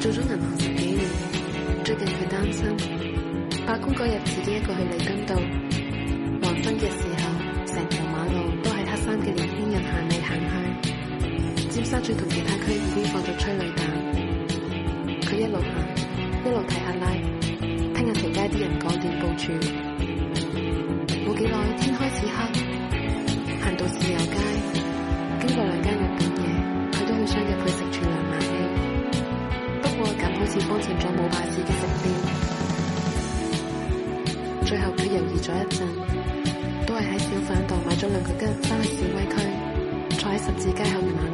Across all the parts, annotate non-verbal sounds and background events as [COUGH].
做咗銀行十幾年，最近佢擔心。罷工嗰日，自己一個去利根道黃昏嘅時候，成條馬路都係黑衫嘅年輕人行嚟行去。尖沙咀同其他區已經放咗催淚彈。佢一路行，一路睇下拉。聽日成街啲人講點部署，冇幾耐天開始黑，行到豉油街。咗一陣，都係喺小販度買咗兩個桔，翻去示威區，坐喺十字街口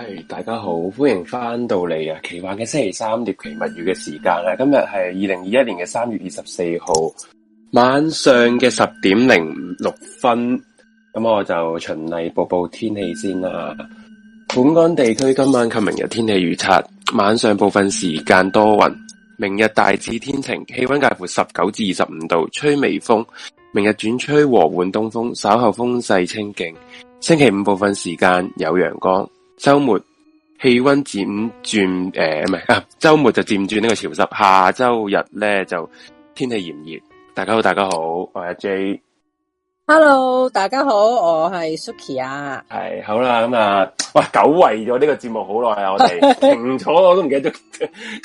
係、哎、大家好，歡迎翻到嚟啊！奇幻嘅星期三，獵奇物語嘅時間啦！今日係二零二一年嘅三月二十四號晚上嘅十點零六分，咁我就循例播報天氣先啦。本港地區今晚及明日天氣預測：晚上部分時間多雲，明日大致天晴，氣溫介乎十九至二十五度，吹微風。明日轉吹和緩東風，稍後風勢清勁。星期五部分時間有陽光。周末氣溫漸轉誒，唔係啊，周、呃、末就漸轉呢個潮濕。下周日咧就天氣炎熱。大家好，大家好，我係 J。Hello，大家好，我係 Suki 啊。係好啦，咁、嗯、啊、嗯，哇，久違咗呢個節目好耐啊，我哋 [LAUGHS] 停咗我都唔記得，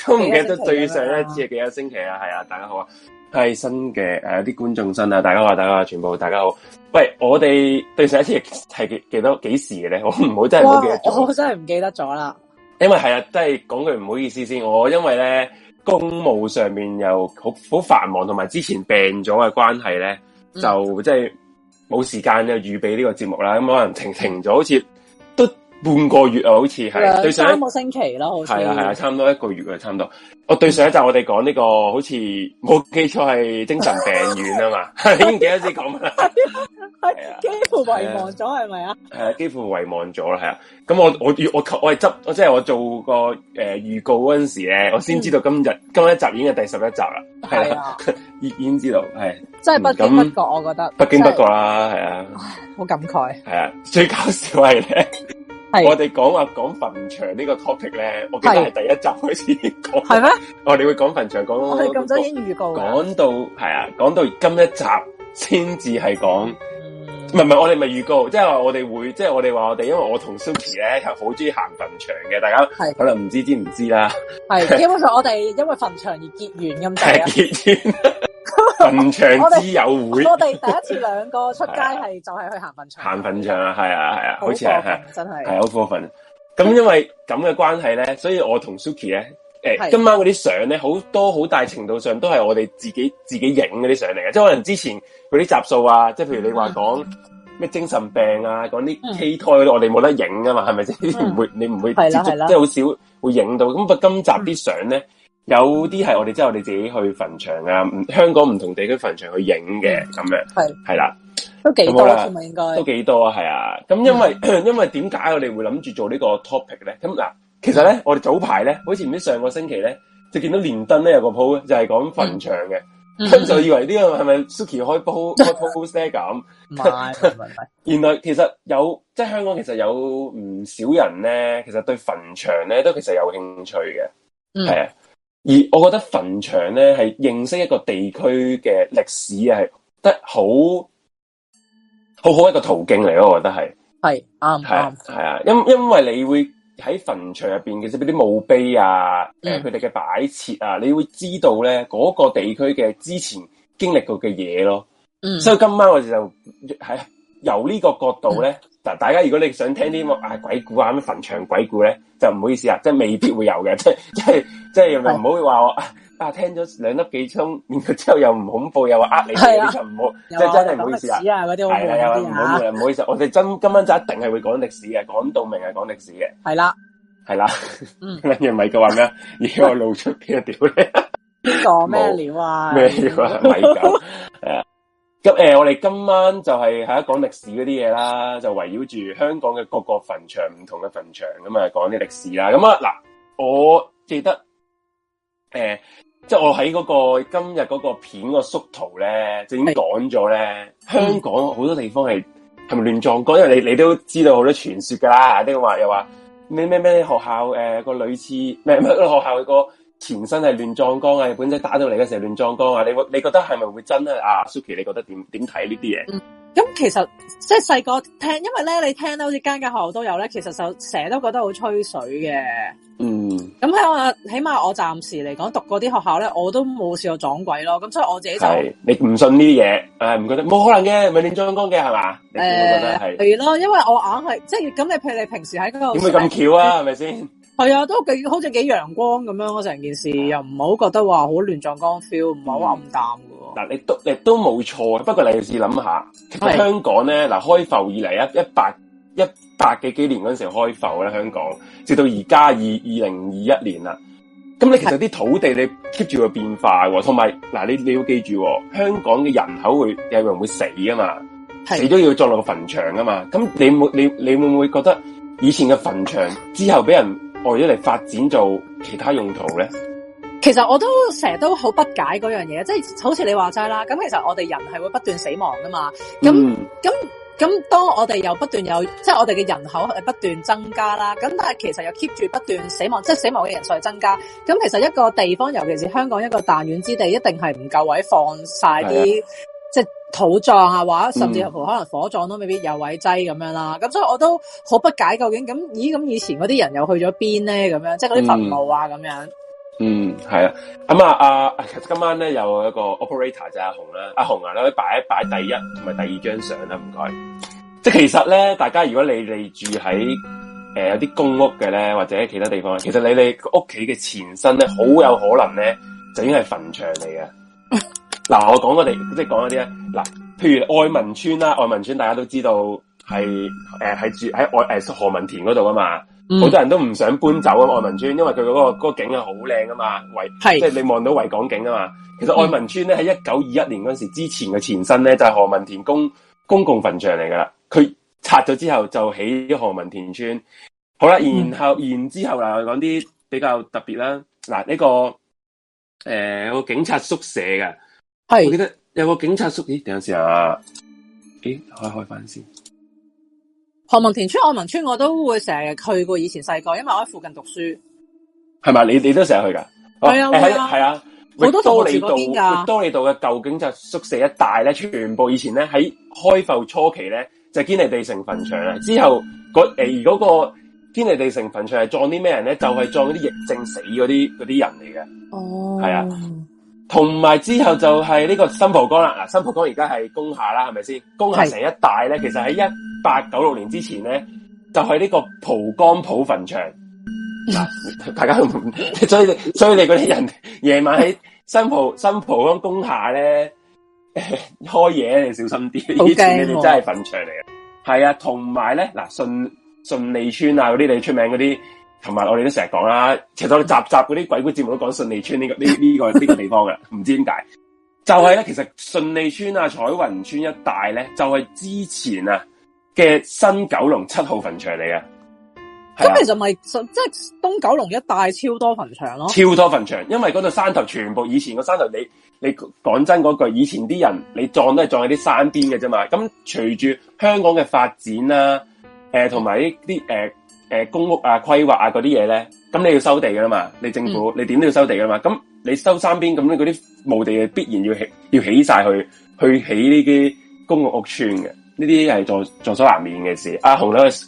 都唔記得最上一次係幾多星期啊，係啊，啊，大家好啊。係新嘅誒，啲觀眾新啊！大家好，大家好，全部大家好。喂，我哋對上一次係幾幾多幾時嘅咧？我唔好真係好記得咗，我真係唔記得咗啦。因為係啊，真係講句唔好意思先，我因為咧公務上面又好好繁忙，同埋之前病咗嘅關係咧、嗯，就即係冇時間啊，預備呢個節目啦。咁可能停停咗，好似。半個月啊，好似係對上三個星期囉，好似係啊係啊，差唔多一個月啊，差唔多。我對上一集我哋講呢個，好似我記錯係精神病院啊嘛， [LAUGHS] 已經幾記得先講啦，係、 [LAUGHS] 啊，幾乎遺忘咗，係咪啊？係啊，啊，幾乎遺忘咗啦，係啊。咁、嗯、我我我我係執，我，我，我，我即係我做個誒、呃、預告嗰陣時咧，我先知道今日、啊、今日一集演嘅第十一集啦，係啊，啊 [LAUGHS] 已經經知道係，真係不經不覺不，我覺得不經不覺啦，係啊，好、啊、感慨，係啊，最搞笑係咧。我哋講話講墳場個呢個 topic 咧，我記得係第一集開始講，係咩？我哋會講墳場，講我哋咁早已經預告嘅，講到係啊，講到今一集先至係講。唔係唔係，我哋咪預告，即、就、係、是、我哋會，即、就、係、是、我哋話我哋，因為我同 Suki 咧係好中意行墳場嘅，大家可能唔知知唔知啦。係 [LAUGHS] 基本上我哋因為墳場而結緣咁嘅，結緣墳場之友會。我哋第一次兩個出街係就係去行墳場，場，行墳場啊，係啊係啊，好似係係真係係好過分。咁、啊啊啊、 [LAUGHS] 因為咁嘅關係咧，所以我同 Suki 咧。今晚嗰啲相咧，好多好大程度上都係我哋自己自己影嗰啲相嚟嘅，即係可能之前嗰啲集數啊，即係譬如你話講咩精神病啊，講啲畸胎，我哋冇得影㗎嘛，係咪先？唔會，嗯、你唔會接觸，即係好少會影到。咁但今集啲相咧、嗯，有啲係我哋之後你自己去墳場啊，香港唔同地區墳場去影嘅，咁樣係係啦，都幾多添啊，應該都幾多啊，係啊。咁因為、嗯、因為點解我哋會諗住做呢個 topic 咧？咁嗱。其實咧，我哋早排咧，好似唔知上個星期咧，就見到連登咧有個鋪就係講墳場嘅，咁、嗯、 [LAUGHS] 就以為呢個係咪 Suki 開鋪 [LAUGHS] 開 post 鋪咁？唔 [LAUGHS] 不是 [LAUGHS] 原來其實有，即係香港其實有唔少人咧，其實對墳場咧都其實有興趣嘅，係、嗯、啊。而我覺得墳場咧係認識一個地區嘅歷史係得好好好一個途徑嚟咯，我覺得係係啱，係係啊，啊，因因為你會。喺墳場入邊，其實嗰啲墓碑啊，誒佢哋嘅擺設啊、嗯，你會知道咧嗰、嗰個地區嘅之前經歷過嘅嘢咯。嗯，所以今晚我哋就喺由呢個角度咧，嗱、嗯、大家如果你想聽啲乜啊鬼故啊，咁墳場鬼故咧，就唔好意思啊，即係未必會有嘅，即即即唔好話我。 [LAUGHS] 啊！聽咗兩粒幾鐘，然之後又唔恐怖，又話呃你，你、啊、就唔好，即係真係唔好意思啊！係啦、啊，又唔好唔好意思，我哋真今晚就一定係會講歷史嘅，講到明係講歷史嘅，係啦，係啦，跟住咪佢話咩？而家露出幾個屌呢？邊個咩料啊？咩料啊？米狗係誒，我哋今晚就係喺度講歷史嗰啲嘢啦，就圍繞住香港嘅各個墳場，唔同嘅墳場咁啊，講啲歷史啦。咁啊嗱，我記得誒。呃即係我喺嗰、那個今日嗰個片個縮圖咧，就已經講咗咧，香港好多地方係係咪亂葬崗？因為你你都知道好多傳說噶啦，啲、就、話、是、又話咩咩咩學校誒、呃、個女廁咩咩學校個。前身係亂葬崗啊！本仔打到嚟嘅時候亂葬崗啊！你你覺得係咪會真嘅啊？Suki，你覺得點點睇呢啲嘢？咁、嗯、其實即係細個聽，因為咧你聽咧好似間間學校都有咧，其實就成日都覺得好吹水嘅。嗯，咁喺我，起碼我暫時嚟講讀過啲學校咧，我都冇試過撞鬼咯。咁所以我自己就係你唔信呢啲嘢，誒、啊、唔覺得冇可能嘅，咪係亂葬崗嘅係嘛？誒，係咯，因為我硬係即係咁，你譬如你平時喺嗰度點會咁巧啊？係咪先？是係啊，都幾好，好似幾陽光咁樣成件事又唔好覺得話好亂撞光 feel，唔好暗淡嘅。嗱，你都你都冇錯，不過你試諗下，香港咧嗱開埠以嚟啊，一八一八幾幾年嗰陣時開埠咧，香港直到而家二二零二一年啦。咁你其實啲土地你 keep 住個變化，同埋嗱你你要記住，香港嘅人口會有人會死啊嘛，死都要葬落個墳場啊嘛。咁你,你,你,你會你你會唔會覺得以前嘅墳場之後俾人？ [LAUGHS] 或者嚟發展做其他用途咧？其實我都成日都好不解嗰樣嘢，即係好似你話齋啦。咁其實我哋人係會不斷死亡噶嘛。咁咁咁，當我哋又不斷有，即係我哋嘅人口係不斷增加啦。咁但係其實又 keep 住不斷死亡，即係死亡嘅人數係增加。咁其實一個地方，尤其是香港一個彈丸之地，一定係唔夠位放晒啲。土葬啊，或者甚至乎可能火葬都未必有位擠咁樣啦，咁所以我都好不解究竟咁，咦，咁以前嗰啲人又去咗邊咧？咁樣即係啲墳墓啊咁、嗯、樣。嗯、係、嗯、啊，咁啊，今晚咧有一個 operator 就阿紅啦，阿紅啊，你、啊、可以擺一擺第一同埋第二張相啦，唔該。即係其實咧，大家如果你哋住喺誒、呃、有啲公屋嘅咧，或者其他地方，其實你哋屋企嘅前身咧，好有可能咧，就已經係墳場嚟嘅。嗱，我講我哋即係講嗰啲咧，嗱，譬如愛民村啦，愛民村大家都知道係誒、呃、住喺愛誒何文田嗰度㗎嘛，好、嗯、多人都唔想搬走啊愛民村，因為佢嗰、那個嗰、那個景啊好靚啊嘛，維即係你望到維港景啊嘛。其實愛民村咧喺一九二一年嗰時之前嘅前身咧就係、是、何文田公公共墳場嚟噶啦，佢拆咗之後就起何文田村。好啦，然後、嗯、然之後嗱，我講啲比較特別啦，嗱呢、這個誒、呃、個警察宿舍嘅。係，我記得有個警察宿。咦？點樣事啊？咦？開一開翻先。何文田村、愛民村，我都會成日去。過以前細個，因為我喺附近讀書。係咪？你你都成日去噶？係啊，係、哦、啊，好多你度，好、啊啊啊啊、多利道嘅，舊警察宿舍一帶咧，全部以前咧喺開埠初期咧就堅、是、尼地城墳場啊。之後嗰誒、呃那個堅尼地城墳場係葬啲咩人咧、嗯？就係、是、葬啲疫症死嗰啲嗰啲人嚟嘅。哦、嗯，係啊。嗯同埋之後就係呢個新蒲江啦，嗱新蒲江而家係工廈啦，係咪先？工廈成一帶咧，其實喺一八九六年之前咧，就係、是、呢個蒲江浦墳場。嗱，大家都所以所以你嗰啲人晚、呃、夜晚喺新蒲新蒲江工廈咧開嘢，你小心啲，以前你哋真係墳場嚟嘅。係 [LAUGHS] 啊，同埋咧嗱順順利村啊嗰啲你出名嗰啲。同埋我哋都成日講啦，其實我哋集集嗰啲鬼故節目都講順利村呢、這個呢呢、這個呢、這個這個地方嘅，唔 [LAUGHS] 知點解就係、是、咧，其實順利村啊彩雲村一帶咧，就係、是、之前啊嘅新九龍七號墳場嚟嘅。咁其實咪即係東九龍一帶超多墳場咯，超多墳場，因為嗰度山頭全部以前個山頭你，你你講真嗰句，以前啲人你葬都係葬喺啲山邊嘅啫嘛。咁隨住香港嘅發展啦、啊，誒、呃，同埋啲誒。呃誒、呃，公屋啊，規劃啊，嗰啲嘢咧，咁你要收地噶啦嘛，你政府你點都要收地噶嘛，咁你收三邊咁你嗰啲墓地必然要起要起晒去去起呢啲公共屋屋村嘅，呢啲係在在所難免嘅事。阿、啊、豪，咧，識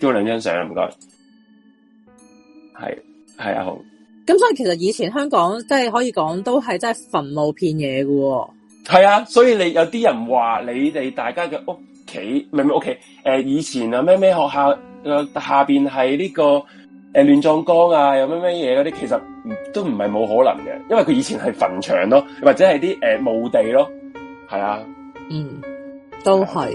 咗兩張相唔該，係係阿豪。咁、啊、所以其實以前香港即係可以講都係真係墳墓片嘢噶、哦。係啊，所以你有啲人話你哋大家嘅屋企，唔係屋企，誒、呃，以前啊咩咩學校。下邊係呢個誒亂葬崗啊，有咩咩嘢嗰啲，其實都唔係冇可能嘅，因為佢以前係墳場咯，或者係啲誒墓地咯，係啊，嗯，都係。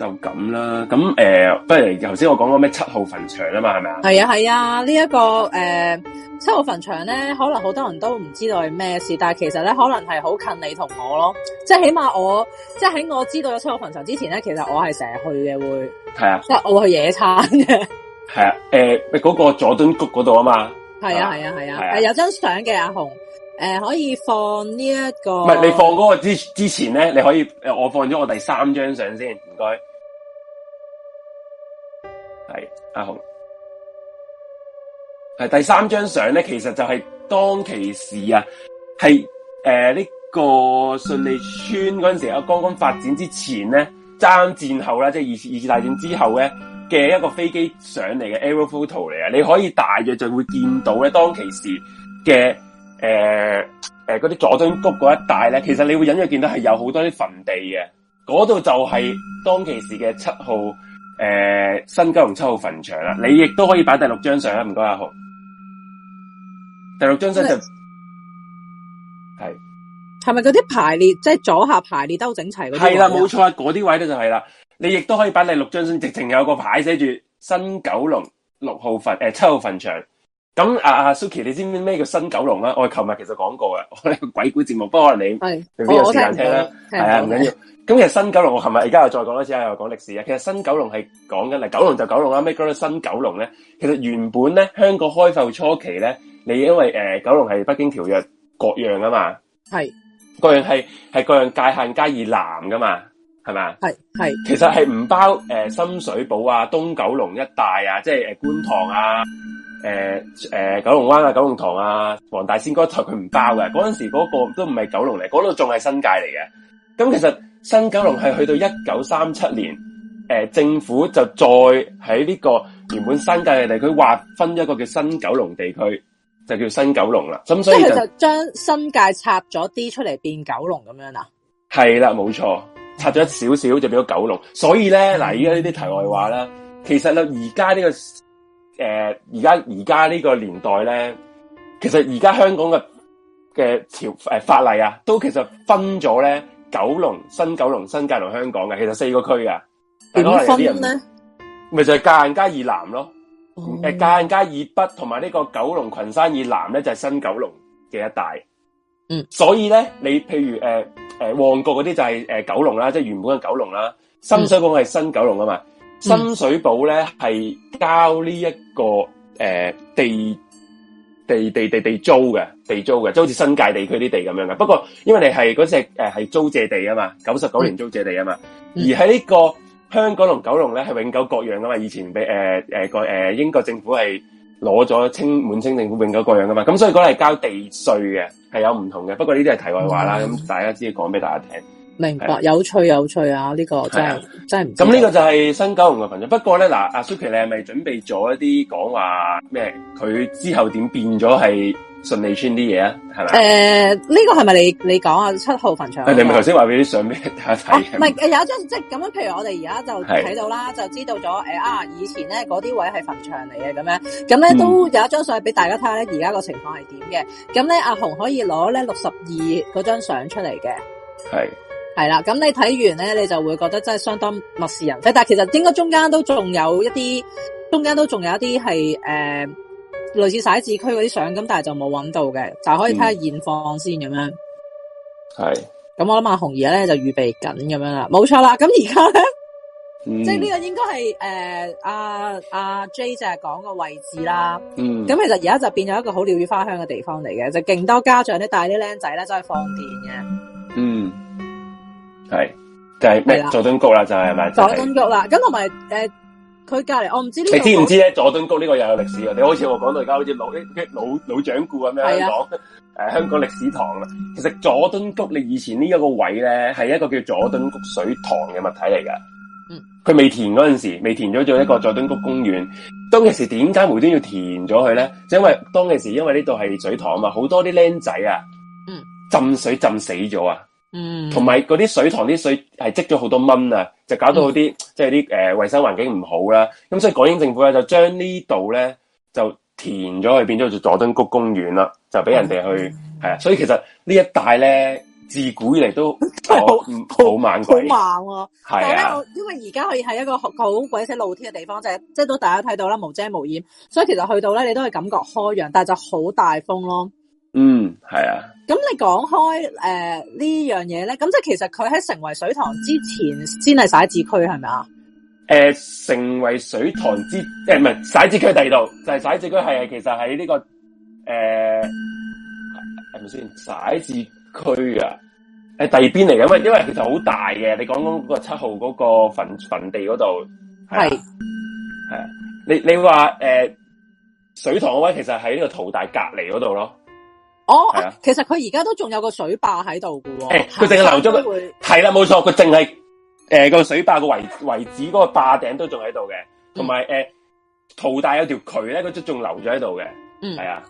就咁啦，咁誒、呃，不如頭先我講過咩七號墳場啊嘛，係咪啊？係啊，係、這、啊、個，呢一個誒七號墳場咧，可能好多人都唔知道係咩事，但係其實咧，可能係好近你同我咯，即係起碼我即係喺我知道有七號墳場之前咧，其實我係成日去嘅，會係啊，即係我會去野餐嘅，係啊，誒、呃、嗰、那個佐敦谷嗰度啊嘛，係啊，係啊，係啊，啊，啊，啊，啊，啊，啊，有張相嘅阿紅、呃，可以放呢、這、一個，唔係你放嗰個之之前咧，你可以我放咗我第三張相先，唔該。啊、好，係第三張相咧，其實就係當其時啊，係誒呢個順利村嗰陣時候，剛剛剛發展之前咧，爭戰後啦，即、就、係、是、二次二次大戰之後咧嘅一個飛機上嚟嘅 aero photo 嚟啊，你可以大約就會見到咧，當其時嘅誒誒嗰啲佐敦谷嗰一帶咧，其實你會隱約見到係有好多啲墳地嘅，嗰度就係當其時嘅七號。誒、呃，新九龍七號墳場啦，你亦都可以擺第六張相啦，唔該阿豪，第六張相就係係咪嗰啲排列，即、就、係、是、左下排列都整齊嗰啲位置？係啦，冇錯、呃、啊，嗰啲位咧就係啦。你亦都可以擺第六張相，直情有個牌寫住新九龍六號墳誒七號墳場。咁啊啊 Suki，你知唔知咩叫新九龍咧？我琴日其實講過嘅，我哋個鬼故節目，不過你除非有時間聽啦，係啊，唔緊要。 [LAUGHS] 咁其實新九龍我係咪而家又再講一次啊，又講歷史啊。其實新九龍係講緊嚟，九龍就九龍啦。咩叫新九龍咧？其實原本咧，香港開埠初期咧，你因為誒、呃、九龍係北京條約割讓噶嘛，係割讓，係係割讓界限街以南噶嘛，係咪？係，係其實係唔包誒、呃、深水埗啊、東九龍一帶啊，即係誒觀塘啊、誒、呃、誒、呃、九龍灣啊、九龍塘啊、黃大仙嗰一帶，佢唔包嘅。嗰、嗯、陣時嗰個都唔係九龍嚟，嗰度仲係新界嚟嘅。咁其實。新九龍係去到一九三七年，誒、呃，政府就再喺呢個原本新界嘅地區劃分一個叫新九龍地區，就叫新九龍啦。咁所以就將新界拆咗啲出嚟，變九龍咁樣啊？係啦，冇錯，拆咗少少就變咗九龍。所以咧，嗱，依家呢啲題外話啦，其實咧，而家呢個誒，而家而家呢個年代咧，其實而家香港嘅嘅條誒法例啊，都其實分咗咧。九龍、新九龍、新界同香港嘅，其實四個區嘅。點分咧？咪就係界限街以南咯，誒，界限街以北同埋呢個九龍群山以南咧就係新九龍嘅一帶。嗯，所以咧，你譬如誒誒、呃呃、旺角嗰啲就係、是、誒、呃、九龍啦，即、就、係、是、原本嘅九龍啦，深水埗係新九龍啊嘛。深、嗯、水埗咧係交呢、這、一個誒、呃、地。地地地地租嘅地租嘅，即好似新界地區啲地咁樣嘅。不過因為你係嗰隻誒係租借地啊嘛，九十九年租借地啊嘛。而喺呢個香港同九龍咧係永久割讓噶嘛，以前俾誒誒個誒英國政府係攞咗清滿清政府永久割讓噶嘛。咁所以嗰啲係交地稅嘅，係有唔同嘅。不過呢啲係題外話啦，咁大家知要講俾大家聽。明白，有趣有趣啊！呢、這個真的的真唔，咁呢個就係新九紅嘅墳場。不過咧嗱，阿 k i 你係咪準備咗一啲講話咩？佢之後點變咗係順利村啲嘢啊？係咪？誒，呢個係咪你你講啊？七號墳場？你咪頭先話俾啲相俾大家睇？唔係，有一張即係咁樣，譬如我哋而家就睇到啦，就知道咗誒啊，以前咧嗰啲位係墳場嚟嘅咁樣，咁咧都有一張相俾大家睇下。咧、嗯，而家個情況係點嘅？咁咧阿紅可以攞咧六十二嗰張相出嚟嘅，係。係啦，咁你睇完咧，你就會覺得真係相當漠視人。但係其實應該中間都仲有一啲，中間都仲有一啲係誒類似寫字區嗰啲相，咁但係就冇揾到嘅，就可以睇下現況先咁、嗯、樣。係。咁我諗阿紅兒咧就預備緊咁樣啦，冇錯啦。咁而家咧，即係呢個應該係誒阿阿 J 就係講個位置啦。嗯。咁其實而家就變咗一個好鳥語花香嘅地方嚟嘅，就勁多家長咧帶啲僆仔咧真係放電嘅。嗯。係就係咩佐敦谷啦，就係、是、咪？佐敦谷啦，就是，咁同埋誒，佢隔籬我唔知呢，你知唔知咧？佐敦谷呢、呃、個又有歷史啊、嗯？你好似我講到而家好似老老老掌故咁樣講，誒、嗯，香港歷、嗯啊、史堂啊，其實佐敦谷你以前呢一個位咧，係一個叫佐敦谷水塘嘅物體嚟噶。嗯，佢未填嗰陣時，未填咗做一個佐敦谷公園。嗯。當其時點解無端要填咗佢咧？就因為當其時因為呢度係水塘啊嘛，好多啲僆仔啊，嗯，浸水浸死咗啊。嗯，同埋嗰啲水塘啲水係積咗好多蚊啊，就搞到、嗯呃、好啲即係啲誒衛生環境唔好啦。咁所以港英政府咧就將呢度咧就填咗去，變咗做佐敦谷公園啦，就俾人哋去係啊、嗯。所以其實一帶呢一帶咧自古以嚟都，都好猛好猛喎。係啊， [LAUGHS] 啊但，因為而家可以喺一個好鬼死露天嘅地方，即係即係都大家睇到啦，無遮無掩。所以其實去到咧，你都係感覺開揚，但係就好大風咯。嗯，係啊。咁你講開誒、呃、呢樣嘢咧，咁即係其實佢喺成為水塘之前曬區，先係沙字區係咪啊？誒、呃，成為水塘之即係唔係沙字區第二度，就係沙字區係其實喺呢、這個誒係咪先？沙字區啊，係第二邊嚟嘅，因為因為其實好大嘅。你講講嗰個七號嗰個墳墳地嗰度係，係啊，你你話誒、呃、水塘嘅位其實喺呢個淘大隔離嗰度咯。哦、啊啊，其實佢而家都仲有個水壩喺度嘅喎，佢淨係留咗佢，係啦冇錯，佢淨係誒個水壩個位位置嗰個壩頂都仲喺度嘅，同埋誒淘大有條渠咧，佢都仲留咗喺度嘅，係、嗯、啊、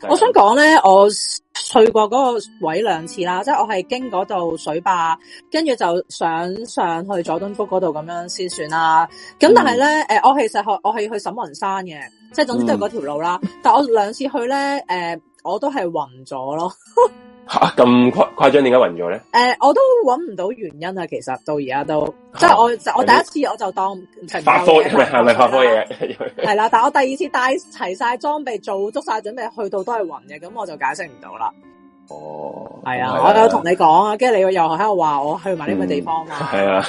就是。我想講咧，我去過嗰個位兩次啦，即、就、係、是、我係經嗰度水壩，跟住就想上去佐敦谷嗰度咁樣先算啦。咁但係咧，誒、嗯呃、我其實我我係去沈雲山嘅，即、就、係、是、總之都係嗰條路啦、嗯。但係我兩次去咧，誒、呃。我都係暈咗咯 [LAUGHS] 誇張。吓，咁誇誇張，點解暈咗咧？誒，我都揾唔到原因啊！其實到而家都，啊、即係我，我第一次我就當發科嘅，係咪發科嘢？係啦， [LAUGHS] 但係我第二次帶齊晒裝備，做足晒準備，去到都係暈嘅，咁我就解釋唔到啦。哦，係啊，啊，我有同你講、嗯、啊，跟住你又喺度話我去埋呢個地方啊？係啊，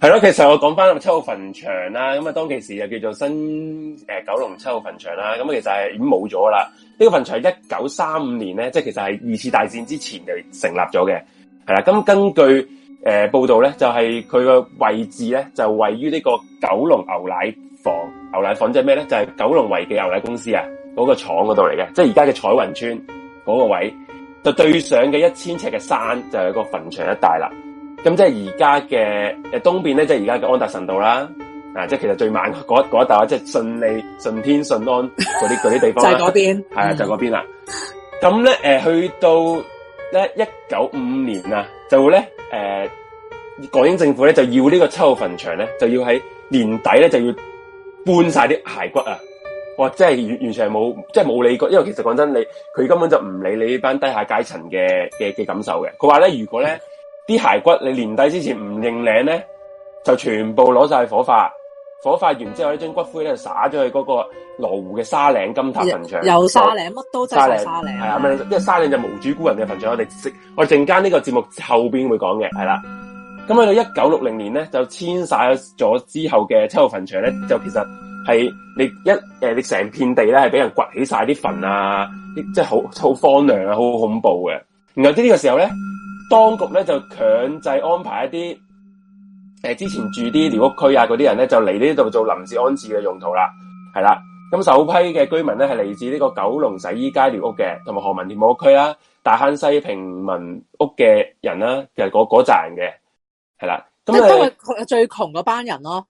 係咯，其實我講翻七號墳場啦，咁啊當其時就叫做新誒、呃、九龍七號墳場啦，咁其實係已經冇咗啦。呢、這個墳場係一九三五年咧，即、就、係、是、其實係二次大戰之前就成立咗嘅，係啦、啊。咁根據誒、呃、報道咧，就係佢個位置咧就位於呢個九龍牛奶房，牛奶房即係咩咧？就係、是、九龍維記牛奶公司啊。嗰、那個廠嗰度嚟嘅，即係而家嘅彩雲村嗰個位，就對上嘅一千尺嘅山就係個個墳場一帶啦。咁即係而家嘅誒東邊咧，即係而家嘅安達臣道啦。即係其實最猛嗰嗰一笪，即係順、就是、利、順天順、順安嗰啲嗰啲地方啦。就嗰邊係啊，就嗰邊啦。咁咧誒，去到咧一九五年啊，就咧誒、港、呃、英政府咧就要呢個七號墳場咧，就要喺年底咧就要搬晒啲骸骨啊。哇、哦！即係完完全係冇，即係冇理過，因為其實講真，你佢根本就唔理你呢班低下階層嘅嘅嘅感受嘅。佢話咧，如果咧啲骸骨你年底之前唔認領咧，就全部攞晒去火化，火化完之後呢張骨灰咧就撒咗去嗰個羅湖嘅沙嶺金塔墳場。又沙嶺乜都即係沙嶺。係啊，因為沙嶺就無主孤魂嘅墳場，我哋我陣間呢個節目後邊會講嘅，係啦。咁去到一九六零年咧就遷晒咗之後嘅七號墳場咧，就其實。係你一誒，你成片地咧係俾人掘起晒啲墳啊！即係好好荒涼啊，好恐怖嘅。然後呢個時候咧，當局咧就強制安排一啲誒，之前住啲寮屋區啊，嗰啲人咧就嚟呢度做臨時安置嘅用途啦。係啦，咁首批嘅居民咧係嚟自呢個九龍洗衣街寮屋嘅，同埋何文田冇屋區啦、啊，大坑西平民屋嘅人啦嘅嗰嗰站嘅，係啦。即係最窮嗰班人咯。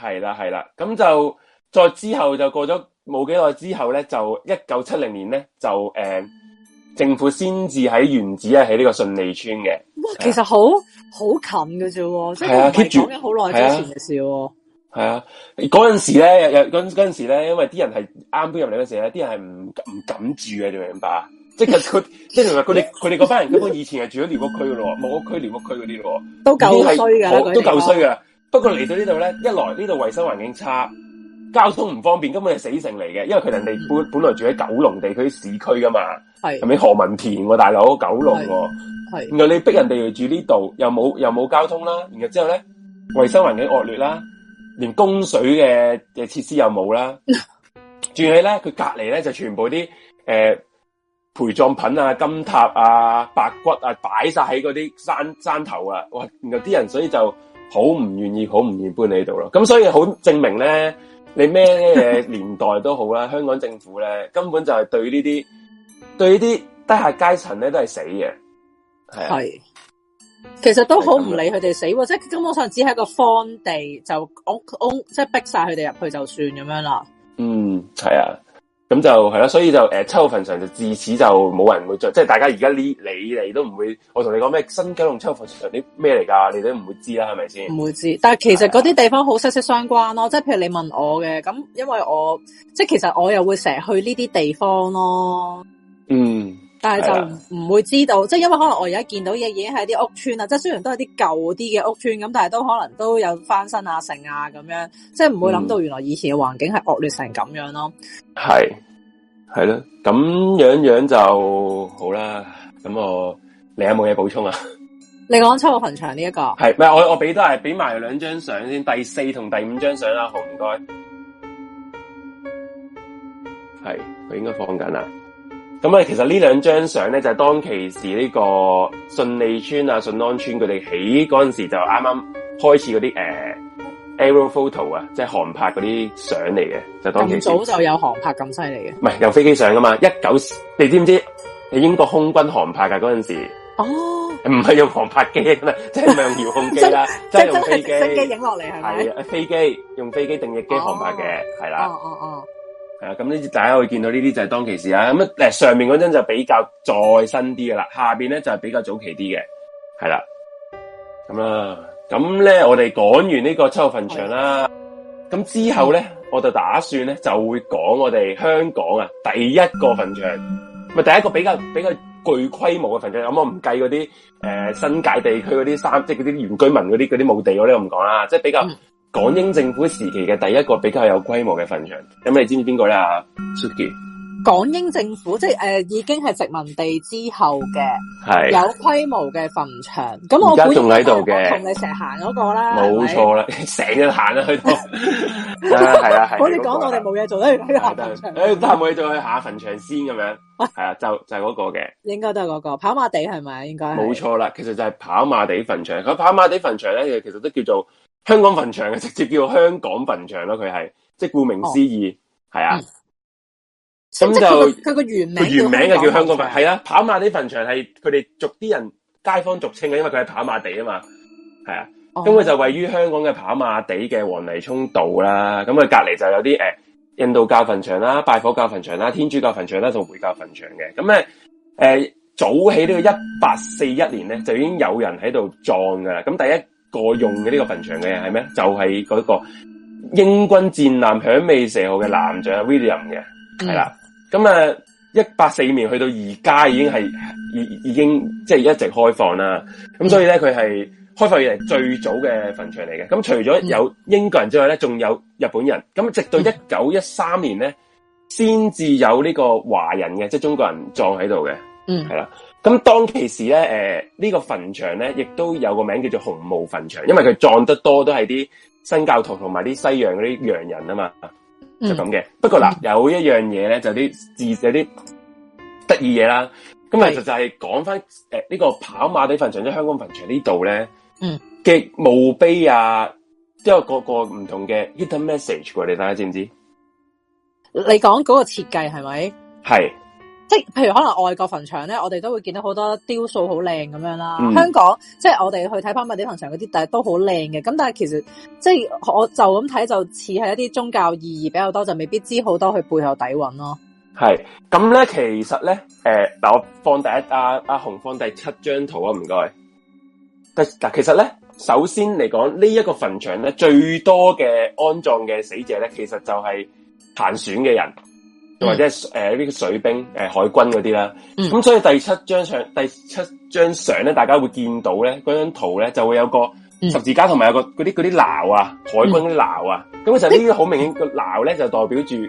係啦係啦，咁就。再之後就過咗冇幾耐之後咧，就一九七零年咧就誒、嗯、政府先至喺原址喺呢個順利村嘅。其實好好近嘅啫，即係唔係講緊好耐之前嘅事。係啊，嗰陣、啊就是啊啊啊啊，時咧，又又嗰陣陣時咧，因為啲人係啱搬入嚟嗰時咧，啲人係唔唔敢住嘅，你明唔明白啊？ [LAUGHS] 即係佢，即係佢哋佢哋嗰班人根本以前係住咗寮屋區嘅咯，冇 [LAUGHS] 屋區寮屋區嗰啲咯，都夠衰噶，都夠衰噶。不過嚟到呢度咧，一來呢度衛生環境差。交通唔方便，根本係死城嚟嘅，因為佢人哋本、嗯、本來住喺九龍地區市區噶嘛，係咪？尾何文田喎、啊，大佬九龍、啊，係，原來你逼人哋住呢度，又冇又冇交通啦，然後之後咧，衛生環境惡劣啦，連供水嘅嘅設施又冇啦， [LAUGHS] 住喺咧佢隔籬咧就全部啲誒、呃、陪葬品啊、金塔啊、白骨啊擺晒喺嗰啲山山頭啊，哇！然後啲人所以就好唔願意，好唔願意搬嚟呢度咯，咁所以好證明咧。你咩嘢年代都好啦， [LAUGHS] 香港政府咧根本就係對呢啲對呢啲低下階層咧都係死嘅，係啊，其實都好唔理佢哋死，就係、即係根本上只係一個荒地，就屋即係逼晒佢哋入去就算咁樣啦。嗯，係、嗯、啊。是咁就係啦，所以就誒，七號墳場就自此就冇人會再，即係大家而家呢，你嚟都唔會，我同你講咩新九龍七號墳場啲咩嚟噶，你哋都唔會知啦，係咪先？唔會知，但係其實嗰啲地方好息息相關咯，即係譬如你問我嘅，咁因為我即係其實我又會成日去呢啲地方咯。嗯。但係就唔會知道，即係因為可能我而家見到嘅嘢係啲屋村啊，即係雖然都係啲舊啲嘅屋村咁，但係都可能都有翻身啊、成啊咁樣，即係唔會諗到原來以前嘅環境係惡劣成咁樣咯。係係咯，咁樣樣就好啦。咁我你有冇嘢補充啊？你講七口墳場呢一個係，唔係，我我俾都係俾埋兩張相先，第四同第五張相啦，好唔該。係佢應該放緊啦。咁啊，其實呢兩張相咧就係當其時呢個順利村啊、順安村佢哋起嗰陣時就啱啱開始嗰啲誒 aerial photo 啊，即係航拍嗰啲相嚟嘅。就是、當其時咁早就有航拍咁犀利嘅？唔係用飛機上噶嘛？一九，你知唔知？係英國空軍航拍噶嗰陣時。哦，唔係用航拍機啊，即係即係用遙控機啦，即 [LAUGHS] 係用飛機。飛機影落嚟係係啊，飛機用飛機定翼機航拍嘅，係、oh. 啦、啊。哦哦哦。咁、啊、呢？大家會見到呢啲就係當其時啊。咁上面嗰張就比較再新啲噶啦，下邊咧就係比較早期啲嘅，係啦。咁啦，咁咧我哋講完呢個七號墳場啦，咁之後咧，我就打算咧就會講我哋香港啊第一個墳場，係第一個比較比較具規模嘅墳場，我唔計嗰啲誒新界地區嗰啲山，即係嗰啲原居民嗰啲嗰啲墓地嗰啲，我唔講啦，即係比較。港英政府時期嘅第一個比較有規模嘅墳場，咁你知唔知邊個咧阿 Suki？港英政府即係誒、呃，已經係殖民地之後嘅係有規模嘅墳場。咁我而家仲喺度嘅，同你成日行嗰個啦，冇錯啦，成日行啦。去到係 [LAUGHS] [LAUGHS] 啦係好似講我哋冇嘢做咧， [LAUGHS] 去下墳場，誒 [LAUGHS] ，但係冇嘢做去下墳場先咁樣，係 [LAUGHS] 啊，就就係、是、嗰個嘅，應該都係嗰、那個跑馬地係咪啊？應該冇錯啦，其實就係跑馬地墳場，佢跑馬地墳場咧，其實都叫做。香港墳場嘅直接叫香港墳場咯，佢係即係顧名思義係，哦、啊。咁、嗯、就佢個原名，原名就叫香港墳場。係啊，跑馬地墳場係佢哋族啲人街坊俗稱嘅，因為佢係跑馬地啊嘛。係啊，咁、哦、佢就位於香港嘅跑馬地嘅黃泥涌道啦。咁佢隔籬就有啲誒、呃、印度教墳場啦、拜火教墳場啦、天主教墳場啦同回教墳場嘅。咁咧誒早起個年呢個一八四一年咧就已經有人喺度葬噶啦。咁第一。用個用嘅呢個墳場嘅係咩？就係、是、嗰個英軍戰艦響尾蛇號嘅艦長 William 嘅係啦。咁啊，一八四年去到而家已經係已已經即係一直開放啦。咁所以咧，佢係開放以嚟最早嘅墳場嚟嘅。咁除咗有英國人之外咧，仲有日本人。咁直到一九一三年咧，先至有呢個華人嘅即係中國人葬喺度嘅。嗯，係啦。咁當其時咧，誒、呃，這個、墳呢個墳場咧，亦都有個名叫做紅毛墳場，因為佢撞得多都係啲新教徒同埋啲西洋嗰啲洋人啊嘛，嗯、就咁、是、嘅。不過嗱、嗯，有一樣嘢咧，就啲字寫啲得意嘢啦。咁其實就係講返誒呢個跑馬地墳場即香港墳場呢度咧，嘅、嗯、墓碑啊，都有各個唔同嘅 intermessage 嘅，你大家知唔知？你講嗰個設計係咪？係。即係，譬如可能外國墳場咧，我哋都會見到好多雕塑好靚咁樣啦、嗯。香港即係我哋去睇翻埋啲墳場嗰啲，但係都好靚嘅。咁但係其實即係，我就咁睇就似係一啲宗教意義比較多，就未必知好多佢背後底蘊咯。係咁咧，其實咧，誒，嗱，我放第一阿阿紅放第七張圖啊，唔該。但其實咧，首先嚟講、這個、呢一個墳場咧，最多嘅安葬嘅死者咧，其實就係彈選嘅人。或者係誒，啲、呃、水兵誒、呃，海軍嗰啲啦，咁、嗯、所以第七張相，第七張相咧，大家會見到咧，嗰張圖咧就會有個十字架，同、嗯、埋有個嗰啲嗰啲錨啊，海軍啲錨啊，咁、嗯、其實這很明顯的呢啲好明顯個錨咧就代表住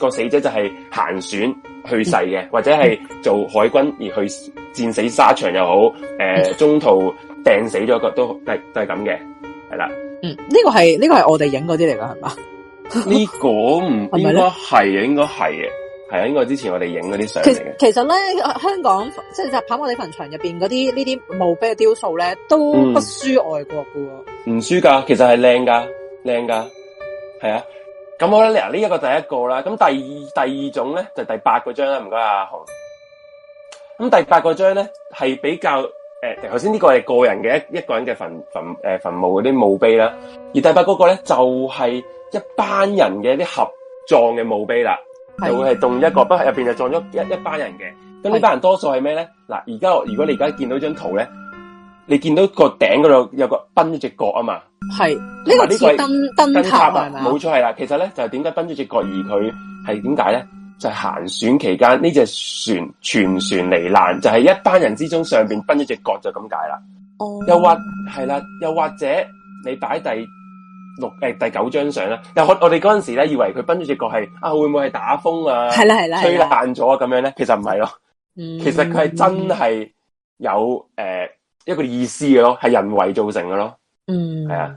個死者就係行船去世嘅、嗯，或者係做海軍而去戰死沙場又好，誒中途掟死咗個都都係咁嘅，係啦。嗯，呢個係呢、嗯這個係、這個、我哋影嗰啲嚟噶，係嘛？ [LAUGHS] 這個是是呢個唔應該係啊，應該係嘅，係啊，應該之前我哋影嗰啲相嚟嘅。其實咧，香港即係跑馬地墳場入邊嗰啲呢啲墓碑嘅雕塑咧，都不輸外國噶。唔輸噶，其實係靚噶，靚噶，係啊。咁我咧，呢呢一個第一個啦，咁第二第二種咧就是、第八個張啦，唔該阿豪，咁第八個張咧係比較誒，頭先呢個係個人嘅一一個人嘅墳墳誒墳墓嗰啲、呃、墓碑啦，而第八個個咧就係、是。一班人嘅啲合葬嘅墓碑啦，就會係動一個，不過入邊就葬咗一一班人嘅。咁呢班人多數係咩咧？嗱，而家如果你而家見到張圖咧，你見到個頂嗰度有個崩咗隻角啊嘛，係呢、呢個似燈燈塔，冇錯係啦。其實咧就係點解崩咗隻角，而佢係點解咧？就係、是、行船期間呢隻船全船罹難，就係、是、一班人之中上邊崩咗隻角就咁解啦。哦、oh.，又或係啦，又或者你擺第。六誒，第九張相咧，但我我哋嗰陣時咧，以為佢崩住隻角係啊，會唔會係打風啊，係啦係啦，吹爛咗咁樣咧，其實唔係咯，其實佢係真係有誒、呃、一個意思嘅咯，係人為造成嘅咯，嗯，係啊，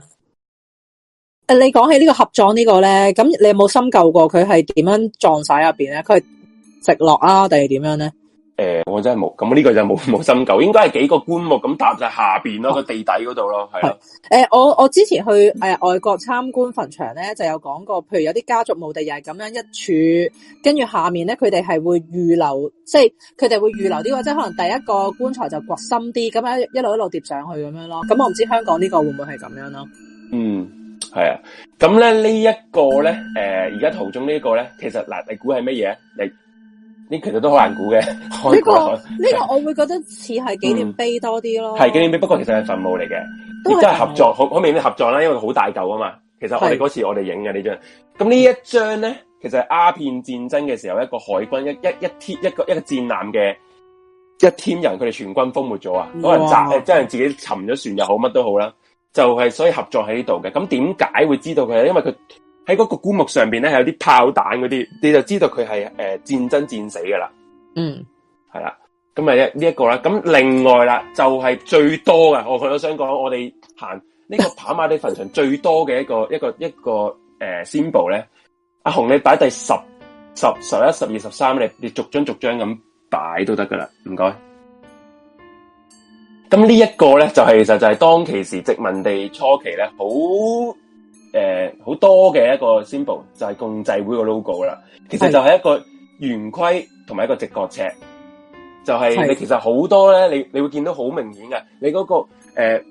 誒，你講起呢個合葬呢個咧，咁你有冇深究過佢係點樣葬晒入邊咧？佢係直落啊，定係點樣咧？誒、呃，我真係冇，咁、這、呢個就冇冇深究，應該係幾個棺木咁搭晒下邊咯，個、哦、地底嗰度咯，係。誒、呃，我我之前去誒、呃、外國參觀墳場咧，就有講過，譬如，有啲家族墓地又係咁樣一處，跟住下面咧，佢哋係會預留，即係佢哋會預留啲個，即係可能第一個棺材就掘深啲，咁樣一路一路疊上去咁樣咯。咁我唔知香港呢個會唔會係咁樣咯？嗯，係啊，咁咧呢一個咧，誒、呃，而家途中個呢一個咧，其實嗱，你估係乜嘢？你？呢其實都好難估嘅，嗯。呢、 [LAUGHS] 這個呢、這個我會覺得似係紀念碑多啲咯。係紀念碑，不過其實係墳墓嚟嘅，亦都係合作，可可未咩合作啦，因為好大嚿啊嘛。其實我哋嗰次我哋影嘅呢張，咁呢一張咧，其實係鴉片戰爭嘅時候，一個海軍一一一 team 一個一個戰艦嘅一,一 team 人，佢哋全軍覆沒咗啊！可能真咧，係自己沉咗船又好，乜都好啦。就係，是、所以合作喺呢度嘅。咁點解會知道佢啊？因為佢。喺嗰個棺木上邊咧係有啲炮彈嗰啲，你就知道佢係誒戰爭戰死噶啦。嗯，係啦，咁啊呢呢一個啦，咁另外啦就係、是、最多噶，我想我想講我哋行呢個跑馬地墳場最多嘅一個 [LAUGHS] 一個一個誒 symbol 咧，阿紅你擺第十十十一十二十三，你你逐張逐張咁擺都得噶啦，唔該。咁呢一個咧就係、是、就就係當其時殖民地初期咧好。誒，好多嘅一個 symbol 就係共濟會個 logo 啦，其實就係一個圓規同埋一個直角尺，就係、是、你其實好多咧，你你會見到好明顯嘅，你嗰、那個誒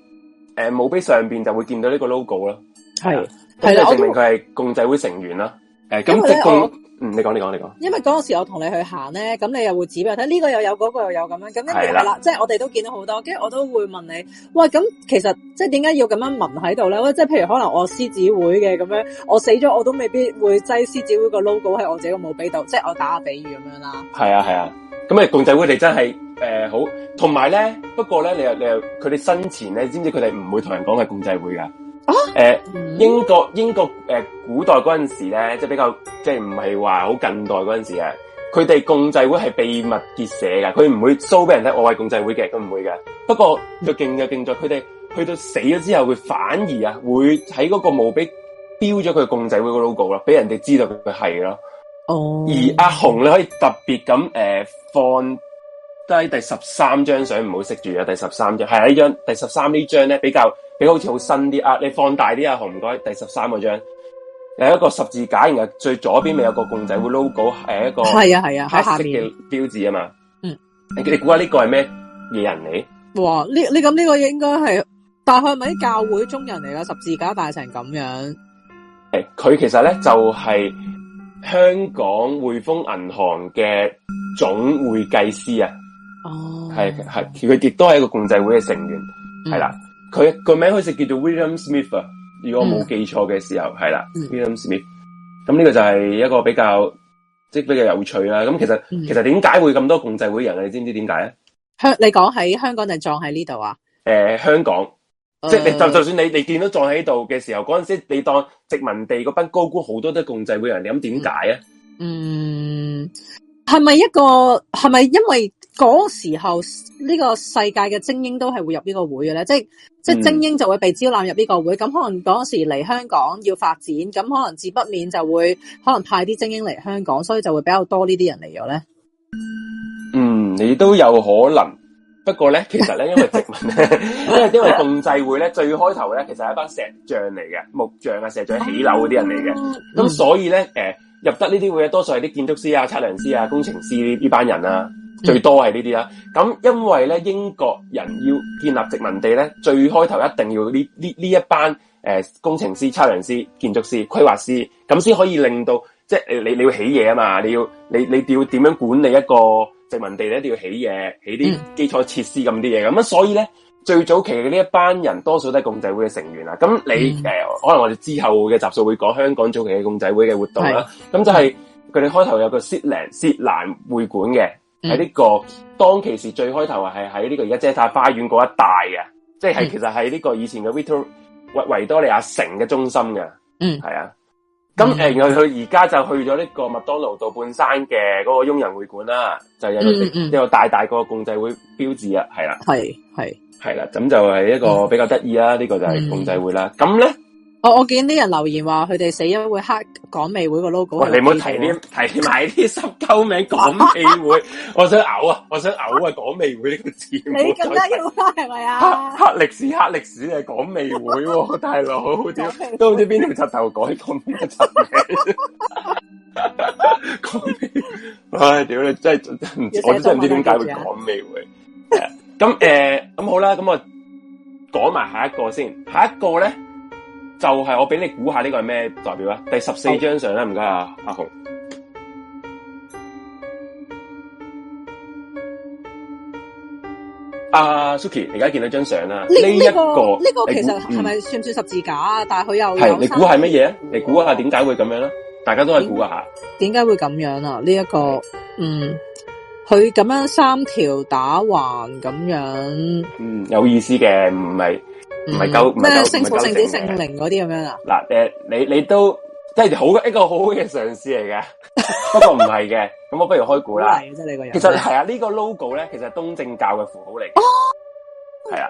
誒墓碑上邊就會見到呢個 logo 啦，係，咁就證明佢係共濟會成員啦，誒，咁直共。嗯，你講你講你講，因為嗰時我同你去行咧，咁你又會指俾我睇呢個又有嗰個又有咁樣，咁跟住係啦，即係我哋都見到好多，跟住我都會問你，喂，咁其實即係點解要咁樣紋喺度咧？喂，即係譬如可能我獅子會嘅咁樣，我死咗我都未必會擠獅子會個 logo 喺我自己個墓碑度，即係我打個比喻咁樣啦。係啊係啊，咁啊共濟會你真係誒、呃、好，同埋咧，不過咧你又你又佢哋生前咧，知唔知佢哋唔會同人講係共濟會噶？啊、嗯英！英國英國、呃、古代嗰陣時咧，即係比較即係唔係話好近代嗰陣時啊，佢哋共濟會係秘密結社嘅，佢唔會 show 俾人睇，我係共濟會嘅，佢唔會嘅。不過佢勁就勁在，佢哋去到死咗之後，會反而啊會喺嗰個墓碑標咗佢共濟會個 logo 咯，俾人哋知道佢係咯。哦。而阿紅你可以特別咁、呃、放低第十三張相，唔好識住啊！第十三張係啊，呢張第十三呢張咧比較。幾好似好新啲啊！你放大啲啊，唔該，第十三個章，係一個十字架，然後最左邊咪有個共濟會 logo，係一個係啊係啊，黑色嘅標誌啊嘛。嗯，你你估下呢個係咩嘢人嚟？哇！呢你咁呢個應該係大概咪啲教會中人嚟咯？十字架戴成咁樣。誒，佢其實咧就係、是、香港匯豐銀行嘅總會計師啊。哦。係係，佢亦都係一個共濟會嘅成員，係、嗯、啦。佢個名好似叫做 William Smith 啊，如果我冇記錯嘅時候係啦、嗯嗯。William Smith，咁呢個就係一個比較即係、就是、比較有趣啦、啊。咁其實、嗯、其實點解會咁多共濟會人啊？你知唔知點解啊？香你講喺香港定撞喺呢度啊？誒，香港，嗯、即係你就就算你你見到撞喺度嘅時候，嗰陣時你當殖民地嗰班高官好多都共濟會人，你諗點解啊？嗯。嗯係咪一個？係咪因為嗰時候呢個世界嘅精英都係會入呢個會嘅咧？即係即係精英就會被招攬入呢個會，咁可能嗰時嚟香港要發展，咁可能自不免就會可能派啲精英嚟香港，所以就會比較多這些人來呢啲人嚟咗咧。嗯，亦都有可能，不過咧，其實咧，因為殖民咧，因 [LAUGHS] 為因為共濟會咧，最開頭咧，其實係一班石匠嚟嘅木匠啊，石匠起樓嗰啲人嚟嘅，咁、嗯、所以咧，誒、嗯。入得呢啲位，多數係啲建築師啊、測量師啊、工程師呢班人啦、嗯，最多係呢啲啦。咁因為咧，英國人要建立殖民地咧，最開頭一定要呢呢呢一班誒、呃、工程師、測量師、建築師、規劃師，咁先可以令到即係你你，你要起嘢啊嘛，你要你你要點樣管理一個殖民地咧，一定要起嘢，起啲基礎設施咁啲嘢，咁所以咧。最早期嘅呢一班人，多數都係共濟會嘅成員啦、啊。咁你誒、嗯，可能我哋之後嘅集數會講香港早期嘅共濟會嘅活動啦、啊。咁就係佢哋開頭有一個雪蘭雪蘭會館嘅，喺、嗯、呢、這個當其時最開頭係喺呢個而家遮打花園嗰一帶嘅，即係、嗯、其實喺呢個以前嘅 v i 維多維多利亞城嘅中心嘅。嗯，係啊。咁誒，佢佢而家就去咗呢個麥當勞道半山嘅嗰個雍仁會館啦、啊，就有一個呢、嗯嗯、大大個共濟會標誌啊，係啦、啊，係係。是係啦，咁就係一個比較得意啦，呢、嗯這個就係共濟會啦。咁、嗯、咧，我我見啲人留言話佢哋死咗會黑港美會個 logo，、啊、你唔好提呢提啲提啲濕鳩名港美會 [LAUGHS] 我，我想嘔啊，我想嘔啊，港美會呢個字，你更加要翻係咪啊？黑歷史黑歷史係港美會，大佬，屌都唔知邊條柒頭改咁嘅柒名，唉，屌你真係，我真係唔知點解會，會、啊、港美會。咁誒，咁、呃、好啦，咁我講埋下一個先。下一個咧，就係、是、我俾你估下呢個係咩代表啊？第十四張相啦，唔、哦、該啊，阿紅。阿、啊、Suki，而家見到張相啦，呢一個呢、這個、這個、其實係咪算唔算十字架、啊嗯？但係佢又有係你估係乜嘢？你估下點解、嗯、會咁樣啦、啊？大家都係估下，點解會咁樣啊？呢、這、一個嗯。佢咁樣三條打橫咁樣，嗯，有意思嘅，唔係唔係夠咩聖父、聖子聖靈、聖靈嗰啲咁樣啊？嗱，誒，你你都即係好一個好好嘅嘗試嚟嘅， [LAUGHS] 不過唔係嘅，咁我不如開估啦。係你個人，其實係啊，呢、這個 logo 咧，其實東正教嘅符號嚟，哦，係啊，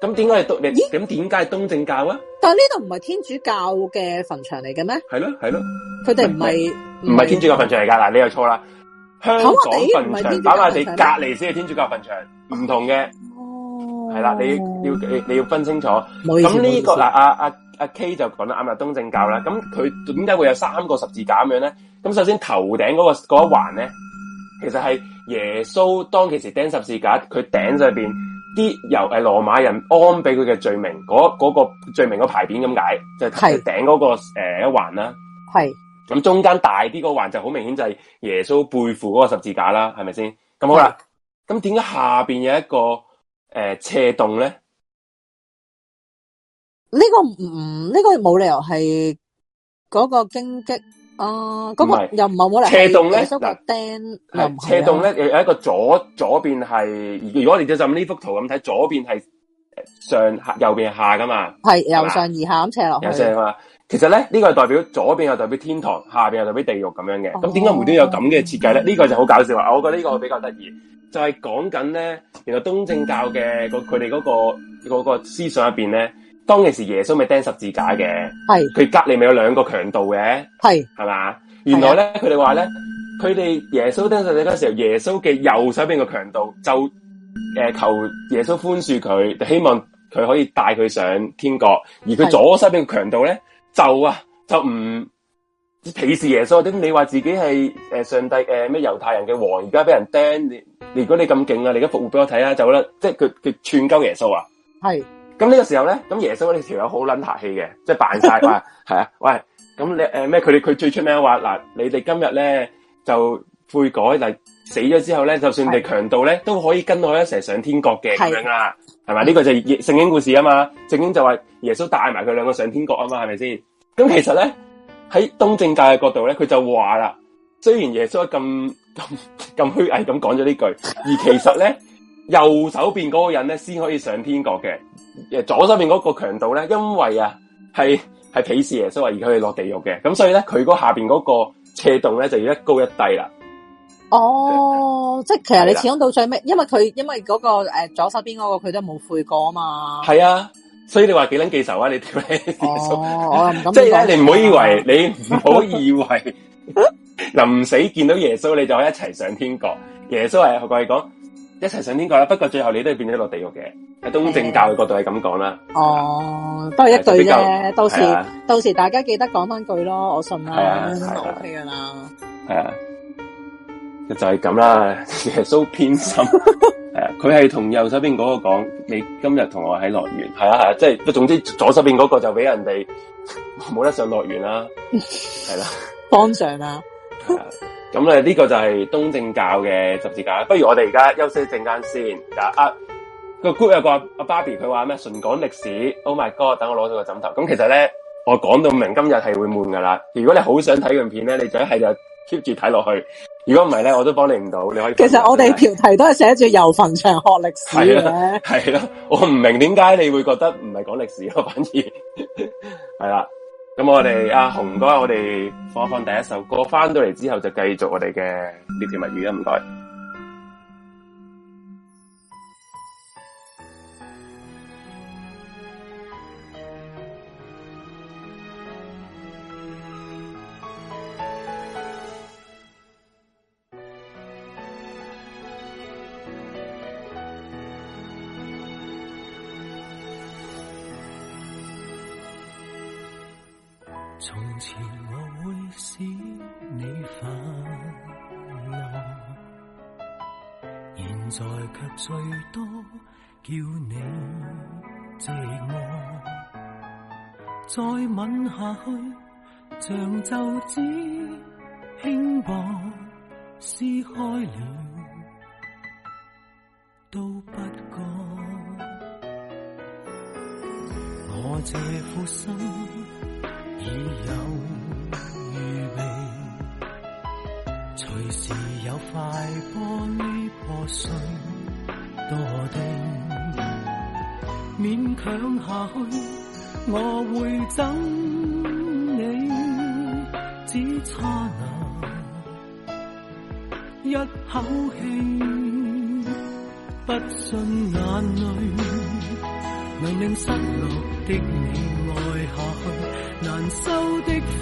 咁點解係東？咁點解係東正教啊？但係呢度唔係天主教嘅墳場嚟嘅咩？係咯，係咯，佢哋唔係唔係天主教墳場嚟噶？嗱、啊，你又錯啦。香港墳場打埋、哦、你隔離先係天主教墳場，唔同嘅。哦，係啦、哦，你要你要分清楚。咁呢、這個嗱，阿阿阿 K 就講啦，啱納東正教啦，咁佢點解會有三個十字架咁樣咧？咁首先頭頂嗰、那個一環咧，其實係耶穌當其時釘十字架，佢頂上邊啲由誒羅馬人安俾佢嘅罪名，嗰個、那個罪名個牌匾咁解，就係頂嗰個誒一環啦。係。呃那個咁中間大啲個環就好明顯就係耶穌背負嗰個十字架啦，係咪先？咁好啦，咁點解下邊有一個誒、呃、斜洞咧？呢、這個唔呢、嗯這個冇理由係嗰個荊棘、呃那個、啊，個又唔係理嚟斜洞咧？釘斜洞咧，有一個左左邊係，如果你就浸呢幅圖咁睇，左邊係上右邊下噶嘛？係由上而下咁斜落其實咧，呢、這個係代表左邊又代表天堂，下邊又代表地獄咁樣嘅。咁點解無端有咁嘅設計咧？呢、哦，這個就好搞笑啦！我覺得呢個比較得意，就係、是、講緊咧，原來東正教嘅、那個佢哋個個思想入邊咧，當其時耶穌咪釘十字架嘅，係佢隔籬咪有兩個強盜嘅，係係嘛？原來咧佢哋話咧，佢哋耶穌釘十字架嘅時候，耶穌嘅右手邊個強盜就誒、呃、求耶穌寬恕佢，希望佢可以帶佢上天國，而佢左手邊個強盜咧。就啊，就唔鄙視耶穌，點解你話自己係誒上帝誒咩、呃、猶太人嘅王，而家俾人釘，你如果你咁勁啊，你而家復活俾我睇啊，就啦即係佢佢串鳩耶穌啊，係，咁呢個時候咧，咁耶穌呢條友好捻下氣嘅，即係扮晒話係啊，喂，咁你誒咩佢哋佢最出名話嗱，你哋今日咧就悔改，死咗之後咧，就算你哋強盜咧都可以跟我一齊上天國嘅咁樣啊。係咪呢個就係聖經故事啊嘛。聖經就話耶穌帶埋佢兩個上天國啊嘛，係咪先？咁其實咧喺東正教嘅角度咧，佢就話啦，雖然耶穌咁咁虛偽咁講咗呢句，而其實咧右手邊嗰個人咧先可以上天國嘅，誒左手邊嗰個強盜咧，因為啊係係鄙視耶穌話，而家可以落地獄嘅，咁所以咧佢嗰下邊嗰個斜度咧就要一高一低啦。哦，即係其實你始終到最尾，因為佢因為嗰、那個誒、呃、左手邊嗰個佢都冇悔過啊嘛。係啊，所以你話幾捻記仇啊？你跳嚟、哦、耶穌，哦、我敢即係你唔好以為、啊、你唔好以為臨 [LAUGHS] [LAUGHS] 死見到耶穌，你就可以一齊上天國。耶穌係過去講一齊上天國啦，不過最後你都係變咗落地獄嘅。喺東正教嘅角度係咁講啦。哦，都係一句啫，到時到時大家記得講翻句咯，我信啦，就 OK 噶啦。係啊。就係咁啦，耶穌偏心，誒， [LAUGHS] 佢係同右手邊嗰個講，你今日同我喺樂園，係啊，係啊。」即係，總之左手邊嗰個就俾人哋冇得上樂園啦，係啦，當上啦，咁咧呢個就係東正教嘅十字架，不如我哋而家休息一陣間先，啊，個 group 有個阿 Barry 佢話咩？純講歷史，Oh my God！等我攞到個枕頭，咁、嗯、其實咧，我講到明今日係會悶噶啦，如果你好想睇完片咧，你就一係就 keep 住睇落去。如果唔係咧，我都幫你唔到。你可以。其實我哋條題都係寫住遊墳場學歷史咧。係啦，我唔明點解你會覺得唔係講歷史咯，反而係啦。咁 [LAUGHS] 我哋阿紅哥，我哋放一放第一首歌，翻到嚟之後就繼續我哋嘅呢條物語啊，唔該。就子輕薄，撕開了都不過。我這副心已有預備，隨時有塊玻璃破碎，多定勉強下去，我會走。口氣，不信眼淚能令失落的你愛下去，難收的。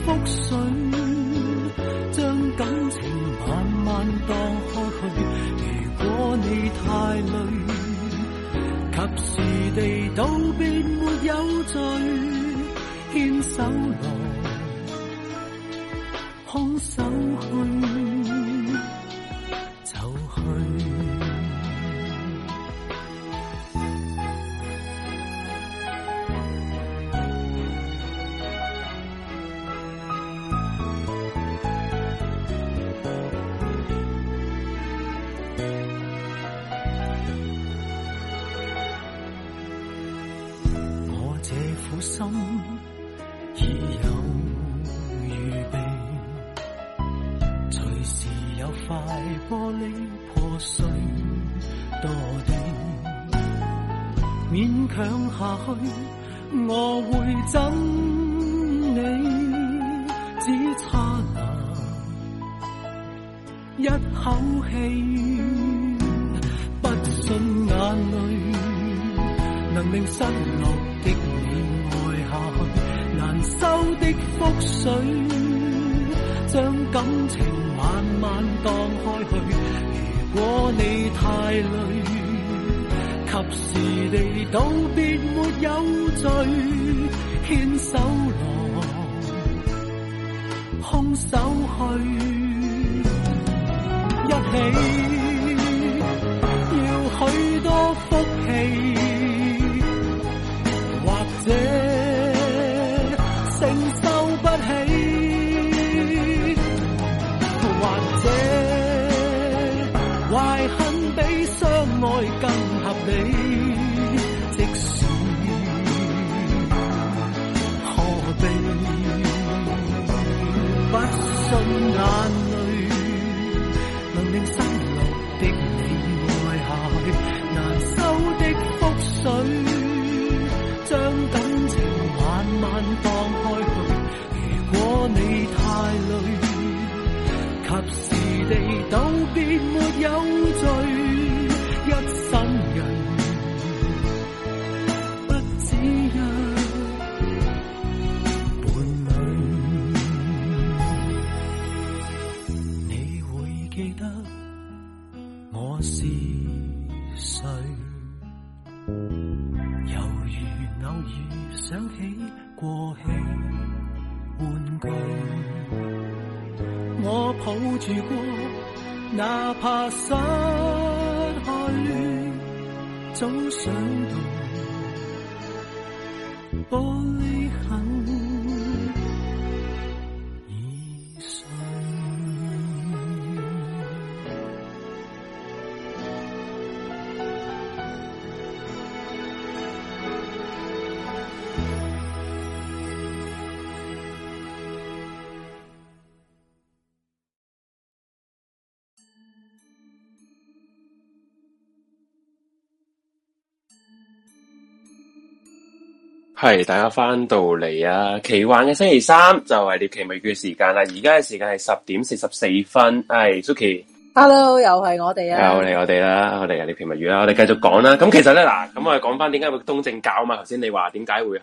係，大家翻到嚟啊！奇幻嘅星期三就係、是、獵奇物語嘅時間啦。而家嘅時間係十點四十四分。係、哎、，Suki，hello，又係我哋啊，又係我哋啦，我哋啊，獵奇物語啦，我哋繼續講啦。咁其實咧，嗱，咁我哋講翻點解會東正教啊？嘛，頭先你話點解會係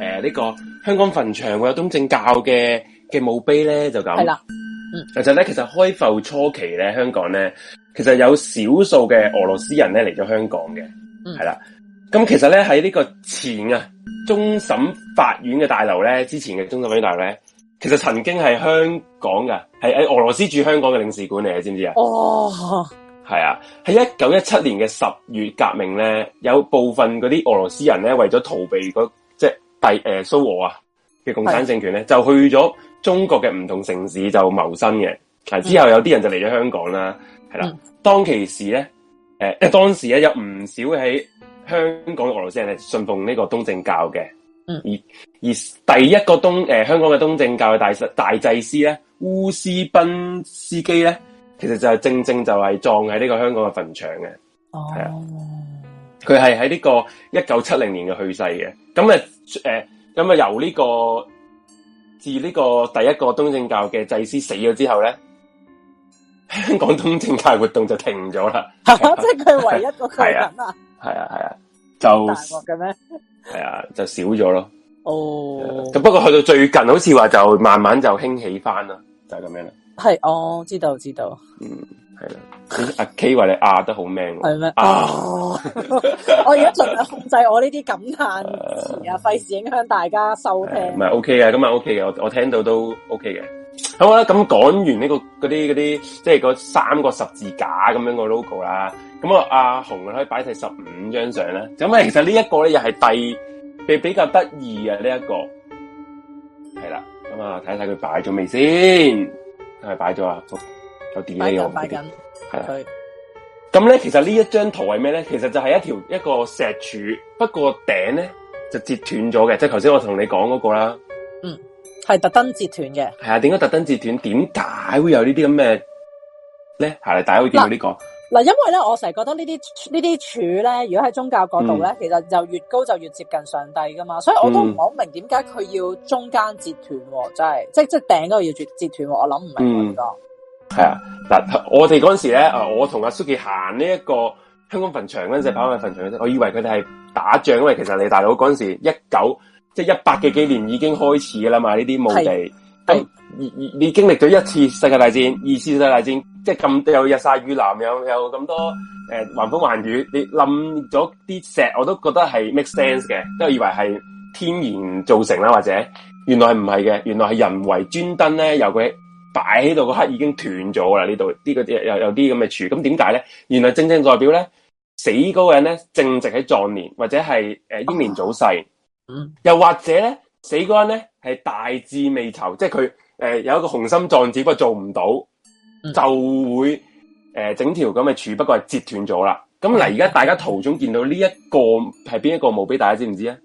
誒呢個香港墳場會有東正教嘅嘅墓碑咧？就咁係啦，嗯。其實咧，其實開埠初期咧，香港咧，其實有少數嘅俄羅斯人咧嚟咗香港嘅，係、嗯、啦。咁其實咧，喺呢個前啊，終審法院嘅大樓咧，之前嘅終審法院大樓咧，其實曾經係香港㗎，係喺俄羅斯駐香港嘅領事館嚟嘅，知唔知啊？哦，係啊，喺一九一七年嘅十月革命咧，有部分嗰啲俄羅斯人咧，為咗逃避嗰即係第誒蘇俄啊嘅共產政權咧，就去咗中國嘅唔同城市就謀生嘅。其之後有啲人就嚟咗香港啦，係、嗯、啦、啊。當其時咧，誒、呃，因為當時咧有唔少喺。香港嘅俄羅斯人係信奉呢個東正教嘅，嗯，而而第一個東誒、呃、香港嘅東正教嘅大大祭司咧烏斯賓斯基咧，其實就正正就係葬喺呢個香港嘅墳場嘅，係、哦、啊，佢係喺呢個一九七零年嘅去世嘅，咁啊誒、咁、呃、啊由呢、這個自呢個第一個東正教嘅祭司死咗之後咧，香港東正教活動就停咗啦， [LAUGHS] 是啊、 [LAUGHS] 即係佢係唯一一個係啊。係啊係，啊，就係外國嘅咩？係啊，就少咗咯。哦，咁不過去到最近，好似話就慢慢就興起翻啦，就係咁樣啦。係，我、oh, 知道知道。嗯，係啦、啊。阿 K 話你壓得好 man，係咩？啊， [LAUGHS] [LAUGHS] [LAUGHS] 我而家盡量控制我呢啲感嘆詞啊，費 [LAUGHS] 事、啊、影響大家收聽。唔係、啊、OK 嘅，咁啊 OK 嘅，我我聽到都 OK 嘅。好啦、啊，咁講完呢、這個嗰啲啲，即係、就是、個三個十字架咁樣個 logo 啦。咁、嗯、啊，阿紅可以擺晒十五張相咧。咁啊，其實呢一個咧又係第比比較得意嘅呢一個，係啦。咁、嗯、啊，睇睇佢擺咗未先？係擺咗啊？有 display 我唔知擺緊係咁咧，其實呢一張圖係咩咧？其實就係一條一個石柱，不過頂咧就截斷咗嘅。即係頭先我同你講嗰、那個啦。嗯，係特登截斷嘅。係啊，點解特登截斷？點解會有呢啲咁嘅咧？係咪大家會見到呢、這個？嗱，因為咧，我成日覺得柱柱呢啲呢啲柱咧，如果喺宗教角度咧，其實就越高就越接近上帝噶嘛，所以我都唔好明點解佢要中間截斷，真、嗯、係，即係即係頂嗰個要截截斷，我諗唔明咯。係、嗯、啊，嗱，我哋嗰陣時咧，啊，我同阿 Suki 行呢一個香港墳場跟住跑埋墳場嗰陣，我以為佢哋係打仗，因為其實你大佬嗰陣時一九即係一百幾幾年已經開始噶啦嘛，呢啲墓地，係、嗯，你經你經歷咗一次世界大戰，二次世界大戰。即係咁，有日曬雨淋，有有咁多誒、呃、橫風橫雨，你冧咗啲石，我都覺得係 make sense 嘅，都以為係天然造成啦，或者原來唔係嘅，原來係人為專登咧，由佢擺喺度嗰刻已經斷咗啦。呢度呢個有有啲咁嘅柱，咁點解咧？原來正正代表咧，死嗰人咧正值喺壯年，或者係英年早逝，又或者咧死嗰人咧係大志未酬，即係佢、呃、有一個雄心壯志，不過做唔到。嗯、就會誒、呃、整條咁嘅柱，不過係截斷咗啦。咁嗱，而家大家途中見到呢一個係邊一個墓碑，大家知唔知啊？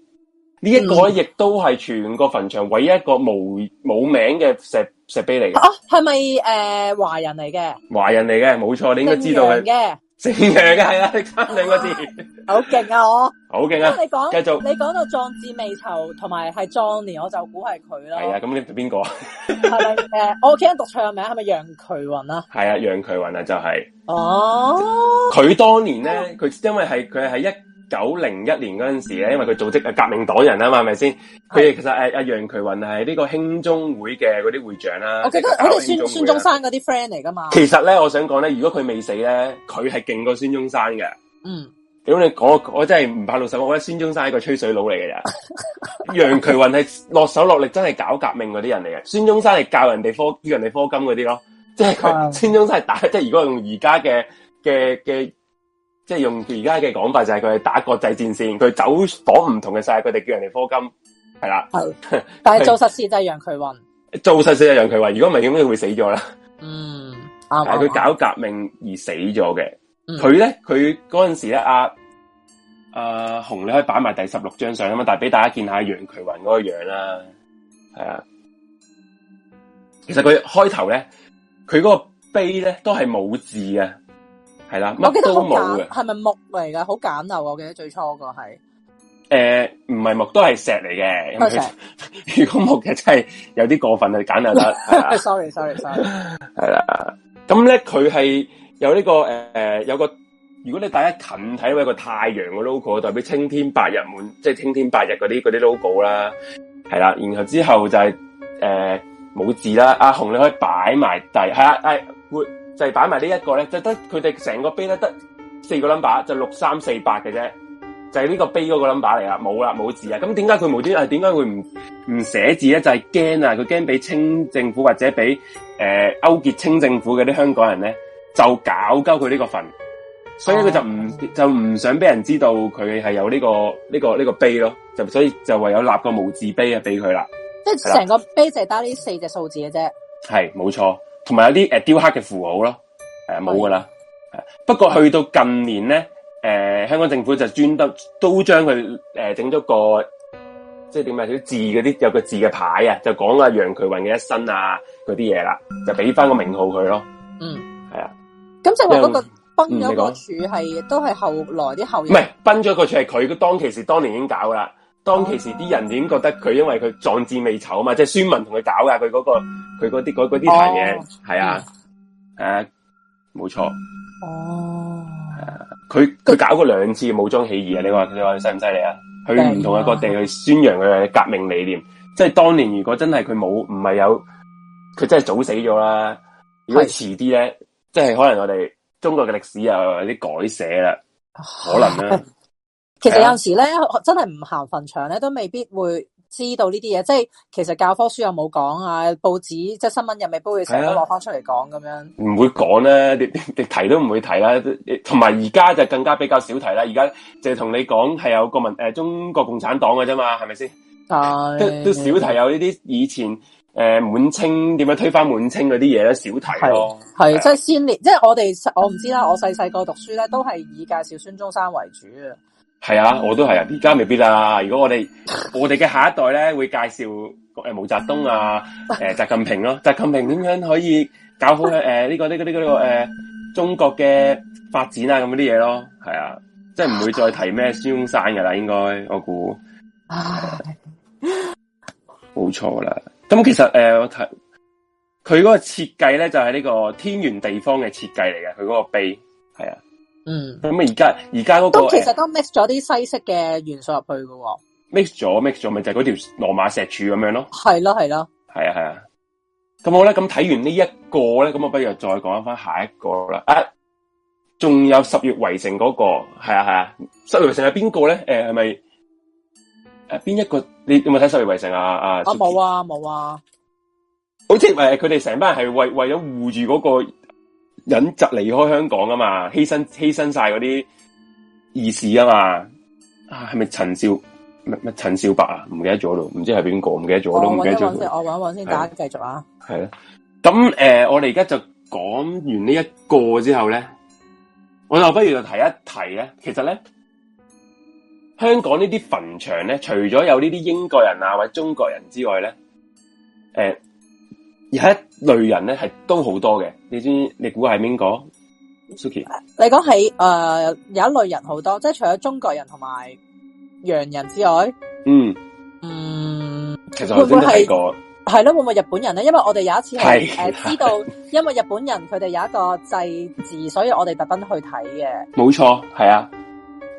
呢、嗯、一個亦都係全個墳場唯一一個無冇名嘅石石碑嚟。哦、啊，係咪誒華人嚟嘅？華人嚟嘅，冇錯，你應該知道嘅。正嘅係啊，你講兩個字， [LAUGHS] 好勁啊我，好勁啊！嗯、你講繼續，你講到壯志未酬同埋係壯年，Johnny, 我就估係佢啦。係啊，咁你邊個 [LAUGHS] 啊？係咪誒？我屋企人讀錯名係咪楊衢雲啊？係啊，楊衢雲啊，就係、是。哦，佢當年咧，佢 [LAUGHS] 因為係佢係一。九零一年嗰陣時咧，因為佢組織誒革命黨人啊嘛，係咪先？佢哋其實誒，楊衢雲係呢個興中會嘅嗰啲會長啦。我記得佢哋孫孫中山嗰啲 friend 嚟噶嘛。其實咧，我想講咧，如果佢未死咧，佢係勁過孫中山嘅。嗯，屌你，我我真係唔怕六十，我覺得孫中山係一個吹水佬嚟嘅人。楊衢雲係落手落力，真係搞革命嗰啲人嚟嘅。孫中山係教人哋科，教人哋科金嗰啲咯。即係佢，孫中山係打，即係如果用而家嘅嘅嘅。即係用而家嘅講法，就係佢係打國際戰線，佢走火唔同嘅晒，佢哋叫人哋科金，係啦。 [LAUGHS] 但係做實事就係楊衢雲，做實事就係楊衢雲。如果唔係，咁你會死咗啦。嗯，但係佢搞革命而死咗嘅。佢、嗯、咧，佢嗰陣時咧、啊，阿阿熊你可以擺埋第十六張相啊嘛，但係俾大家見下楊衢雲嗰個樣啦、啊。係啊，其實佢開頭咧，佢嗰個碑咧都係冇字嘅。係啦都，我記得好簡，係咪木嚟噶？好簡陋啊！我記得最初個係，誒、呃，唔係木，都係石嚟嘅。如果木嘅真係有啲過分就簡陋就 [LAUGHS] 啦。Sorry，sorry，sorry sorry, sorry。係啦，咁咧佢係有呢、這個誒誒、呃，有個如果你大家近睇，有個太陽嘅 logo，代表青天白日滿，即係青天白日嗰啲嗰啲 logo 啦。係啦，然後之後就係誒冇字啦。阿、啊、紅，你可以擺埋第係啊、哎，會。就係擺埋呢一個咧，就得佢哋成個碑咧得四個 number，就六三四八嘅啫。就係、是、呢、就是、個碑嗰個 number 嚟啦，冇啦冇字、字、就是、啊。咁點解佢冇字？誒，點解會唔唔寫字咧？就係驚啊！佢驚俾清政府或者俾誒、呃、勾結清政府嘅啲香港人咧，就搞鳩佢呢個墳。所以佢就唔、嗯、就唔想俾人知道佢係有呢、這個呢、這個呢、這個碑咯。就所以就唯有立個無字碑啊，俾佢啦。即係成個碑就係得呢四隻數字嘅啫。係，冇錯。同埋有啲誒雕刻嘅符號咯，冇噶啦。不過去到近年咧，誒、呃、香港政府就專登都將佢誒整咗個，即係點啊？啲字嗰啲有個字嘅牌啊，就講啊楊衢雲嘅一生啊嗰啲嘢啦，就俾翻個名號佢咯。嗯，係啊。咁就話嗰個崩咗個柱係、嗯、都係後來啲後人，唔係，崩咗個柱係佢當其時當年已經搞啦。當其時啲人已經覺得佢因為佢壯志未酬啊嘛，即係孫文同佢搞噶佢嗰個佢嗰啲嗰嗰啲壇嘢係啊，誒，冇錯，哦，係啊，佢、啊、佢、啊啊、搞過兩次武裝起義啊，你話你話犀唔犀利啊？去唔同嘅各地去宣揚佢嘅革命理念，啊、即係當年如果真係佢冇唔係有，佢真係早死咗啦。如果係遲啲咧，即係可能我哋中國嘅歷史又有啲改寫啦，可能啦。啊啊其實有陣時咧、啊，真係唔行墳場咧，都未必會知道呢啲嘢。即係其實教科書有冇講啊，報紙即係新聞又未必會成日攞翻出嚟講咁樣。唔會講啦，連連提都唔會提啦。同埋而家就更加比較少提啦。而家就同你講係有個問，誒，中國共產黨嘅啫嘛，係咪先？都都少提有呢啲以前誒滿、呃、清點樣推翻滿清嗰啲嘢咧，少提咯。係即係先烈，即係我哋我唔知啦。我細細個讀書咧、嗯，都係以介紹孫中山為主係啊，我都係啊，而家未必啦。如果我哋我哋嘅下一代咧，會介紹誒毛澤東啊，誒、呃、習近平咯，習近平點樣可以搞好誒呢、呃呢個呢、呢個呢、呢個誒、呃、中國嘅發展啊咁啲嘢咯，係啊，即係唔會再提咩孫中山噶啦，應該我估，冇、啊、錯啦。咁其實誒，我睇佢嗰個設計咧，就係、是、呢個天圓地方嘅設計嚟嘅，佢嗰個碑係啊。嗯，咁啊，而家而家嗰個其實都 mix 咗啲西式嘅元素入去噶喎，mix 咗 mix 咗咪就係嗰條羅馬石柱咁樣咯，係咯係咯，係啊係啊，咁好啦，咁睇完呢一個咧，咁我不如再講翻下，下一個啦，啊，仲有十月圍城嗰個，係啊係啊，十月圍城係邊個咧？誒係咪誒邊一個？你有冇睇十月圍城啊？啊，冇啊冇啊，好似佢哋成班係為為咗護住嗰個。引疾離開香港啊嘛，犧牲犧牲晒嗰啲意思啊嘛，啊係咪陳少咩咩陳少白啊？唔記得咗咯，唔知係邊個，唔記得咗都唔記得咗。我搵一搵先，大家繼續啊。係啦，咁誒、呃，我哋而家就講完呢一個之後咧，我就不如就提一提咧，其實咧，香港呢啲墳場咧，除咗有呢啲英國人啊或者中國人之外咧，誒、呃，有一類人咧係都好多嘅。你知你估係邊個？Suki，你講起誒、呃、有一類人好多，即係除咗中國人同埋洋人之外，嗯嗯，其實我邊度睇過。係咯會唔會,會,會日本人咧？因為我哋有一次係誒、呃、知道，因為日本人佢哋有一個祭祀，所以我哋特登去睇嘅。冇錯，係啊，誒、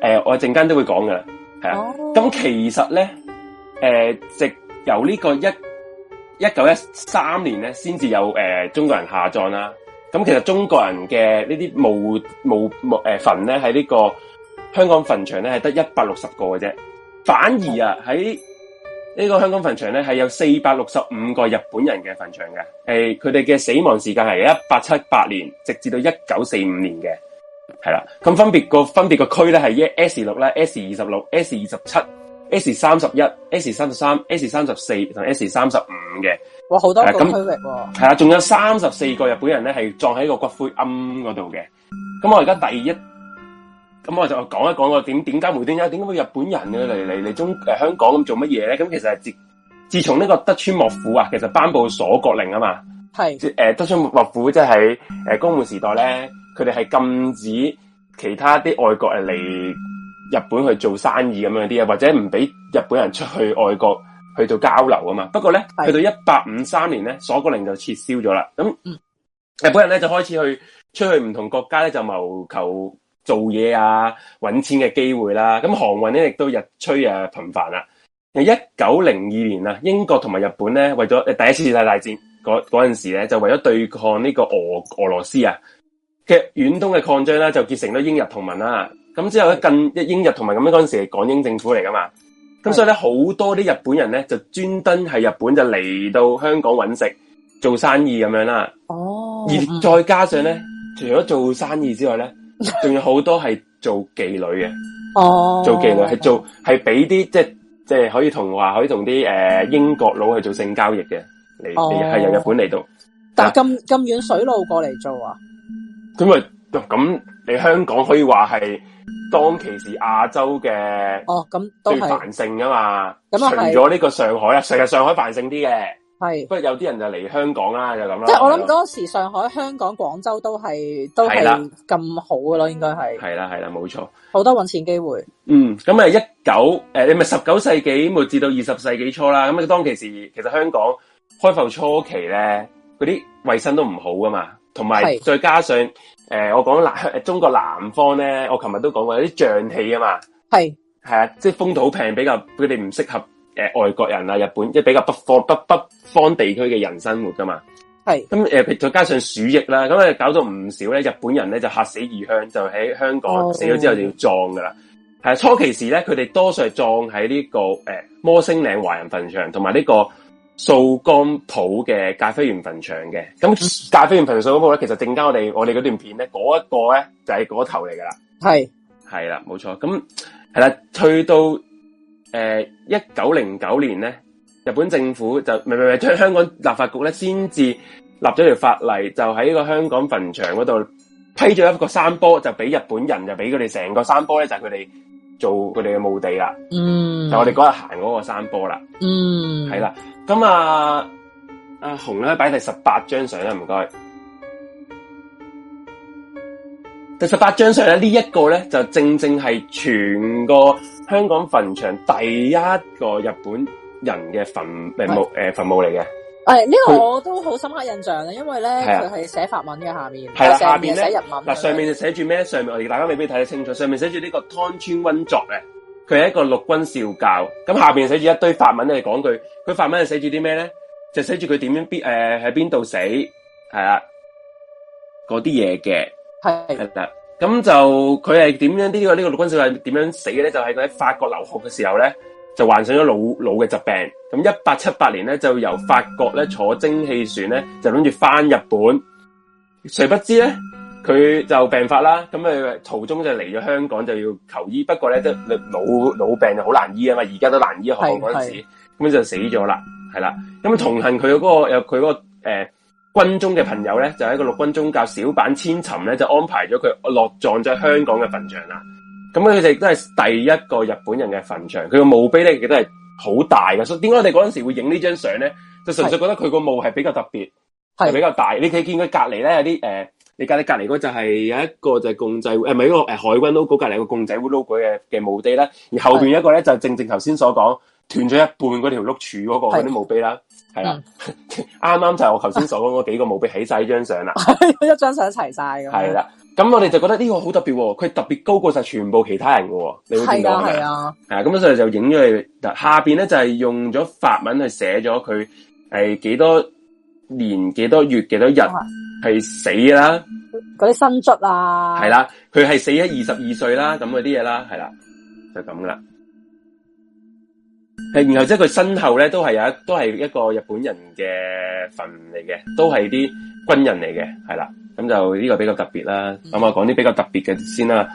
呃、我陣間都會講㗎。係啊。咁、哦、其實咧，誒、呃、直由呢個一一九一三年咧，先至有誒、呃、中國人下葬啦。咁其實中國人嘅，呃、呢啲墓墓墓誒墳咧喺呢個香港墳場咧係得一百六十個嘅啫，反而啊喺呢個香港墳場咧係有四百六十五個日本人嘅墳場嘅。誒佢哋嘅死亡時間係一八七八年直至到一九四五年嘅，係啦，咁分別個分別個區咧係一 S 六咧，S 二十六、S 二十七、S 三十一、S 三十三、S 三十四同 S 三十五嘅。哇好多個區域，係啊，仲有三十四個日本人咧，係撞喺個骨灰龕嗰度嘅。咁我而家第一，咁我就講一講個點點解冇點解點解會日本人嚟嚟嚟中誒香港咁做乜嘢咧？咁其實自自從呢個德川幕府啊，其實頒布鎖國令啊嘛，係誒德川幕府即係誒江戶時代咧，佢哋係禁止其他啲外國人嚟日本去做生意咁樣啲啊，或者唔俾日本人出去外國。去到交流啊嘛，不過咧去到一八五三年咧，鎖國令就撤銷咗啦。咁日本人咧就開始去出去唔同國家咧就謀求做嘢啊、揾錢嘅機會啦。咁航運咧亦都日趨啊頻繁啦。一九零二年啊，英國同埋日本咧為咗第一次世界大戰嗰嗰陣時咧就為咗對抗呢個俄俄羅斯啊嘅遠東嘅抗爭呢，就結成咗英日同盟啦。咁之後咧近一英日同盟咁樣嗰陣時係港英政府嚟噶嘛。咁所以咧，好多啲日本人咧就專登係日本就嚟到香港揾食做生意咁樣啦。哦，而再加上咧，除咗做生意之外咧，仲有好多係做妓女嘅。哦，做妓女係做係俾啲即即係可以同話可以同啲誒英國佬去做性交易嘅，嚟嚟係由日本嚟到。但係咁咁遠水路過嚟做啊？咁啊咁。你香港可以話係當其時亞洲嘅最繁盛噶嘛？咁除咗呢個上海啦，成日上海繁盛啲嘅，係。不過有啲人就嚟香港啦，就咁啦。即係我諗當時上海、香港、廣州都係都係咁好噶咯應該係係啦係啦，冇錯，好多搵錢機會。嗯，咁啊一九誒，你咪十九世紀末至到二十世紀初啦。咁啊當其時，其實香港開埠初期咧，嗰啲衛生都唔好噶嘛，同埋再加上。誒、呃，我講南中國南方咧，我琴日都講過有啲瘴氣啊嘛，係係啊，即係風土病比，比較佢哋唔適合、呃、外國人啦、日本即比較北方北北方地區嘅人生活噶嘛，係咁誒，再、呃、加上鼠疫啦，咁啊搞到唔少咧日本人咧就嚇死異鄉，就喺香港、oh. 死咗之後就要葬噶啦，係初期時咧佢哋多數係葬喺呢個、呃、摩星嶺華人墳場，同埋呢個。掃光埔嘅咖啡園墳場嘅，咁咖啡園墳場掃嗰部咧，其實正交我哋我哋嗰段片咧，嗰一個咧就係嗰頭嚟噶啦，係係啦，冇錯，咁係啦，去到誒一九零九年咧，日本政府就唔係唔係，香港立法局咧先至立咗條法例，就喺呢個香港墳場嗰度批咗一個山坡，就俾日本人就俾佢哋成個山坡咧就係佢哋。做佢哋嘅墓地啦、嗯，就是、我哋嗰日行嗰個山坡啦，係、嗯、啦，咁啊啊熊咧擺第十八張相啦，唔該。第十八張相咧，呢一個咧就正正係全個香港墳場第一個日本人嘅墳墓誒墳墓嚟嘅。誒、哎、呢、這個我都好深刻印象嘅，因為咧佢係寫法文嘅，下面，是啊、下面寫日文。嗱上面就寫住咩？上面我哋大家未必睇得清楚。上面寫住呢個湯川温作嘅，佢係一個陸軍少校。咁下邊寫住一堆法文咧，講句佢法文係寫住啲咩咧？就寫住佢點樣邊誒喺邊度死，係啦嗰啲嘢嘅。係啦，咁就佢係點樣呢、這個呢、這個陸軍少校點樣死嘅咧？就係佢喺法國留學嘅時候咧。就患上咗老老嘅疾病，咁一八七八年咧就由法國咧坐蒸汽船咧就諗住返日本，誰不知咧佢就病發啦，咁佢途中就嚟咗香港就要求醫，不過咧都老，老病就好難醫啊嘛，而家都難醫啊，嗰陣時咁就死咗啦，係啦，咁同行佢嗰、嗰個佢嗰、嗰個誒、呃、軍中嘅朋友咧，就係、是、一個陸軍中校小坂千尋咧，就安排咗佢落葬咗喺香港嘅墳場啦。嗯咁佢哋都係第一個日本人嘅墳場，佢個墓碑咧亦都係好大嘅。所以點解我哋嗰陣時會影呢張相咧？就純粹覺得佢個墓係比較特別，係比較大。你睇見佢隔離咧有啲誒、呃，你隔離隔離嗰就係有一個就係共濟誒，係咪呢個海軍 logo，隔離個共濟會 logo 嘅嘅墓碑啦。然後邊一個咧就正正頭先所講斷咗一半嗰條碌柱嗰個嗰啲墓碑啦，係啦，啱啱就係我頭先所講嗰幾個墓碑起晒呢張相啦， [LAUGHS] 一張相齊晒。咁啦、啊。咁我哋就覺得呢個好特別、哦，佢特別高過晒全部其他人喎、哦。你會見到係啊，係。咁所以就影咗佢。嗱，下邊咧就係用咗法文去寫咗佢係幾多年幾多月幾多日係死啦，嗰啲新卒啊，係啦、啊，佢係死咗二十二歲啦，咁嗰啲嘢啦，係啦、啊，就咁啦。係然後即係佢身後咧都係有一都係一個日本人嘅墳嚟嘅，都係啲軍人嚟嘅，係啦、啊。咁就呢個比較特別啦，咁、嗯、我講啲比較特別嘅先啦。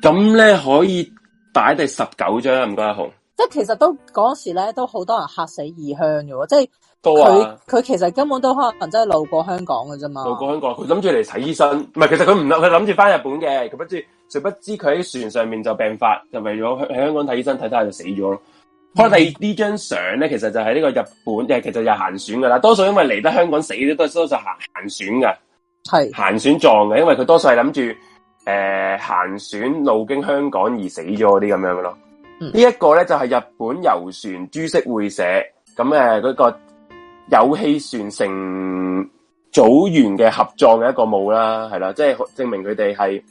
咁、嗯、咧可以擺第十九張呀，唔該阿雄。即係其實都嗰時咧，都好多人吓死異鄉嘅，即係佢佢其實根本都可能真係路過香港嘅啫嘛。路過香港，佢諗住嚟睇醫生，唔係其實佢唔佢諗住翻日本嘅，佢不知誰不知佢喺船上面就病發，就為咗喺香港睇醫生睇睇下就死咗咯、嗯。可能第二張呢張相咧，其實就係呢個日本嘅，其實又閒選噶啦，多數因為嚟得香港死都都係閒閒選噶。係行船撞嘅，因為佢多數係諗住誒行船路經香港而死咗嗰啲咁樣嘅咯。嗯這個、呢一個咧就係、是、日本遊船株式會社，咁誒嗰個有汽船成組員嘅合葬嘅一個墓啦，係啦，即係證明佢哋係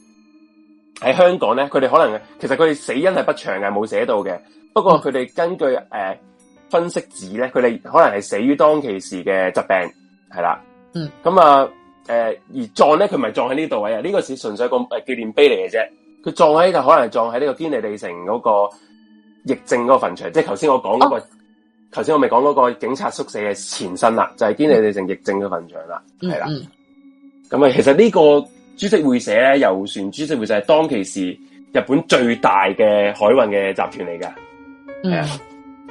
喺香港咧。佢哋可能其實佢哋死因係不詳嘅，冇寫到嘅。不過佢哋根據誒、嗯呃、分析指咧，佢哋可能係死於當其時嘅疾病，係啦。嗯，咁啊。呃誒，而葬咧，佢唔係葬喺呢度位啊！呢個是純粹個誒紀念碑嚟嘅啫，佢葬喺就可能係葬喺呢個堅尼地城嗰個疫症嗰個墳場，即係頭先我講嗰、嗰個，頭、啊、先我咪講嗰個警察宿舍嘅前身、就係、利利嗯嗯嗯啦，就係堅尼地城疫症嘅墳場啦，係啦。咁啊，其實呢個株式會社咧，遊船株式會社係當其時日本最大嘅海運嘅集團嚟嘅。嗯，嗯，嗯。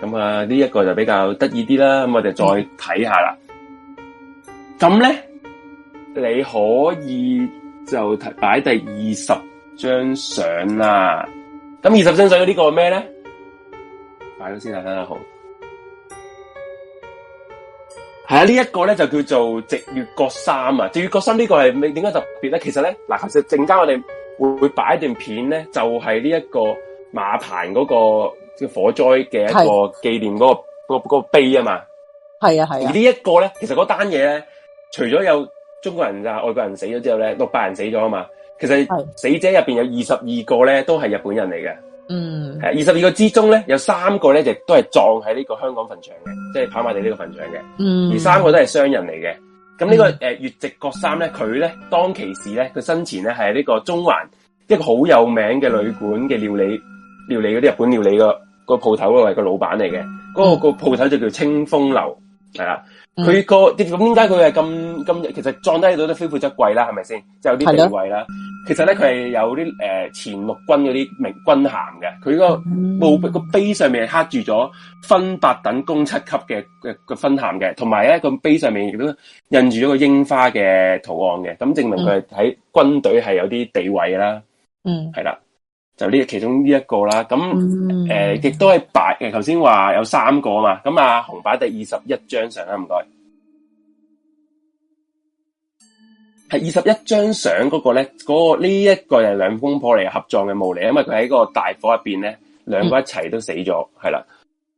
咁啊，呢一個就比較得意啲啦。咁我哋再睇下啦。咁、嗯、咧、嗯？你可以就睇擺第二十張相啦，咁二十張相嘅呢個咩咧？擺咗先啦，大家好。係啊，這個、呢一個咧就叫做直月角三啊！直越角三呢個係點解特別咧？其實咧，嗱，其實陣間我哋會會擺一段片咧，就係呢一個馬棚嗰個嘅火災嘅一個紀念嗰、那個嗰、啊那個那個那個碑啊嘛。係啊係啊。而呢一個咧，其實嗰單嘢咧，除咗有。中國人就外國人死咗之後咧，六百人死咗啊嘛。其實死者入邊有二十二個咧，都係日本人嚟嘅。嗯，係二十二個之中咧，有三個咧亦都係葬喺呢個香港墳場嘅，即係跑馬地呢個墳場嘅、這個。嗯，而、呃、三個都係商人嚟嘅。咁呢個誒粵籍國三咧，佢咧當其時咧，佢生前咧係呢是這個中環一個好有名嘅旅館嘅料理，料理嗰啲日本料理的、那個個鋪頭咯，係個老闆嚟嘅。嗰、那個、那個鋪頭就叫清風樓，係啊。佢、嗯那個咁點解佢係咁今其實葬低喺度都非富則貴啦，係咪先？即、就、係、是、有啲地位啦。其實咧，佢係有啲誒、呃、前陸軍嗰啲名軍銜嘅。佢、這個墓個碑上面係刻住咗分八等公七級嘅嘅個分銜嘅，同埋咧個碑上面亦都印住咗個櫻花嘅圖案嘅。咁證明佢係喺軍隊係有啲地位啦。嗯，係啦。就呢其中呢一個啦，咁誒，亦、嗯呃、都係白誒，頭先話有三個嘛，咁啊，紅白第二十一張相啦、啊，唔該，係二十一張相嗰、那個咧，嗰、那個呢一、這個係兩公婆嚟，合葬嘅墓嚟，因為佢喺個大火入邊咧，兩個一齊都死咗，係、嗯、啦，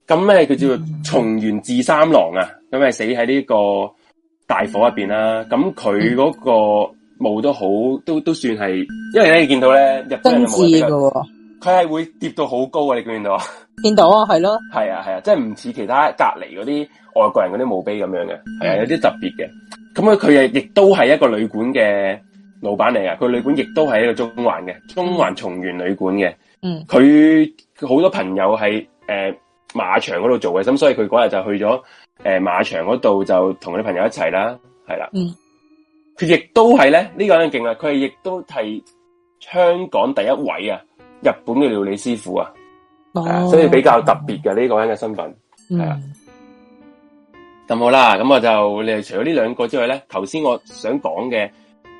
咁咧佢叫做「重元治三郎」啊，咁係死喺呢個大火入邊啦，咁佢嗰個。嗯嗯墓都好，都都算係，因為咧，你見到咧，入本嘅墓都佢係會跌到好高啊！你見唔見到啊？見到啊，係咯，係 [LAUGHS] 啊，係啊，即係唔似其他隔籬嗰啲外國人嗰啲墓碑咁樣嘅，係啊，有啲特別嘅。咁、嗯、啊，佢亦亦都係一個旅館嘅老闆嚟啊，佢旅館亦都係一個中環嘅，中環松原旅館嘅。嗯，佢好多朋友喺誒、呃、馬場嗰度做嘅，咁所以佢嗰日就去咗誒、呃、馬場嗰度就同佢啲朋友一齊啦，係啦。嗯佢亦都係咧，呢、呢個人勁啊！佢係亦都係香港第一位啊，日本嘅料理師傅啊，哦、所以比較特別嘅呢個人嘅身份係啊。咁、嗯、好啦，咁我就你除咗呢兩個之外咧，頭先我想講嘅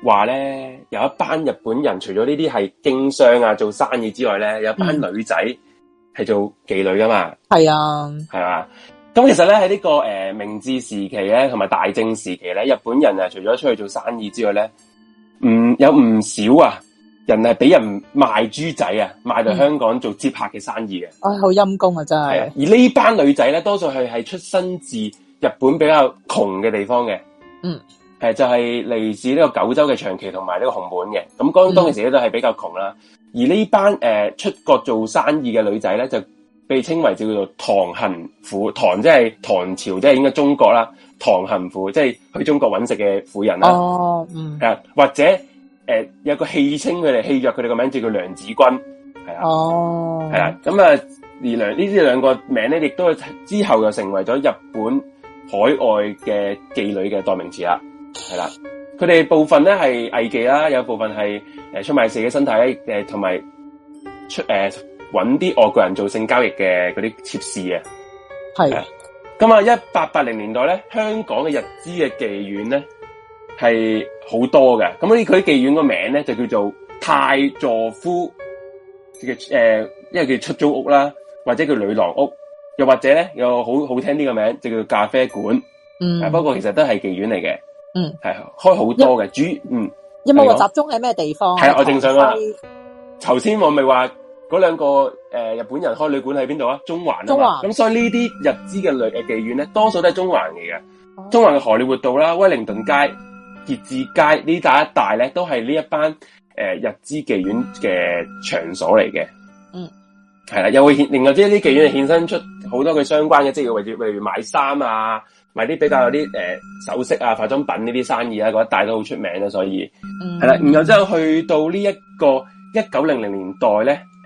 話咧，有一班日本人除咗呢啲係經商啊、做生意之外咧，有一班女仔係做妓女噶嘛？係、嗯、啊，係嘛。咁其實咧喺呢在、這個誒、呃、明治時期咧，同埋大正時期咧，日本人啊除咗出去做生意之外咧，唔有唔少啊人係俾人賣豬仔啊，賣到香港做接客嘅生意嘅。唉、哎，好陰功啊，真係。而呢班女仔咧，多數佢係出身自日本比較窮嘅地方嘅。嗯，誒、呃、就係、是、嚟自呢個九州嘅長崎同埋呢個熊本嘅。咁當當時都係比較窮啦、嗯。而呢班誒出國做生意嘅女仔咧就。被稱為叫做唐行婦，唐即係唐朝，即係應該中國啦。唐行婦即係去中國揾食嘅婦人啦。哦，嗯，啊，或者誒、呃，有個戲稱佢哋戲作佢哋個名字，就叫做娘子軍係啦。哦，係啦。咁啊，而娘呢啲兩個名咧，亦都之後又成為咗日本海外嘅妓女嘅代名詞啦。係啦，佢哋部分咧係藝妓啦，有部分係誒出賣自己身體，誒同埋出誒。呃搵啲外國人做性交易嘅嗰啲設施啊，係、嗯、啊，咁啊，一八八零年代咧，香港嘅日資嘅妓院咧係好多嘅，咁、嗯、啊，啲佢啲妓院個名咧就叫做泰座夫嘅誒，因為叫，呃、叫出租屋啦，或者叫女郎屋，又或者咧有好好聽啲個名，就叫咖啡館，嗯、啊，不過其實都係妓院嚟嘅，嗯，係開好多嘅，主嗯，有冇話集中喺咩地方？係、嗯、啊，我正常啊，頭先我咪話。嗰兩個、呃、日本人開旅館喺邊度啊？中環啊嘛，咁所以呢啲日資嘅旅誒妓院咧，多數都係中環嚟嘅、哦。中環嘅荷李活道啦、威靈頓街、傑志街呢啲帶一帶咧，都係呢一班誒、呃、日資妓院嘅場所嚟嘅。嗯，係啦，又會衍，另外即一啲妓院又衍生出好多佢相關嘅職業位置，例如、如買衫啊、買啲比較有啲誒首飾啊、化妝品呢啲生意啊，嗰一帶都好出名啦。所以，嗯，係啦，然後之後去到呢一個一九零零年代咧。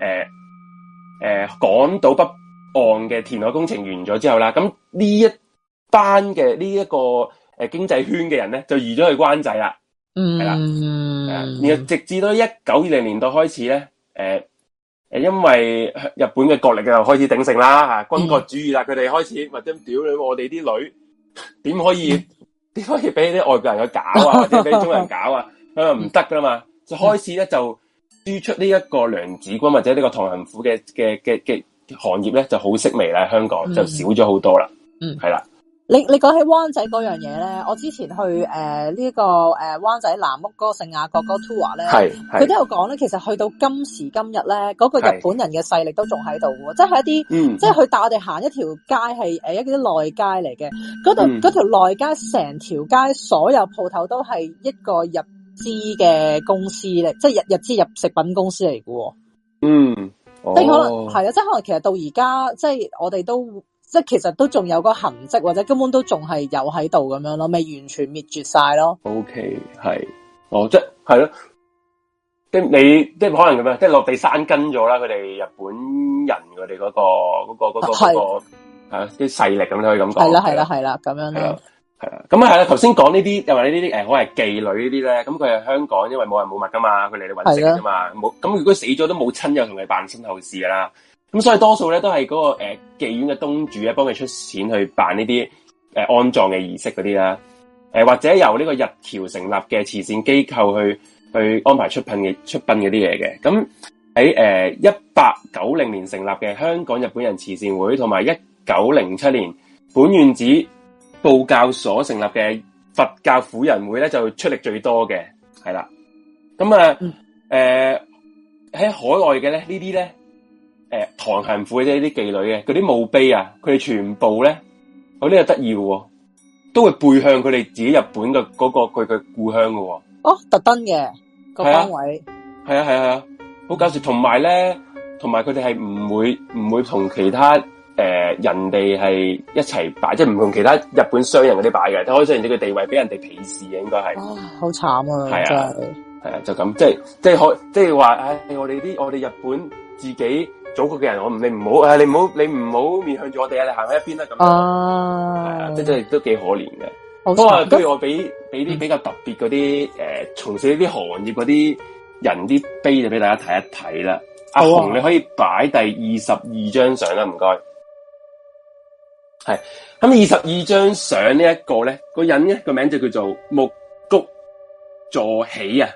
誒、呃、誒、呃，港島北岸嘅填海工程完咗之後啦，咁呢一班嘅、這個呃、呢一個誒經濟圈嘅人咧，就移咗去灣仔啦，係、嗯、啦，然後、呃、直至到一九二零年代開始咧，誒、呃、誒，因為日本嘅國力又開始鼎盛啦，吓軍國主義啦，佢、嗯、哋開始，或者屌你，我哋啲女點可以點 [LAUGHS] 可以俾啲外國人去搞啊，或者俾中國人搞啊，咁啊唔得噶啦嘛，就開始咧就。 [LAUGHS] 輸出呢一個梁子君，或者呢個唐人府嘅、嘅、嘅嘅行業咧，就好式微啦。香港就少咗好多啦。嗯，係、嗯、啦。你你講喺灣仔嗰樣嘢咧，我之前去誒、呃這個呃、呢個誒灣仔藍屋哥聖亞哥嗰 tour 咧，係佢都有講咧。其實去到今時今日咧，嗰、那個日本人嘅勢力都仲喺度喎。即係、就是、一啲，即係佢帶我哋行一條街係誒一啲內街嚟嘅。嗰度嗰條內街成條街所有鋪頭都係一個日。資嘅公司咧，即係日日資入食品公司嚟嘅喎。嗯，哦、即係可能係啊，即係可能其實到而家，即係我哋都即係其實都仲有個痕跡，或者根本都仲係有喺度咁樣咯，未完全滅絕晒咯。O K，係哦，即係係咯，即係你即係可能咁樣，即係落地生根咗啦。佢哋日本人佢哋嗰個嗰、嗰個嗰、嗰個、嗰個啊啲勢力，咁可以咁講。係啦係啦係啦，咁樣咯。係咁啊，係啦，頭先講呢啲，又話呢啲誒，好、呃、係妓女呢啲咧，咁佢係香港，因為冇人冇物噶嘛，佢嚟嚟搵食㗎嘛，冇，咁如果死咗都冇親友同佢辦身後事啦，咁所以多數咧都係嗰、嗰個、誒、呃、妓院嘅東主咧幫佢出錢去辦呢啲誒安葬嘅儀式嗰啲啦，誒、呃、或者由呢個日僑成立嘅慈善機構去去安排出殯嘅出殯嗰啲嘢嘅，咁喺誒一八九零年成立嘅香港日本人慈善會，同埋一九零七年本願寺。布教所成立嘅佛教婦人會咧，就出力最多嘅係啦。咁啊，誒喺、呃嗯、海外嘅咧，呢啲咧，誒、呃，唐行婦即係啲妓女嘅，嗰啲墓碑啊，佢哋全部咧，有呢個得意嘅，都會背向佢哋自己日本嘅嗰、那個佢嘅、那個、故鄉嘅、哦。哦，特登嘅、這個單位，係啊係啊係啊，好、啊啊啊、搞笑。同埋咧，同埋佢哋係唔會唔會同其他。誒、呃，人哋係一齊擺，即係唔同其他日本商人嗰啲擺嘅，睇起身你嘅地位俾人哋鄙視嘅，應該係。好、啊、慘啊！係啊，係啊，就咁，即係即係可，即係話，唉、哎，我哋啲我哋日本自己祖國嘅人，我你唔好，誒，你唔好、哎，你唔好面向住我哋啊，你行喺一邊啦、啊，咁。Uh... 啊，即係都幾可憐嘅。不過不如我俾俾啲比較特別嗰啲誒，從、嗯呃、事啲行業嗰啲人啲碑，就俾大家睇一睇啦、啊。阿紅，你可以擺第二十二張相啦，唔該。係咁，二十二張相呢一個咧，個人咧，個名就叫做木谷座起啊。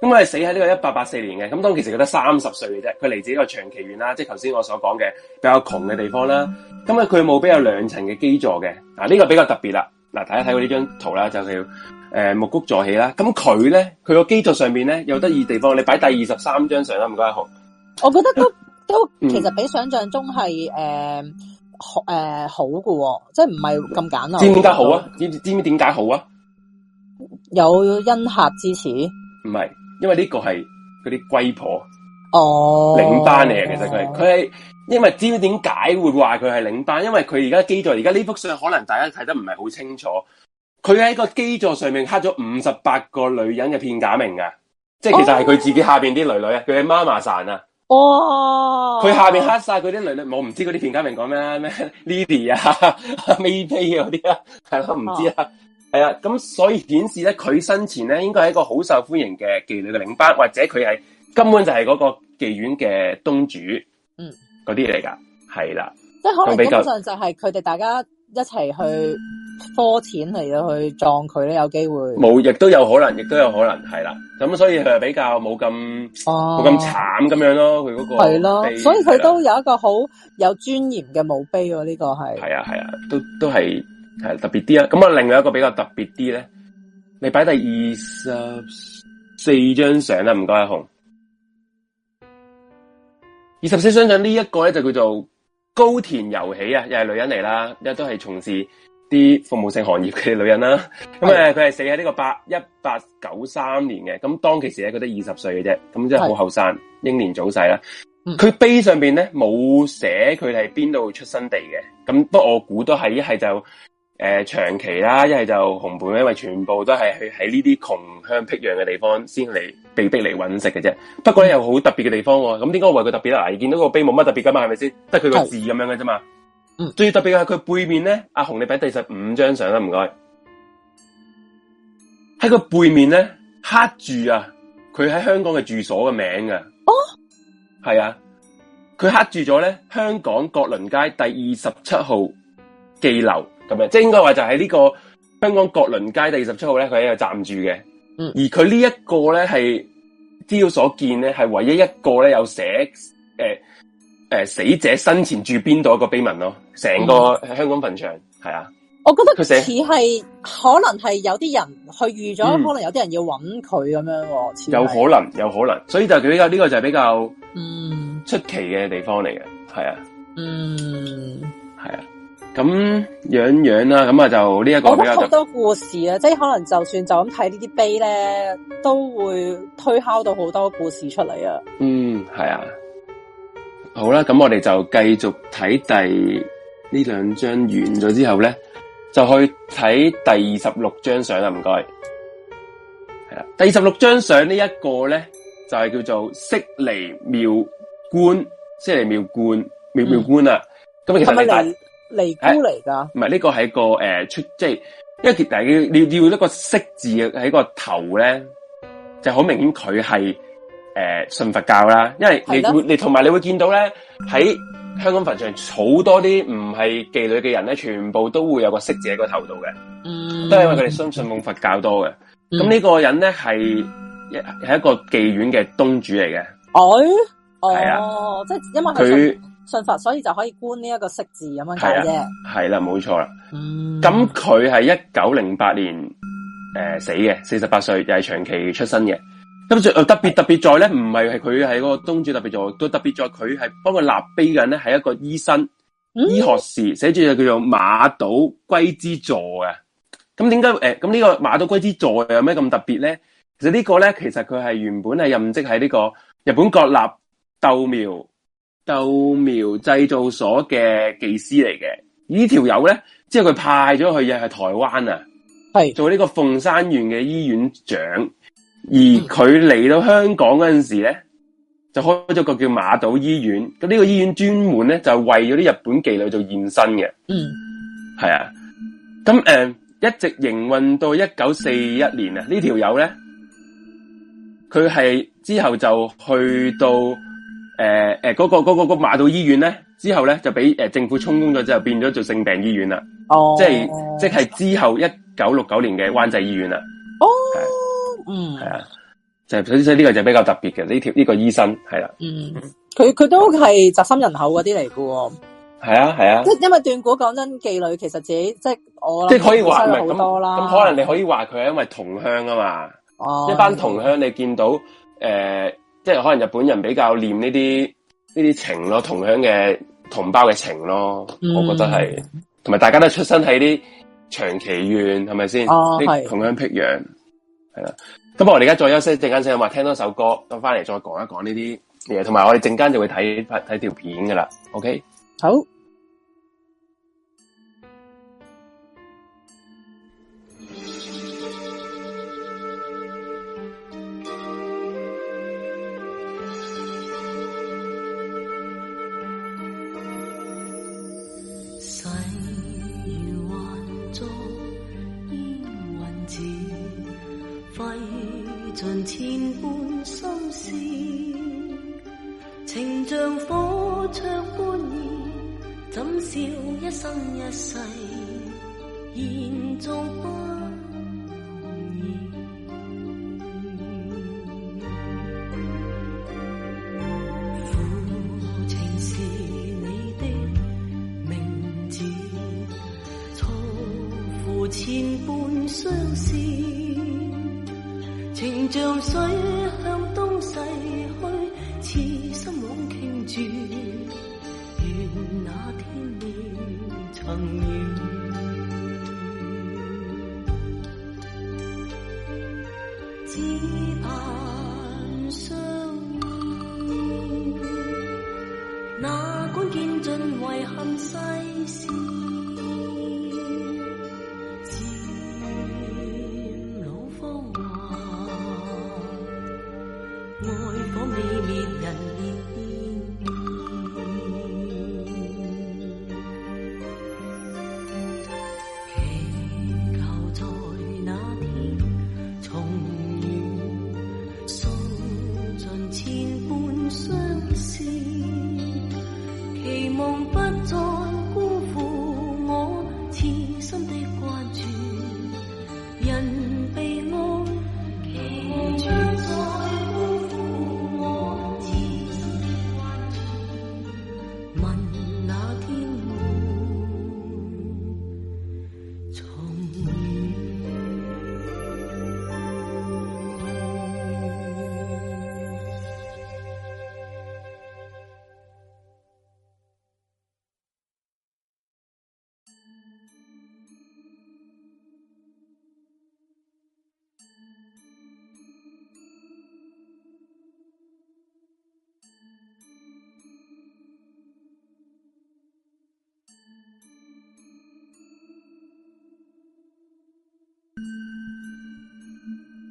咁佢係死喺呢個一八八四年嘅，咁當其時佢得三十歲嘅啫。佢嚟自一個長崎縣啦，即係頭先我所講嘅比較窮嘅地方啦。咁佢冇比較兩層嘅基座嘅，嗱、這、呢個比較特別啦。嗱，大家睇過呢張圖啦，就叫誒、呃、木谷座起啦。咁佢咧，佢個基座上面咧有得意地方，你擺第二十三張相啦。唔該，好。我覺得都都其實比想象中係誒。嗯好誒、呃、好、哦、即係唔係咁簡單。知唔點解好啊？知唔知點解好啊？有恩客支持？唔係，因為呢個係佢啲龜婆哦，領班嚟啊！其實佢係佢係，因為知唔知點解會話佢係領班？因為佢而家基座，而家呢幅相可能大家睇得唔係好清楚。佢喺個基座上面刻咗五十八個女人嘅片假名啊！即係其實係佢自己下邊啲女女啊，佢嘅媽媽散啊！哇、哦！佢、哦、下邊黑晒佢啲女女，我唔知嗰啲片家明講咩咩 Lady 啊 Maybe 啊嗰啲啊，係咯唔知啊，係啊，咁所以顯示咧佢生前咧應該係一個好受歡迎嘅妓女嘅領班，或者佢係根本就係嗰個妓院嘅東主，嗯，嗰啲嚟噶，係啦，即、嗯、係可能基本上就係佢哋大家。一齊去科錢嚟到去撞佢咧，有機會冇，亦都有可能，亦都有可能係啦。咁所以佢就比較冇咁，冇咁慘咁樣咯。佢嗰個係咯，所以佢、啊、都有一個好有尊嚴嘅墓碑喎。呢個係係啊，係、這個、啊，都都係係特別啲啊。咁啊，另外一個比較特別啲咧，你擺第二十四張相啦、啊，唔該阿紅。二十四張相呢一個咧就叫做。高田由喜啊，又係女人嚟啦，又都係從事啲服務性行業嘅女人啦。咁誒，佢、嗯、係死喺呢個八一八九三年嘅，咁當其時咧，佢都二十歲嘅啫，咁真係好後生，英年早逝啦。佢、嗯、碑上邊咧冇寫佢係邊度出生地嘅，咁不過我估都係一係就。誒、呃，長期啦，一係就紅本，因為全部都係去喺呢啲窮鄉僻壤嘅地方先嚟被逼嚟搵食嘅啫。不過咧有好特別嘅地方、哦，咁點解我話佢特別咧？啊，見到個碑冇乜特別噶嘛，係咪先？得佢個字咁樣嘅啫嘛。最特別嘅係佢背面咧，阿、啊、紅你睇第十五張相啦，唔該。喺佢背面咧，刻住啊，佢喺香港嘅住所嘅名噶。哦，係啊，佢刻住咗咧，香港角倫街第二十七號寄樓。咁樣，即係應該話就喺呢個香港國倫街第二十七號咧，佢喺度暫住嘅。嗯，而佢呢一個咧係，資料所見咧係唯一一個咧有寫，誒、呃、誒、呃、死者生前住邊度一個碑文咯，成個香港墳場係啊。我覺得佢似係可能係有啲人去預咗，可能有啲人要揾佢咁樣，喎，有可能有可能，所以就佢依家呢個就係比較，這個、比較嗯，出奇嘅地方嚟嘅，係啊，嗯，係啊。咁樣樣啦、啊，咁啊就呢一個比較，我覺得好多故事啊，即係可能就算就咁睇呢啲碑咧，都會推敲到好多故事出嚟啊。嗯，係啊。好啦，咁我哋就繼續睇第呢兩張完咗之後咧，就去睇第二十六張相啦。唔該，係啦、啊，第二十六張相呢一個咧，就係、是、叫做悉尼妙觀，悉尼妙觀，妙妙觀啊。咁、嗯、其實尼姑嚟噶，唔係呢個係一個誒出，即係因為其實你要要一個識字喺個頭咧，就好明顯佢係誒信佛教啦。因為你會你同埋你會見到咧喺香港墳場好多啲唔係妓女嘅人咧，全部都會有個識字喺個頭度嘅、嗯，都係因為佢哋相信奉、嗯、佛教多嘅。咁、嗯、呢個人咧係一係一個妓院嘅東主嚟嘅，哦，係、哦、啊，即係因為佢。信佛，所以就可以觀呢一個識字咁樣解啫。係啦，冇錯啦。咁佢係一九零八年誒、呃、死嘅，四十八歲，又係長期出身嘅。咁最特別特別在咧，唔係係佢係嗰個東主特別座，都特別在佢係幫佢立碑嘅人咧，係一個醫生、嗯、醫學士，寫住就叫做馬島歸之助嘅。咁點解誒？咁、呃、呢個馬島歸之助有咩咁特別咧？其實個呢個咧，其實佢係原本係任職喺呢個日本國立斗廟。豆苗製造所嘅技師嚟嘅，這個、呢條友咧，即係佢派咗去嘅係台灣啊，係做呢個鳳山縣嘅醫院長，而佢嚟到香港嗰陣時咧，就開咗個叫馬島醫院，咁呢個醫院專門咧就是、為咗啲日本妓女做驗身嘅，嗯，係啊，咁誒、uh, 一直營運到一九四一年啊，這個、呢條友咧，佢係之後就去到。誒、呃、誒、嗰、呃那個嗰、那個、那個那個馬道醫院咧，之後咧就俾誒、呃、政府充公咗之後，變咗做性病醫院啦。哦，即係即係之後一九六九年嘅灣仔醫院啦。哦，嗯，係啊，就所所以呢個就比較特別嘅呢條呢個醫生係啦。嗯，佢佢都係宅心仁厚嗰啲嚟嘅。係啊係啊，即係、啊、因為斷估講真妓女，其實自己即係我即係可以話明咁多啦。咁可能你可以話佢，因為同鄉啊嘛。哦，一班同鄉你見到誒。即係可能日本人比較念呢啲呢啲情咯，同樣嘅同胞嘅情咯，mm. 我覺得係，同埋大家都出身喺啲長期院，係咪先？哦、uh，同鄉僻壤，係啦。咁我哋而家再休息一陣間先，話聽多首歌，咁翻嚟再講一講呢啲嘢，同埋我哋陣間就會睇睇條片噶啦。OK，好。盡千般心事，情像火灼般熱，怎消一生一世，延續不容易。負 [MUSIC] 情是你的名字，錯付千般相思。像水向東逝去，此心龍傾注。願那天你曾圓，只盼相會。那管見盡遺憾世事。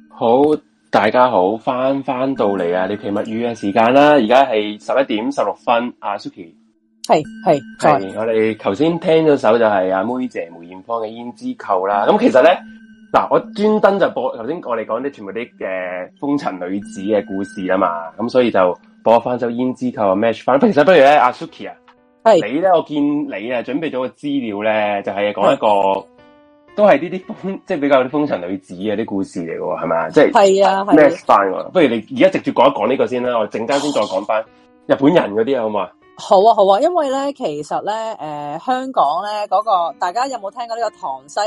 好，大家好，翻翻到嚟啊！獵奇物語嘅時間啦，而家係十一點十六分。阿 Suki 係係係，我哋頭先聽咗首就係阿妹姐梅艷芳嘅《胭脂扣》啦。咁其實咧，嗱，我專登就播頭先我哋講啲全部啲嘅、呃、風塵女子嘅故事啊嘛。咁所以就播翻首《胭脂扣》啊，match 翻。其實不如咧，阿 Suki 啊，係你咧，我見你啊，準備咗個資料咧，就係、是、講一個。都係呢啲風，即係比較啲風塵女子嘅啲故事嚟嘅喎，係咪、就是、啊？即係係啊，係啊。不如你而家直接講一講呢個先啦。我陣間先再講翻日本人嗰啲啊，好唔好啊？好啊，好啊，因為咧，其實咧、呃，香港咧嗰、那個，大家有冇聽過呢個《唐西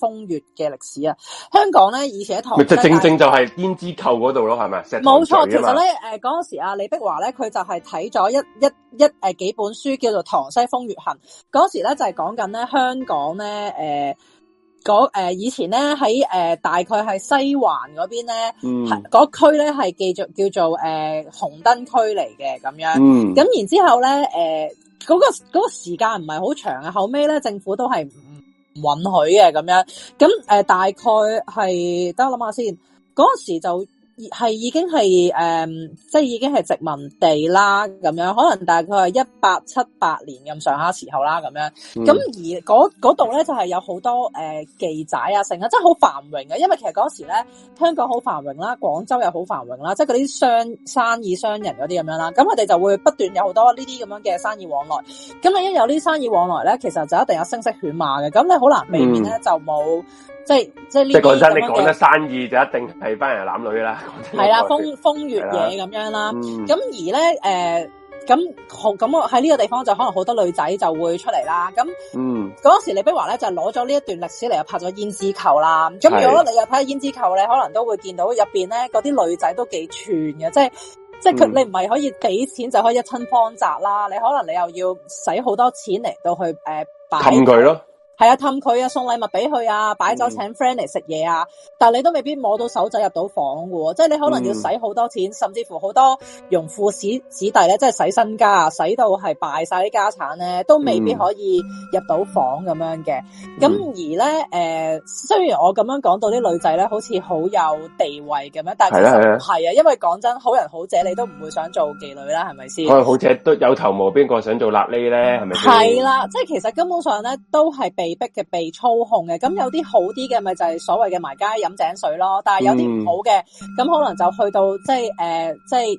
風月》嘅歷史啊？香港咧，以前喺《唐西》正正就係胭脂扣嗰度咯，係咪？冇錯，其實咧，誒、呃、嗰陣時啊，李碧華咧，佢就係睇咗一一一誒幾本書，叫做《唐西風月行》嗰陣時咧，就係、是、講緊咧香港咧，呃嗰以前咧喺誒大概係西環嗰邊呢，嗰、嗯嗰個、區咧係繼續叫做誒紅燈區嚟嘅咁樣。咁、嗯、然之後咧誒嗰個嗰個時間唔係好長啊，後尾咧政府都係唔允許嘅咁樣。咁誒大概係等我諗下先，嗰時就。係已經係誒、嗯，即係已經係殖民地啦咁樣，可能大概係一八七八年咁上下時候啦咁樣。咁、嗯、而嗰度咧就係、是、有好多誒記載啊，成日真係好繁榮嘅。因為其實嗰時咧，香港好繁榮啦，廣州又好繁榮啦，即係嗰啲商生意商人嗰啲咁樣啦。咁佢哋就會不斷有好多呢啲咁樣嘅生意往來。咁你一有呢啲生意往來咧，其實就一定有聲色犬馬嘅。咁你好難避免咧，就、嗯、冇。即係即係呢？即係講真，你講得生意就一定係返人攬女啦。係啦、啊，風風月嘢咁樣啦。咁、啊嗯、而咧誒，咁好咁我喺呢個地方就可能好多女仔就會出嚟啦。咁嗰、嗯、時李碧華咧就攞咗呢一段歷史嚟又拍咗胭脂扣啦。咁如果你又睇胭脂扣咧，你可能都會見到入面咧嗰啲女仔都幾串嘅，即係即係佢、嗯、你唔係可以俾錢就可以一親芳澤啦。你可能你又要使好多錢嚟到去誒、呃、氹佢咯。係啊，氹佢啊，送禮物俾佢啊，擺酒請 friend 嚟食嘢啊，嗯、但係你都未必摸到手仔入到房喎，即係你可能要使好多錢，嗯、甚至乎好多紈絝子子弟咧，即係使身家啊，使到係敗晒啲家產咧，都未必可以入到房咁樣嘅。咁、嗯、而咧，誒、呃，雖然我咁樣講到啲女仔咧，好似好有地位咁樣，但係其實唔係啊，是的是的因為講真，好人好姐你都唔會想做妓女啦，係咪先？好姐都有頭毛，邊個想做辣痢咧，係咪？係啦，即係其實根本上咧，都係被。被逼嘅，被操控嘅，咁有啲好啲嘅咪就係所謂嘅埋街飲井水咯，但係有啲唔好嘅，咁可能就去到即係誒，即係誒、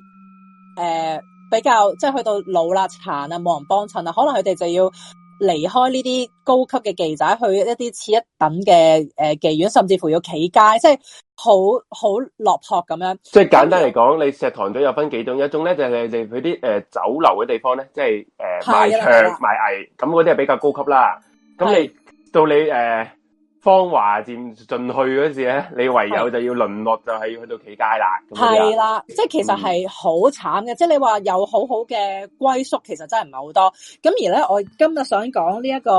呃呃，比較即係去到老啦、殘啦，冇人幫襯啦，可能佢哋就要離開呢啲高級嘅妓仔，去一啲似一等嘅誒妓院，甚至乎要企街，即係好好落魄咁樣。即係簡單嚟講，嗯，你石塘咀有分幾種？一種咧就係、是、就去啲誒酒樓嘅地方咧，即係誒賣唱賣藝，咁嗰啲係比較高級啦。咁你。到你誒、呃、芳華漸盡去嗰時咧，你唯有就要淪落，嗯、就係、是、要去到企街啦。係啦，即係其實係好慘嘅、嗯。即係你話有好好嘅歸宿，其實真係唔係好多。咁而咧，我今日想講呢一個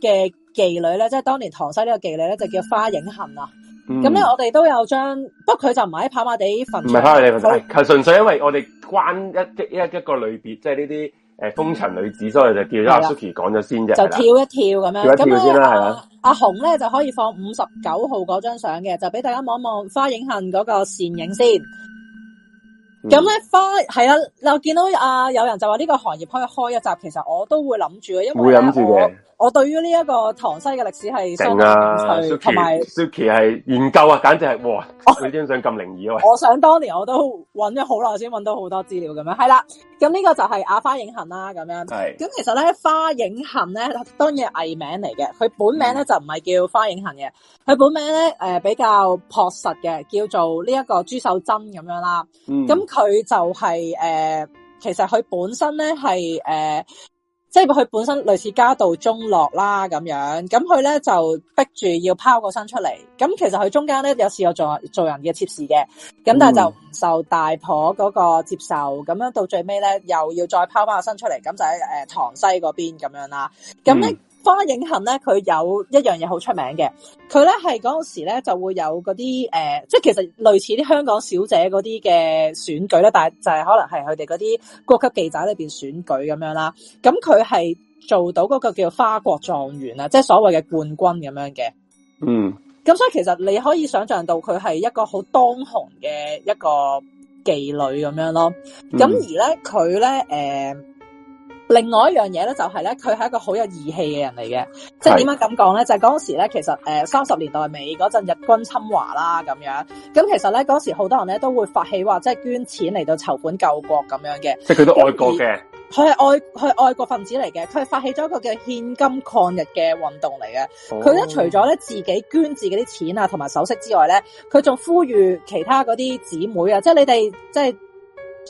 嘅妓女咧，即係當年塘西呢個妓女咧，就叫花影恨啊。咁、嗯、咧，我哋都有將，不過佢就唔係喺跑馬地墳，唔係跑馬地墳，係、哎、純粹因為我哋關一一一個類別，即係呢啲。誒，風塵女子，所以就叫了、啊啊、阿 Suki 講咗先啫，就跳一跳咁樣，跳一跳先啦吓。阿、啊啊啊啊啊、紅咧就可以放五十九號嗰張相嘅，就俾大家望一望花影恨嗰個倩影先。咁、嗯、咧花係啊，我見到阿、啊、有人就話呢個行業可以開一集，其實我都會諗住嘅，因為嘅。會我對於呢一個塘西嘅歷史係熟啊，同埋 Suki 係研究啊，簡直係哇！我、哦、最欣賞咁靈異啊！我想當年我都搵咗好耐先搵到好多資料咁樣。係啦，咁呢個就係阿花影恨啦，咁樣係。咁其實咧，花影恨咧當然係藝名嚟嘅，佢本名咧、嗯、就唔係叫花影恨嘅，佢本名咧、呃、比較樸實嘅，叫做呢一個朱秀珍咁樣啦。咁、嗯、佢就係、係呃、其實佢本身咧係即係佢本身類似家道中落啦咁樣，咁佢咧就逼住要拋個身出嚟，咁其實佢中間咧有試過做做人嘅妾侍嘅，咁但係就唔受大婆嗰個接受，咁樣到最尾咧又要再拋翻個身出嚟，咁就喺誒、呃、唐西嗰邊咁樣啦，咁咧。嗯花影行咧，佢有一樣嘢好出名嘅，佢咧係嗰時咧就會有嗰啲誒，即係其實類似啲香港小姐嗰啲嘅選舉啦。但係就係可能係佢哋嗰啲高級記者裏邊選舉咁樣啦。咁佢係做到嗰個叫花國狀元啊，即係所謂嘅冠軍咁樣嘅。嗯，咁所以其實你可以想象到佢係一個好當紅嘅一個妓女咁樣咯。咁、嗯、而咧，佢咧誒。呃另外一樣嘢咧，就係咧，佢係一個好有義氣嘅人嚟嘅，即係點樣咁講咧？就係、是、嗰時咧，其實誒三十年代尾嗰陣日軍侵華啦，咁樣咁其實咧嗰時好多人咧都會發起話，即係捐錢嚟到籌款救國咁樣嘅，即係佢都愛國嘅。佢係愛佢係愛國分子嚟嘅，佢發起咗一個叫獻金抗日嘅運動嚟嘅。佢、哦、咧除咗咧自己捐自己啲錢啊，同埋首飾之外咧，佢仲呼籲其他嗰啲姊妹啊，即係你哋即係。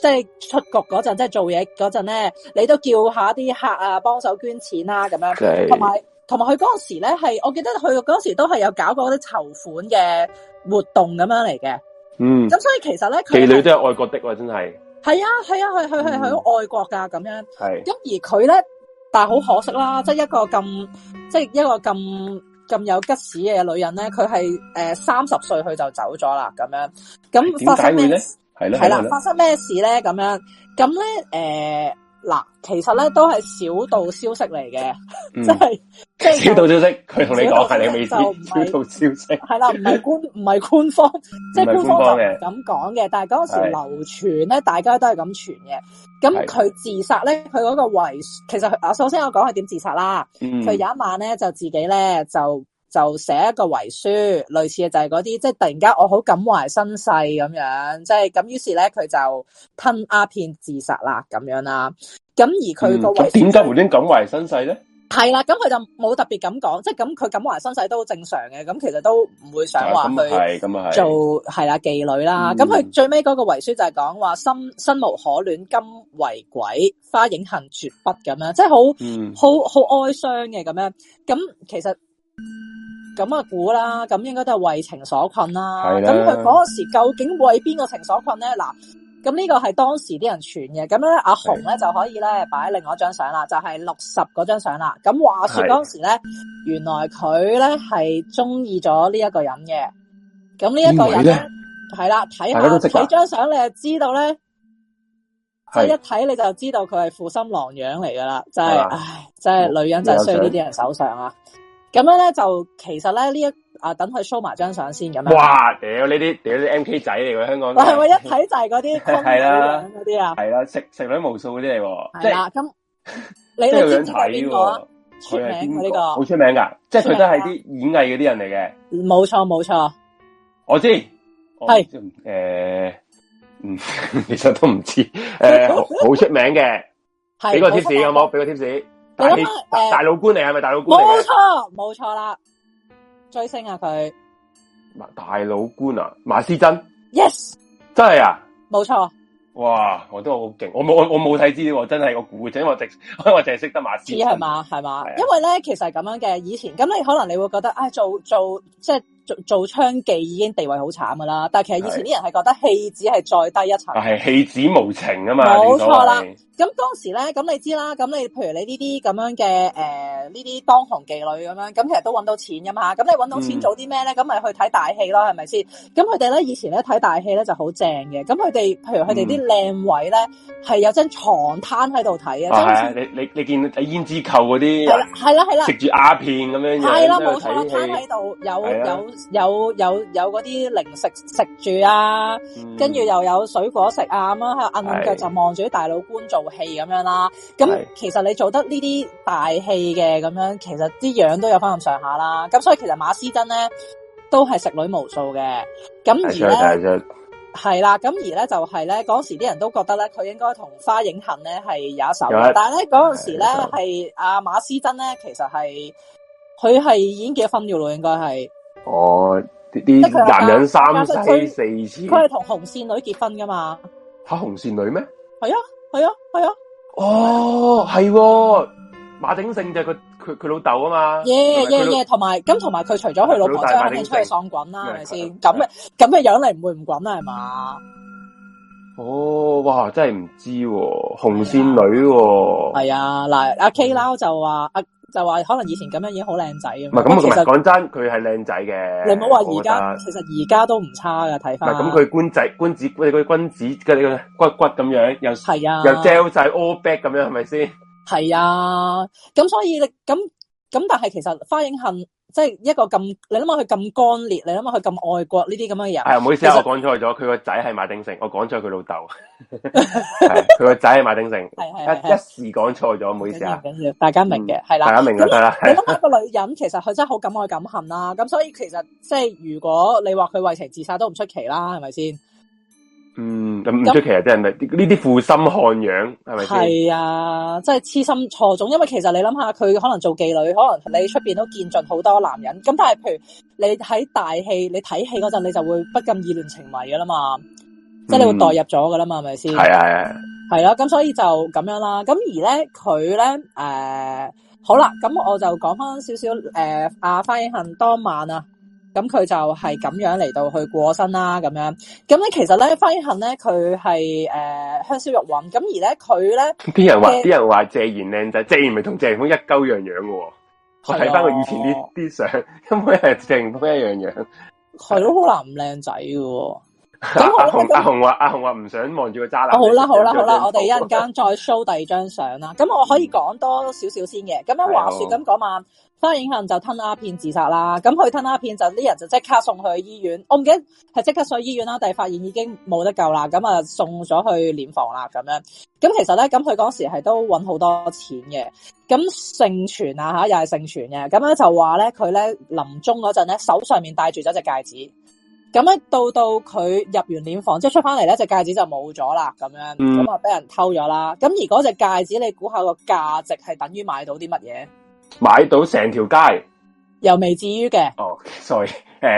即、係出局嗰陣，即係做嘢嗰陣咧，你都叫下啲客啊，幫手捐錢啦、啊，咁樣，同埋，同埋佢嗰時咧係，我記得佢嗰時都係有搞過啲籌款嘅活動咁樣嚟嘅。嗯，咁所以其實咧，妓女都係愛國的，真係。係啊，係啊，係，佢係喺愛國噶，咁樣。係。咁而佢咧，但係好可惜啦，即、係一個咁，即、係一個咁咁有吉屎嘅女人咧，佢係誒三十歲佢就走咗啦，咁樣。咁點解會咧？係啦，係啦。發生咩事咧？咁樣咁咧？誒，嗱、呃，其實咧都係小道消息嚟嘅，即係即係小道消息。佢同你講，係你未知。小道消息係啦，唔係官唔係官方，即係官方唔係咁講嘅。但係嗰陣時流傳咧，大家都係咁傳嘅。咁佢自殺咧，佢嗰個遺，其實啊，首先我講係點自殺啦。佢，嗯，有一晚咧，就自己咧就。就寫一個遺書，類似嘅就係嗰啲，即係突然間我好感懷身世咁樣，即係咁。於是咧佢就吞鴉片自殺啦，咁樣啦。咁而佢個遺點解會變感懷身世咧？係啦，咁佢就冇特別咁講，即係咁佢感懷身世都好正常嘅。咁其實都唔會想話去做係啦、啊嗯嗯、妓女啦。咁、嗯、佢最尾嗰個遺書就係講話心心無可戀，今為鬼花影恨絕筆咁樣，即係、嗯、好好好哀傷嘅咁樣。咁其實。咁啊，估啦，咁應該都係為情所困啦。咁佢嗰時究竟為邊個情所困咧？嗱，咁呢個係當時啲人傳嘅。咁咧，阿紅咧就可以咧擺喺另外一張相啦，就係六十嗰張相啦。咁話說當時咧，原來佢咧係中意咗呢一個人嘅。咁呢一個人咧，係啦，睇下睇張相，看看張你就知道咧，即係、就是、一睇你就知道佢係負心狼樣嚟噶啦。就係、是，唉，真、就、係、是、女人真係衰呢啲人手上啊！咁樣咧就其實咧呢一啊等佢 show 埋張相先咁。哇！屌呢啲，屌啲 M K 仔嚟嘅，香港都。我係我一睇就係嗰啲係啦，嗰 [LAUGHS] 啲啊係啦、啊，食食卵無數嗰啲嚟。係啦、啊，咁、就是、你都有樣睇、啊，這個。出名呢個好出名㗎，即係佢都係啲演藝嗰啲人嚟嘅。冇錯冇錯，我知係誒、呃，其實都唔知誒、呃， [LAUGHS] 好出名嘅。俾個貼士有冇，俾個貼士。你呃、大老官嚟，係咪大老官來？冇錯，冇錯啦，追星啊佢。大老官啊，馬思真。Yes，真係啊，冇錯。哇，我都好勁，我冇我冇睇資料，真係個古仔。我淨，我淨係識得馬思真。似係嘛，係嘛？因為咧，其實係咁樣嘅，以前咁你可能你會覺得啊、哎，做做，做即係。做做娼妓已經地位好慘噶啦，但係其實以前啲人係覺得戲子係再低一層，係戲子無情啊嘛，冇錯啦。咁當時咧，咁你知啦，咁你譬如你呢啲咁樣嘅誒，呢、呃、啲當紅妓女咁樣，咁其實都揾到錢噶嘛。咁你揾到錢做啲咩咧？咁、嗯、咪去睇大戲咯，係咪先？咁佢哋咧以前咧睇大戲咧就好正嘅。咁佢哋譬如佢哋啲靚位咧，係、嗯、有張床攤喺度睇啊。係，你你你見到睇胭脂扣嗰啲係啦係啦，食住鴉片咁樣嘢。係啦，冇錯，攤喺度有有。有有有嗰啲零食食住啊，跟住又有水果食啊咁啦，喺度揞腳就望住啲大老倌做戲咁樣啦。咁其實你做得呢啲大戲嘅咁樣，其實啲樣都有翻咁上下啦。咁所以其實馬師曾咧都係食女無數嘅。咁而咧係啦，咁而咧就係咧嗰時啲人都覺得咧佢應該同花影恨咧係有一手，但係咧嗰陣時咧係阿馬師曾咧其實係佢係已經結婚咗咯，應該係。哦，啲啲男人三妻四妾，佢係同紅線女結婚噶嘛？吓、啊、紅線女咩？係啊，係啊，係啊！哦，係、啊、馬鼎盛就係佢佢佢老豆啊嘛？耶耶耶！同埋咁同埋佢除咗佢老婆之外，仲出去喪滾啦，係咪先？咁嘅咁嘅樣嚟，唔會唔滾啦係嘛？哦，哇，真係唔知、啊、紅線女係啊！嗱、哎、阿、啊、K 撈就話阿。啊就話可能以前咁樣已經好靚仔啊，唔係咁其實講真，佢係靚仔嘅。你唔好話而家，其實而家都唔差嘅。睇翻，咁佢官仔、官子、佢啲君子嘅骨骨咁樣，又係啊，又掉晒 all back 咁樣，係咪先？係啊，咁、 [LAUGHS] 啊、所以你咁咁，但係其實花影恨。即係一個咁，你諗下佢咁剛烈，你諗下佢咁愛國呢啲咁嘅人。係、哎，唔好意思，我講錯咗，佢個仔係馬鼎盛，我講錯佢老豆。佢個仔係馬鼎盛， [LAUGHS] 一 [LAUGHS] 一,一時講錯咗，唔好意思啊。大家明嘅係啦，大家明就得啦。你諗下個女人， [LAUGHS] 其實佢真係好敢愛敢恨啦、啊。咁所以其實即係、就是、如果你話佢為情自殺都唔出奇啦、啊，係咪先？嗯，咁唔出奇啊！即係咪呢啲負心漢樣，係咪先？係啊，即係痴心錯種，因為其實你諗下，佢可能做妓女，可能你出邊都見盡好多男人。咁但係，譬如你喺大戲，你睇戲嗰陣，你就會不禁意亂情迷噶啦嘛，嗯、即係你會代入咗噶啦嘛，係咪先？係啊，係啦，咁所以就咁樣啦。咁而咧，佢咧，誒、呃，好啦，咁我就講翻少少，誒、呃，阿翻譯行當晚啊。咁佢就係咁樣嚟到去過身啦，咁樣咁咧，其實咧，輝恒咧佢係誒香消玉殞，咁而咧佢咧，啲人話啲人話謝賢靚仔，謝賢咪同謝霆鋒一鳩樣樣喎。我睇翻佢以前啲啲相，咁佢係謝霆鋒一樣樣，佢、啊、都難 [LAUGHS] 好難唔靚仔嘅。咁阿洪話，阿洪話唔想望住個渣男、啊。好啦好啦好啦、嗯，我哋一陣間再 show 第二張相啦，咁、嗯、我可以講多少少先嘅，咁樣話說咁嗰晚。哎翻影響就吞鴉片自殺啦，咁佢吞鴉片就啲人就即刻送去醫院，我唔記得係即刻去醫院啦，但係發現已經冇得救啦，咁啊送咗去殮房啦咁樣。咁其實咧，咁佢嗰時係都揾好多錢嘅，咁盛傳啊吓，又係盛傳嘅。咁咧就話咧，佢咧臨終嗰陣咧，手上面戴住咗隻戒指。咁咧到到佢入完殮房，即係出翻嚟咧，隻戒指就冇咗啦，咁樣咁啊俾人偷咗啦。咁而嗰隻戒指，你估下個價值係等於買到啲乜嘢？買到成條街，又未至於嘅。哦、oh,，sorry，誒、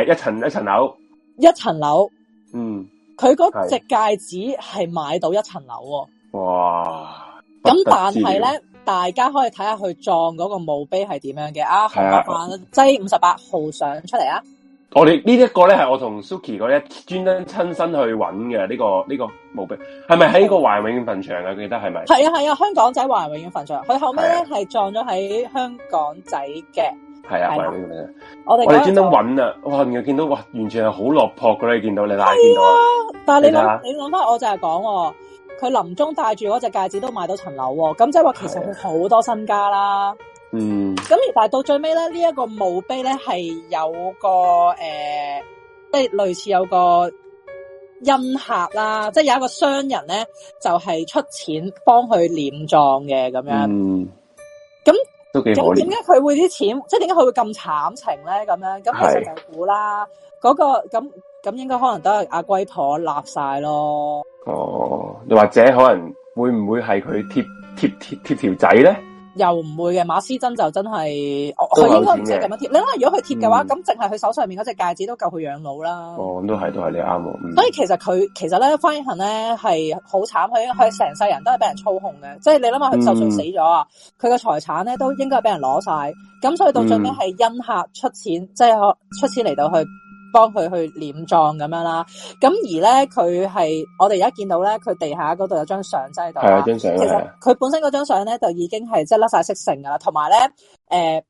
uh,，一層一層樓，一層樓，嗯，佢嗰隻戒指係買到一層樓。哇！咁但係咧，大家可以睇下佢撞嗰個墓碑係點樣嘅啊！係啊，即五十八號上出嚟啊！58, 我哋呢、這個這個這個、一個咧，係我同 Suki 嗰啲專登親身去揾嘅呢個呢個墓碑，係咪喺個華人永遠墳場啊？記得係咪？係啊，係啊，香港仔華人永遠墳場，佢後尾咧係葬咗喺香港仔嘅。係啊，華人、啊啊、永遠墳場。我哋我哋專登揾啊！哇，原來見到哇，完全係好落魄噶，你看見到、啊、你睇到。但你諗你諗翻，我就係講佢臨終帶住嗰隻戒指都買到層樓喎，咁即係話其實佢好多身家啦。嗯，咁而但係到最尾咧，呢一個墓碑咧係有個誒，即係類似有個恩客啦，即係有一個商人咧，就係出錢幫佢殮葬嘅咁樣。嗯，咁都幾可憐。點解佢會啲錢？即係點解佢會咁慘情咧？咁樣，咁其實就估啦，嗰個咁咁應該可能都係阿龜婆立晒咯。哦，又或者可能會唔會係佢貼貼貼貼條仔咧？又唔會嘅，馬思珍就真係，佢應該唔使咁樣貼。你諗下，如果佢貼嘅話，咁淨係佢手上面嗰隻戒指都夠佢養老啦。哦，都係都係你啱、嗯。所以其實佢其實咧，方逸倫咧係好慘，佢佢成世人都係俾人操控嘅。即係你諗下，佢就算死咗啊，佢嘅財產咧都應該俾人攞晒。咁所以到最尾係恩客出錢，嗯、即係可出錢嚟到去。幫佢去殮葬咁樣啦，咁而咧佢係我哋而家見到咧，佢地下嗰度有張相喺度。係啊，張相啊。其實佢本身嗰張相咧就已經係即係甩晒色性噶啦，同埋咧誒呢、呃、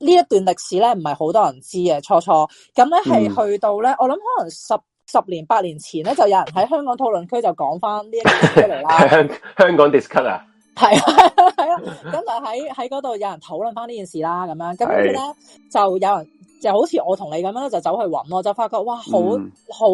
一段歷史咧唔係好多人知嘅，初初咁咧係去到咧、嗯，我諗可能十十年八年前咧就有人喺香港討論區就講翻呢一個出嚟啦。係 [LAUGHS] 香香港 discuss 啊 [LAUGHS] 對？係啊係啊，咁就喺喺嗰度有人討論翻呢件事啦，咁樣咁跟住咧就有人。就好似我同你咁樣，就走去揾，就發覺哇，好、嗯、好，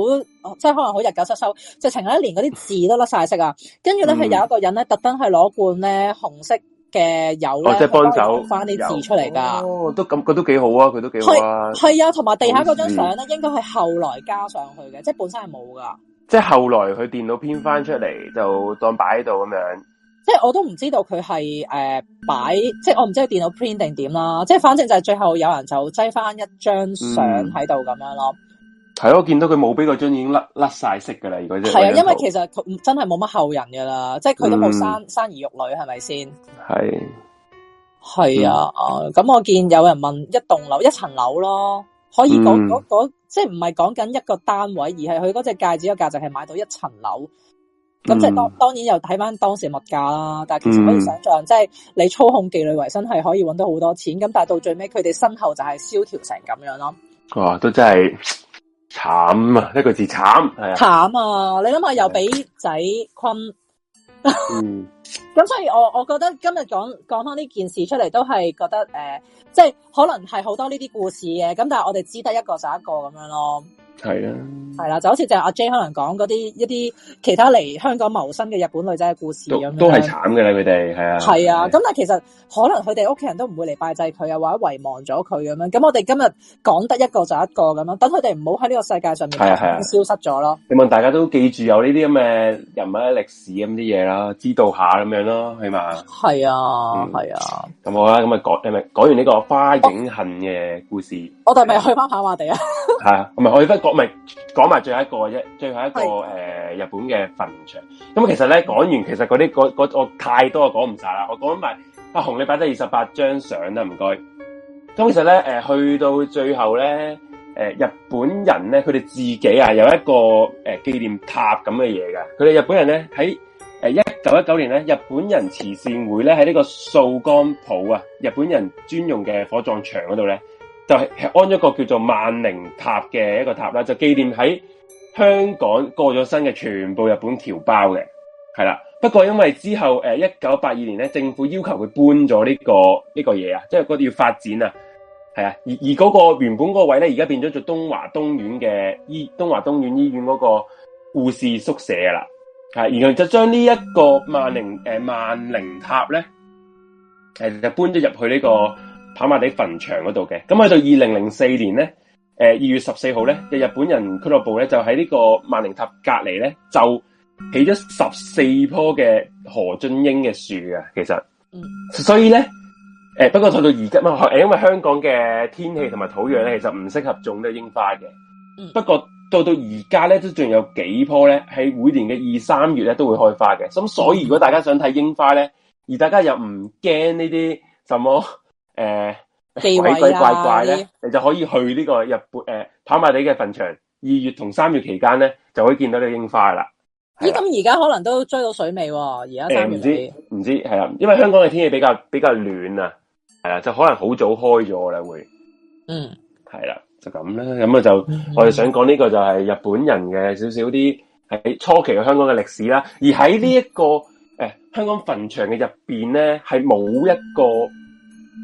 即係可能好日久失修，就成日連嗰啲字都甩晒色啊！跟住咧，係、嗯、有一個人咧，特登去攞罐咧紅色嘅油或者幫手翻啲字出嚟噶。哦，都咁，佢都幾好啊，佢都幾好啊。係啊，同埋地下嗰張相咧，應該係後來加上去嘅，即係本身係冇噶。即係後來佢電腦編翻出嚟、嗯，就當擺喺度咁樣。即係我都唔知道佢係誒擺，即係我唔知電腦 print 定點啦。即係反正就係最後有人就擠翻一張相喺度咁樣咯。係咯，我見到佢冇俾張已經甩甩晒色噶啦。如果係啊，因為其實佢真係冇乜後人噶啦，即係佢都冇生、嗯、生兒育女，係咪先？係係啊，咁、嗯啊、我見有人問一棟樓一層樓咯，可以講、嗯、即係唔係講緊一個單位，而係佢嗰隻戒指嘅價值係買到一層樓。咁即係當當然又睇翻當時物價啦，但係其實可以想象，即、嗯、係、就是、你操控妓女為生，係可以揾到好多錢，咁但係到最尾，佢哋身後就係蕭條成咁樣咯。哇，都真係慘啊！一個字慘，係啊！慘啊！你諗下又俾仔困，咁、 [LAUGHS] 嗯、所以我我覺得今日講講翻呢件事出嚟，都係覺得誒，即、呃、係、就是、可能係好多呢啲故事嘅，咁但係我哋知得一個就一個咁樣咯。係啊，係啦、啊，就好似就阿 J 可能講嗰啲一啲其他嚟香港謀生嘅日本女仔嘅故事咁，都係慘嘅啦，佢哋係啊，係啊，咁、啊啊、但係其實可能佢哋屋企人都唔會嚟拜祭佢啊，或者遺忘咗佢咁樣，咁我哋今日講得一個就一個咁咯，等佢哋唔好喺呢個世界上面、啊啊、消失咗咯。希望大家都記住有呢啲咁嘅人物歷史咁啲嘢啦，知道一下咁樣咯，係嘛？係啊，係啊。咁、嗯啊、好啦，咁啊講，咪講完呢個花影恨嘅故事？我哋係咪去翻跑馬地啊？係啊，係、啊、我哋不講。我咪講埋最後一個啫，最後一個誒、呃，日本嘅墳場。咁其實咧，講完其實嗰啲嗰嗰我太多，講唔晒啦。我講埋阿紅，你擺咗二十八張相啦，唔該。當時咧，誒、呃，去到最後咧，誒、呃，日本人咧，佢哋自己啊，有一個誒紀、呃、念塔咁嘅嘢噶。佢哋日本人咧喺誒一九一九年咧，日本人慈善會咧喺呢個掃桿埔啊，日本人專用嘅火葬場嗰度咧，就係安咗個叫做萬靈塔嘅一個塔啦，就紀念喺香港過咗身嘅全部日本僑胞嘅，係啦。不過因為之後誒一九八二年咧，政府要求佢搬咗呢、這個呢、這個嘢啊，即係嗰啲要發展啊，係啊。而而嗰個原本嗰位咧，而家變咗做東華東院嘅醫東華東院醫院嗰個護士宿舍啦，係。然後就將呢一個萬靈誒、呃、萬寧塔咧，誒、呃、就搬咗入去呢、這個。跑馬地墳場嗰度嘅，咁去到二零零四年咧，誒、呃、二月十四號咧，日本人俱樂部咧就喺呢個萬靈塔隔籬咧就起咗十四棵嘅河津櫻嘅樹啊，其實，嗯、所以咧，誒、呃、不過到到而家因為香港嘅天氣同埋土壤咧，其實唔適合種呢櫻花嘅，不過到到而家咧都仲有幾棵咧喺每年嘅二三月咧都會開花嘅，咁所以如果大家想睇櫻花咧，而大家又唔驚呢啲什麼？誒、呃，鬼鬼、啊、怪怪咧，你就可以去呢個日本誒、呃，跑馬地嘅墳場，二月同三月期間咧，就可以見到呢個櫻花啦。咦，咁而家可能都追到水尾，而家三月唔知唔知係啦，因為香港嘅天氣比較比較暖啊，係啦，就可能好早開咗啦會。嗯，係啦，就咁啦，咁啊就我哋想講呢個就係日本人嘅少少啲喺初期嘅香港嘅歷史啦。而喺、這個呃、呢一個誒香港墳場嘅入邊咧，係冇一個。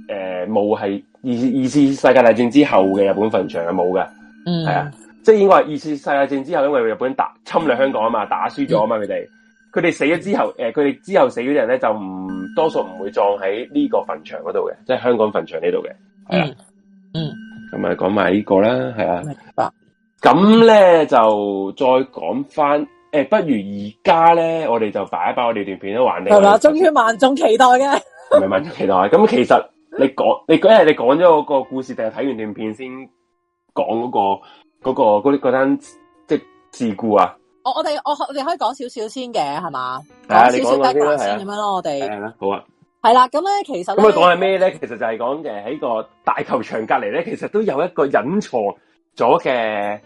誒、呃，冇係二次二次世界大戰之後嘅日本墳場係冇嘅，係、嗯、啊，即係因為二次世界大戰之後，因為日本打侵略香港啊嘛，打輸咗啊嘛，佢哋佢哋死咗之後，誒、呃，佢哋之後死咗啲人咧，就唔多數唔會撞喺呢個墳場嗰度嘅，即係香港墳場呢度嘅，係啊，嗯，咁咪講埋呢個啦，係啊，咁、啊、咧就再講翻，誒、欸，不如而家咧，我哋就擺一擺我哋段片都還你，係嘛，終於萬眾期待嘅，唔係萬眾期待，咁其實。你講你嗰日你講咗個故事，定係睇完段片先講嗰個嗰、嗰個嗰啲單即係事故啊？我我哋我我哋可以講少少先嘅係嘛？講少少梗係先咁樣咯，我哋係啦，好啊。係啦、啊，咁咧其實咁佢講係咩咧？其實就係講嘅喺個大球場隔籬咧，其實都有一個隱藏咗嘅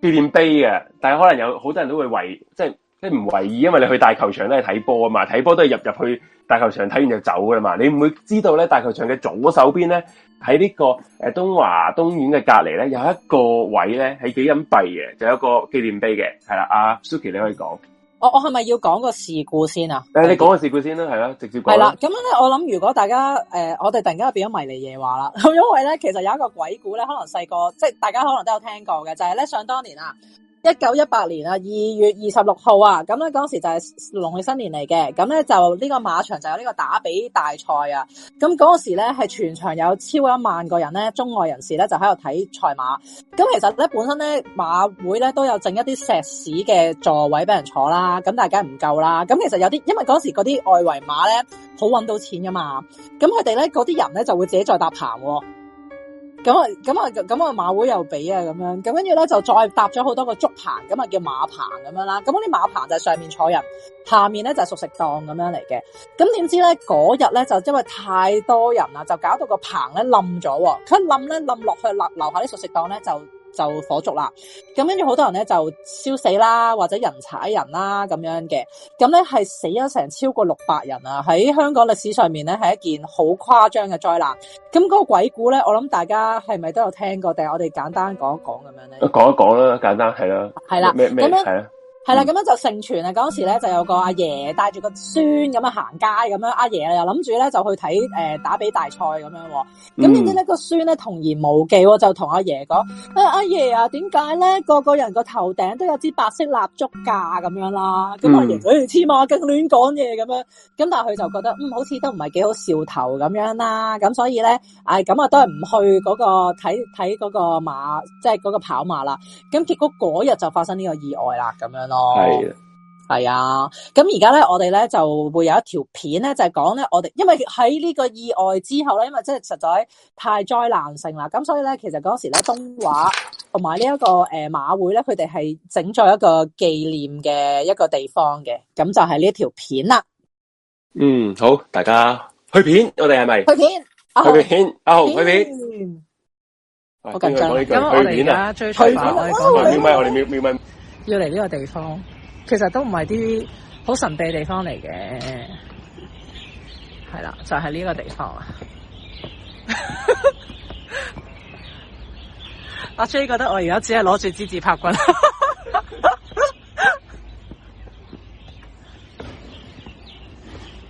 紀念碑嘅，但係可能有好多人都會圍，即係。就是你唔為意，因為你去大球場咧係睇波啊嘛，睇波都係入入去大球場睇完就走噶啦嘛，你唔會知道咧大球場嘅左手邊咧喺呢個誒東華東院嘅隔籬咧有一個位咧係幾隱蔽嘅，就有一個紀念碑嘅，係啦，阿、啊、Suki 你可以講。我我係咪要講個事故先啊？誒，你講個事故先啦、啊，係啦，直接講。係啦，咁樣咧我諗如果大家誒、呃、我哋突然間變咗迷離夜話啦，因為咧其實有一個鬼故咧，可能細個即係大家可能都有聽過嘅，就係咧想當年啊。一九一八年啊，二月二十六號啊，咁咧嗰時就係農曆新年嚟嘅，咁咧就呢個馬場就有呢個打比大賽啊，咁嗰時咧係全場有超過一萬個人咧，中外人士咧就喺度睇賽馬，咁其實咧本身咧馬會咧都有剩一啲石屎嘅座位俾人坐啦，咁大家唔夠啦，咁其實有啲因為嗰時嗰啲外圍馬咧好揾到錢噶嘛，咁佢哋咧嗰啲人咧就會自己再搭棚啊。咁啊，咁啊，咁啊，馬會又俾啊，咁樣，咁跟住咧就再搭咗好多個竹棚，咁啊叫馬棚咁樣啦，咁嗰啲馬棚就係上面坐人，下面咧就係熟食檔咁樣嚟嘅。咁點知咧嗰日咧就因為太多人啦，就搞到個棚咧冧咗，佢一冧咧冧落去樓下啲熟食檔咧就，就火燭啦，咁跟住好多人咧就燒死啦，或者人踩人啦咁樣嘅，咁咧係死咗成超過六百人啊！喺香港歷史上面咧係一件好誇張嘅災難。咁嗰個鬼故咧，我諗大家係咪都有聽過？定係我哋簡單講一講咁樣咧？講一講啦，簡單係啦，係啦，咩咩係啊？係啦，咁樣就盛傳啊！嗰時咧就有個阿爺帶住個孫咁樣行街，咁樣阿爺又諗住咧就去睇誒打比大賽咁樣。咁點知咧個孫咧童言無忌，就同阿爺講：阿、哎、阿爺啊，點解咧個個人個頭頂都有支白色蠟燭架咁樣啦？咁阿爺：誒，黐孖筋亂講嘢咁樣。咁、嗯哎、但係佢就覺得，嗯，好似都唔係幾好兆頭咁樣啦。咁所以咧，唉、哎、咁啊都係唔去嗰、嗰個睇睇嗰個馬，即係嗰個跑馬啦。咁結果嗰日就發生呢個意外啦，咁樣。係、哦，係啊，咁而家咧，我哋咧就會有一條片咧，就係講咧，我哋因為喺呢個意外之後咧，因為真係實在太災難性啦，咁所以咧，其實嗰時咧，東華同埋呢一個誒馬會咧，佢哋係整咗一個紀念嘅一個地方嘅，咁就係呢條片啦。嗯，好，大家去片，我哋係咪去片？去片，阿、啊、豪，去片。好緊張。咁我哋去片？最出、啊啊啊、我們，要嚟呢個地方，其實都唔係啲好神秘嘅地方嚟嘅，係啦，就係、是、呢個地方啦。 [LAUGHS] 阿 J 覺得我而家只係攞住支自拍棍、 [LAUGHS] 嗯嗯嗯。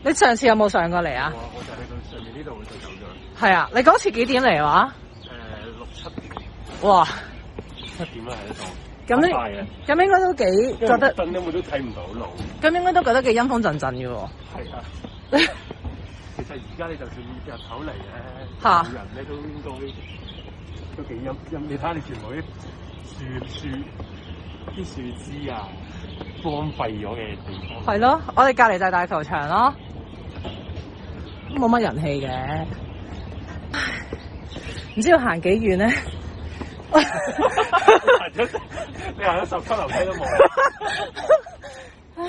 你上次有冇上過嚟啊？嗯、我就到上面呢度，走咗係啊，你嗰次幾點嚟話？誒、嗯，六七點。哇！七點啦喺度。咁你咁應該都幾覺得，等你都睇唔到路，咁應該都覺得幾陰風陣陣嘅喎。係啊， [LAUGHS] 其實而家你就算你入口嚟咧， [LAUGHS] 人咧都應該都幾陰陰。你睇下你全部啲樹樹啲樹，樹枝啊，荒廢咗嘅地方。係咯，我哋隔籬就係大球場咯，都冇乜人氣嘅，唔知要行幾遠咧。 [LAUGHS] [LAUGHS] 你行咗十級樓梯都冇 [LAUGHS]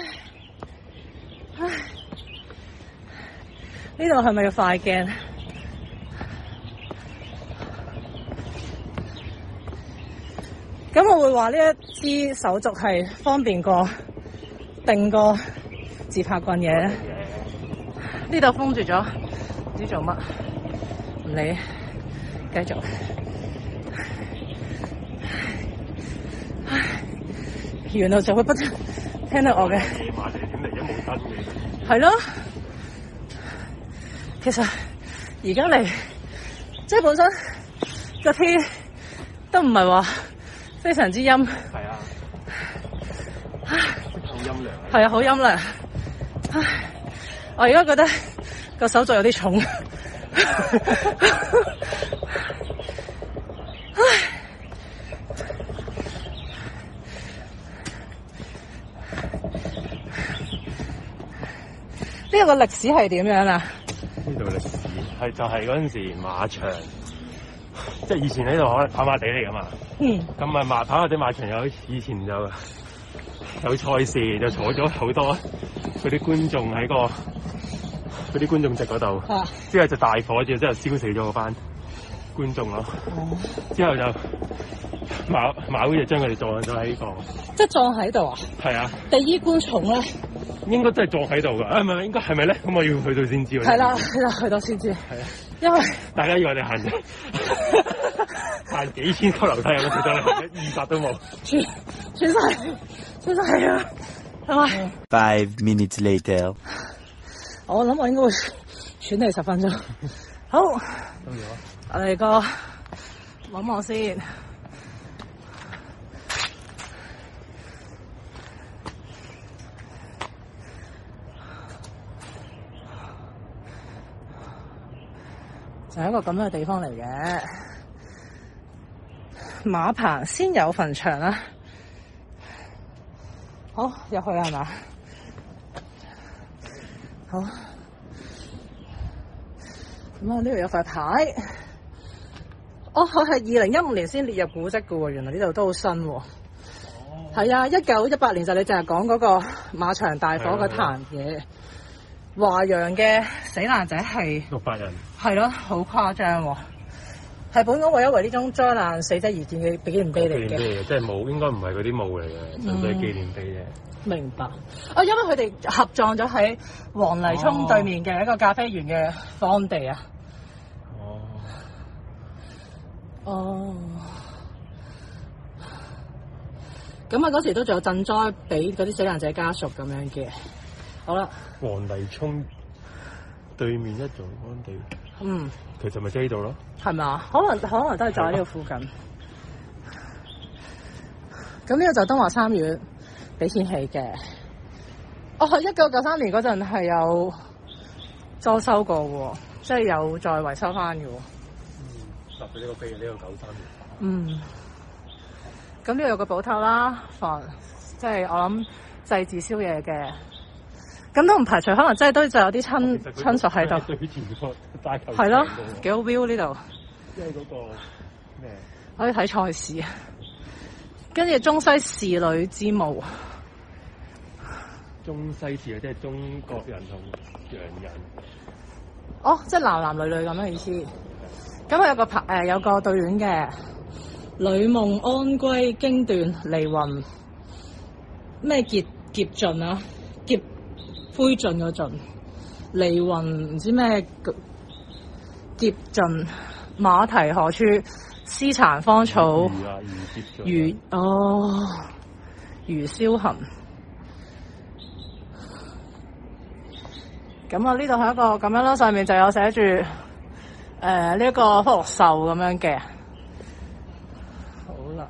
[LAUGHS] 呢度係咪快鏡？咁我會話，呢一支手續係方便過定個自拍棍嘢。呢度封住咗，唔知做乜，唔理，繼續。唉，原來就會不聽，聽到我嘅。起碼零點嚟一冇得嘅。係咯，其實而家嚟，即係本身個天都唔係話非常之陰。係啊。好係啊，好陰涼，涼。唉，我而家覺得個手作有啲重。 [LAUGHS] 唉。呢、這個歷史係點樣啊？呢度歷史係就係嗰陣時馬場，即、就、係、是、以前喺度跑馬地嚟噶嘛。嗯。咁啊馬跑或者馬場有以前就有賽事，就坐咗好多嗰啲觀眾喺、個嗰啲觀眾席嗰度、嗯，之後就大火之後真燒死咗嗰班。觀眾咯，之後就馬會就將佢哋葬咗喺呢個，即係葬喺度啊？係啊。第一觀眾咧，應該真係葬喺度噶。啊唔係，應該係咪咧？咁、嗯、我要去到先知。係啦係啦，去到先知。係啊，因為大家以為你行，行 [LAUGHS] 幾千級樓梯到 [LAUGHS] 都有啊，我真係二十都冇。喘喘晒，喘晒啊，係嘛？Five minutes later，我諗我應該會喘係十分鐘。好。到咗。我哋個望望先，就一個咁樣嘅地方嚟嘅。馬棚先有墳場啦，好，入去啦係嘛？好，咁我呢度有塊牌。哦，我係二零一五年先列入古蹟嘅喎，原來呢度都好新喎。係、哦、啊，一九一八年就你淨係講嗰個馬場大火嘅壇嘢，華洋嘅死難者係六百人，係咯，好誇張喎。係本港唯一為呢種災難死者而建嘅紀念碑嚟嘅。即係墓，應該唔係嗰啲墓嚟嘅，純粹紀念碑啫、嗯。明白。啊、哦，因為佢哋合葬咗喺黃泥涌對面嘅一個咖啡園嘅荒地啊。哦哦，咁啊嗰時都仲有賑災俾嗰啲死難者家屬咁樣嘅，好啦。黃泥涌對面一座安地。嗯，其實咪即呢度咯，係咪？可能可能都係就喺呢個附近。咁呢個就東華三院俾錢起嘅。哦，係一九九三年嗰陣係有裝修過喎，即係有再維修翻嘅。搭別呢個飛呢、這個九三年。嗯，咁呢度有個寶塔啦，房即係、就是、我諗祭祀宵夜嘅，咁都唔排除可能真係都就有啲親、哦、親屬喺度，係咯，幾好 view 呢度，即係嗰個咩，可以睇賽事。跟住中西侍女之墓。中西侍女即係中國人同洋人，哦，即係男男女女咁樣意思。咁我有個排誒、呃，有個對聯嘅，旅夢安歸經斷離魂》咩劫劫盡啊？劫灰盡嗰盡，離魂》唔知咩劫盡，馬蹄何處？絲殘芳草，如,、啊如,如啊、哦，如消痕。咁我呢度係一個咁樣囉，上面就有寫住。誒、呃，呢、這個福祿壽咁樣嘅，好啦，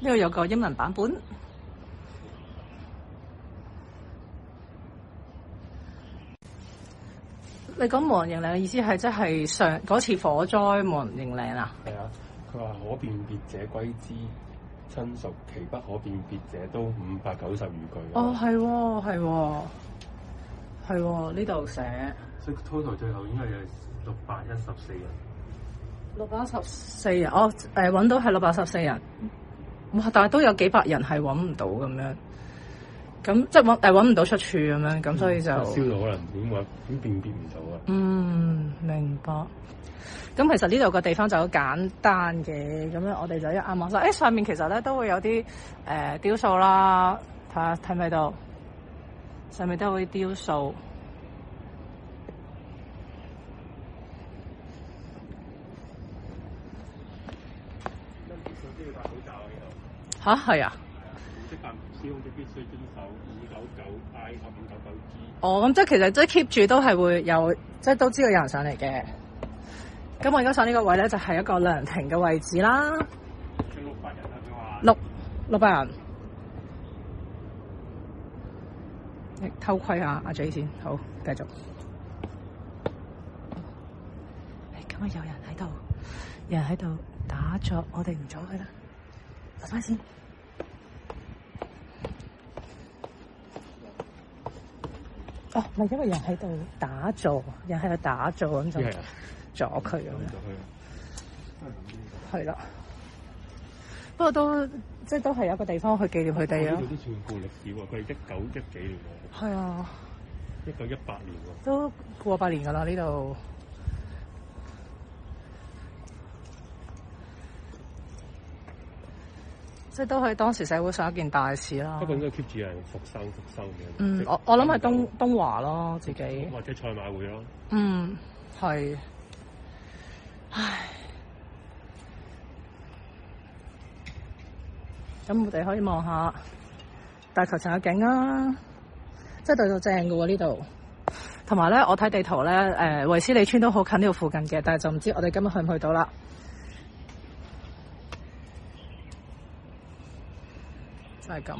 呢度有個英文版本。 [NOISE] 你講無人認領嘅意思係，即係上嗰次火災無人認領啊？係啊，佢話可辨別者歸之。親屬其不可辨別者都五百九十二句。哦，係、哦，係、哦，係呢度寫。所以 total 最，最後應該係六百一十四人。六百一十四人，哦，誒、呃，搵到係六百一十四人。哇，但係都有幾百人係搵唔到咁樣。咁即係搵誒搵唔到出處咁樣，咁、嗯、所以就燒到可能點話點辨別唔到啊？嗯，明白。咁其實呢度個地方就好簡單嘅，咁樣我哋就一眼望晒，誒、欸、上面其實咧都會有啲誒、呃、雕塑啦，睇下睇唔睇到上面都會雕塑。嚇、嗯、係啊！必須遵守哦，咁即係其實即係 keep 住都係會有，即係都知道有人上嚟嘅。咁我而家上呢個位咧，就係、是、一個涼亭嘅位置啦。六六百人。人你偷窺下阿 J 先，好繼續。誒、哎，今日有人喺度，有人喺度打坐。我哋唔阻佢啦。翻先。哦，咪因為人喺度打坐，有人喺度打坐咁就。Yeah. 咗佢咁樣，係啦。不過都即係都係有個地方去紀念佢哋咯。呢度都算故歷史喎，佢係一九一幾年喎。係啊，一九一八年喎。嗯，就是、都過百年噶啦，呢度即係都係當時社會上一件大事啦。不過應該 keep 住係復修復修嘅。嗯，我我諗係東東華咯，自己或者賽馬會咯。嗯，係。唉，咁我哋可以望下大球場嘅景的啊，真係對到正嘅喎呢度。同埋咧，我睇地圖咧，誒，維斯利村都好近呢度附近嘅，但係就唔知我哋今日去唔去到啦。就係、是、咁。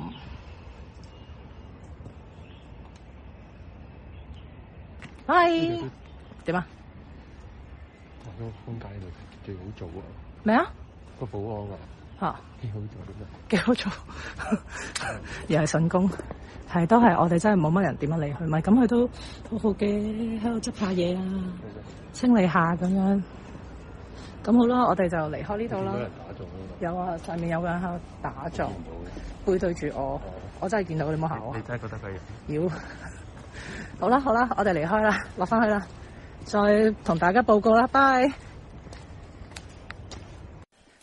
Hi，點、嗯、啊？嗯嗯空間度最好做啊！咩啊？個保安啊？啊！幾好做嘅咩？幾好做，又係神功，係、嗯、都係我哋真係冇乜人點樣理去咪咁佢都好好嘅，喺度執下嘢啊，清理下咁樣，咁好啦，我哋就離開呢度啦打。有啊，上面有個人喺度打坐，背對住我，嗯、我真係見到佢哋你冇行我。你，你真係覺得佢妖？ [LAUGHS] 好啦好啦，我哋離開啦，落翻去啦。再同大家報告啦，拜！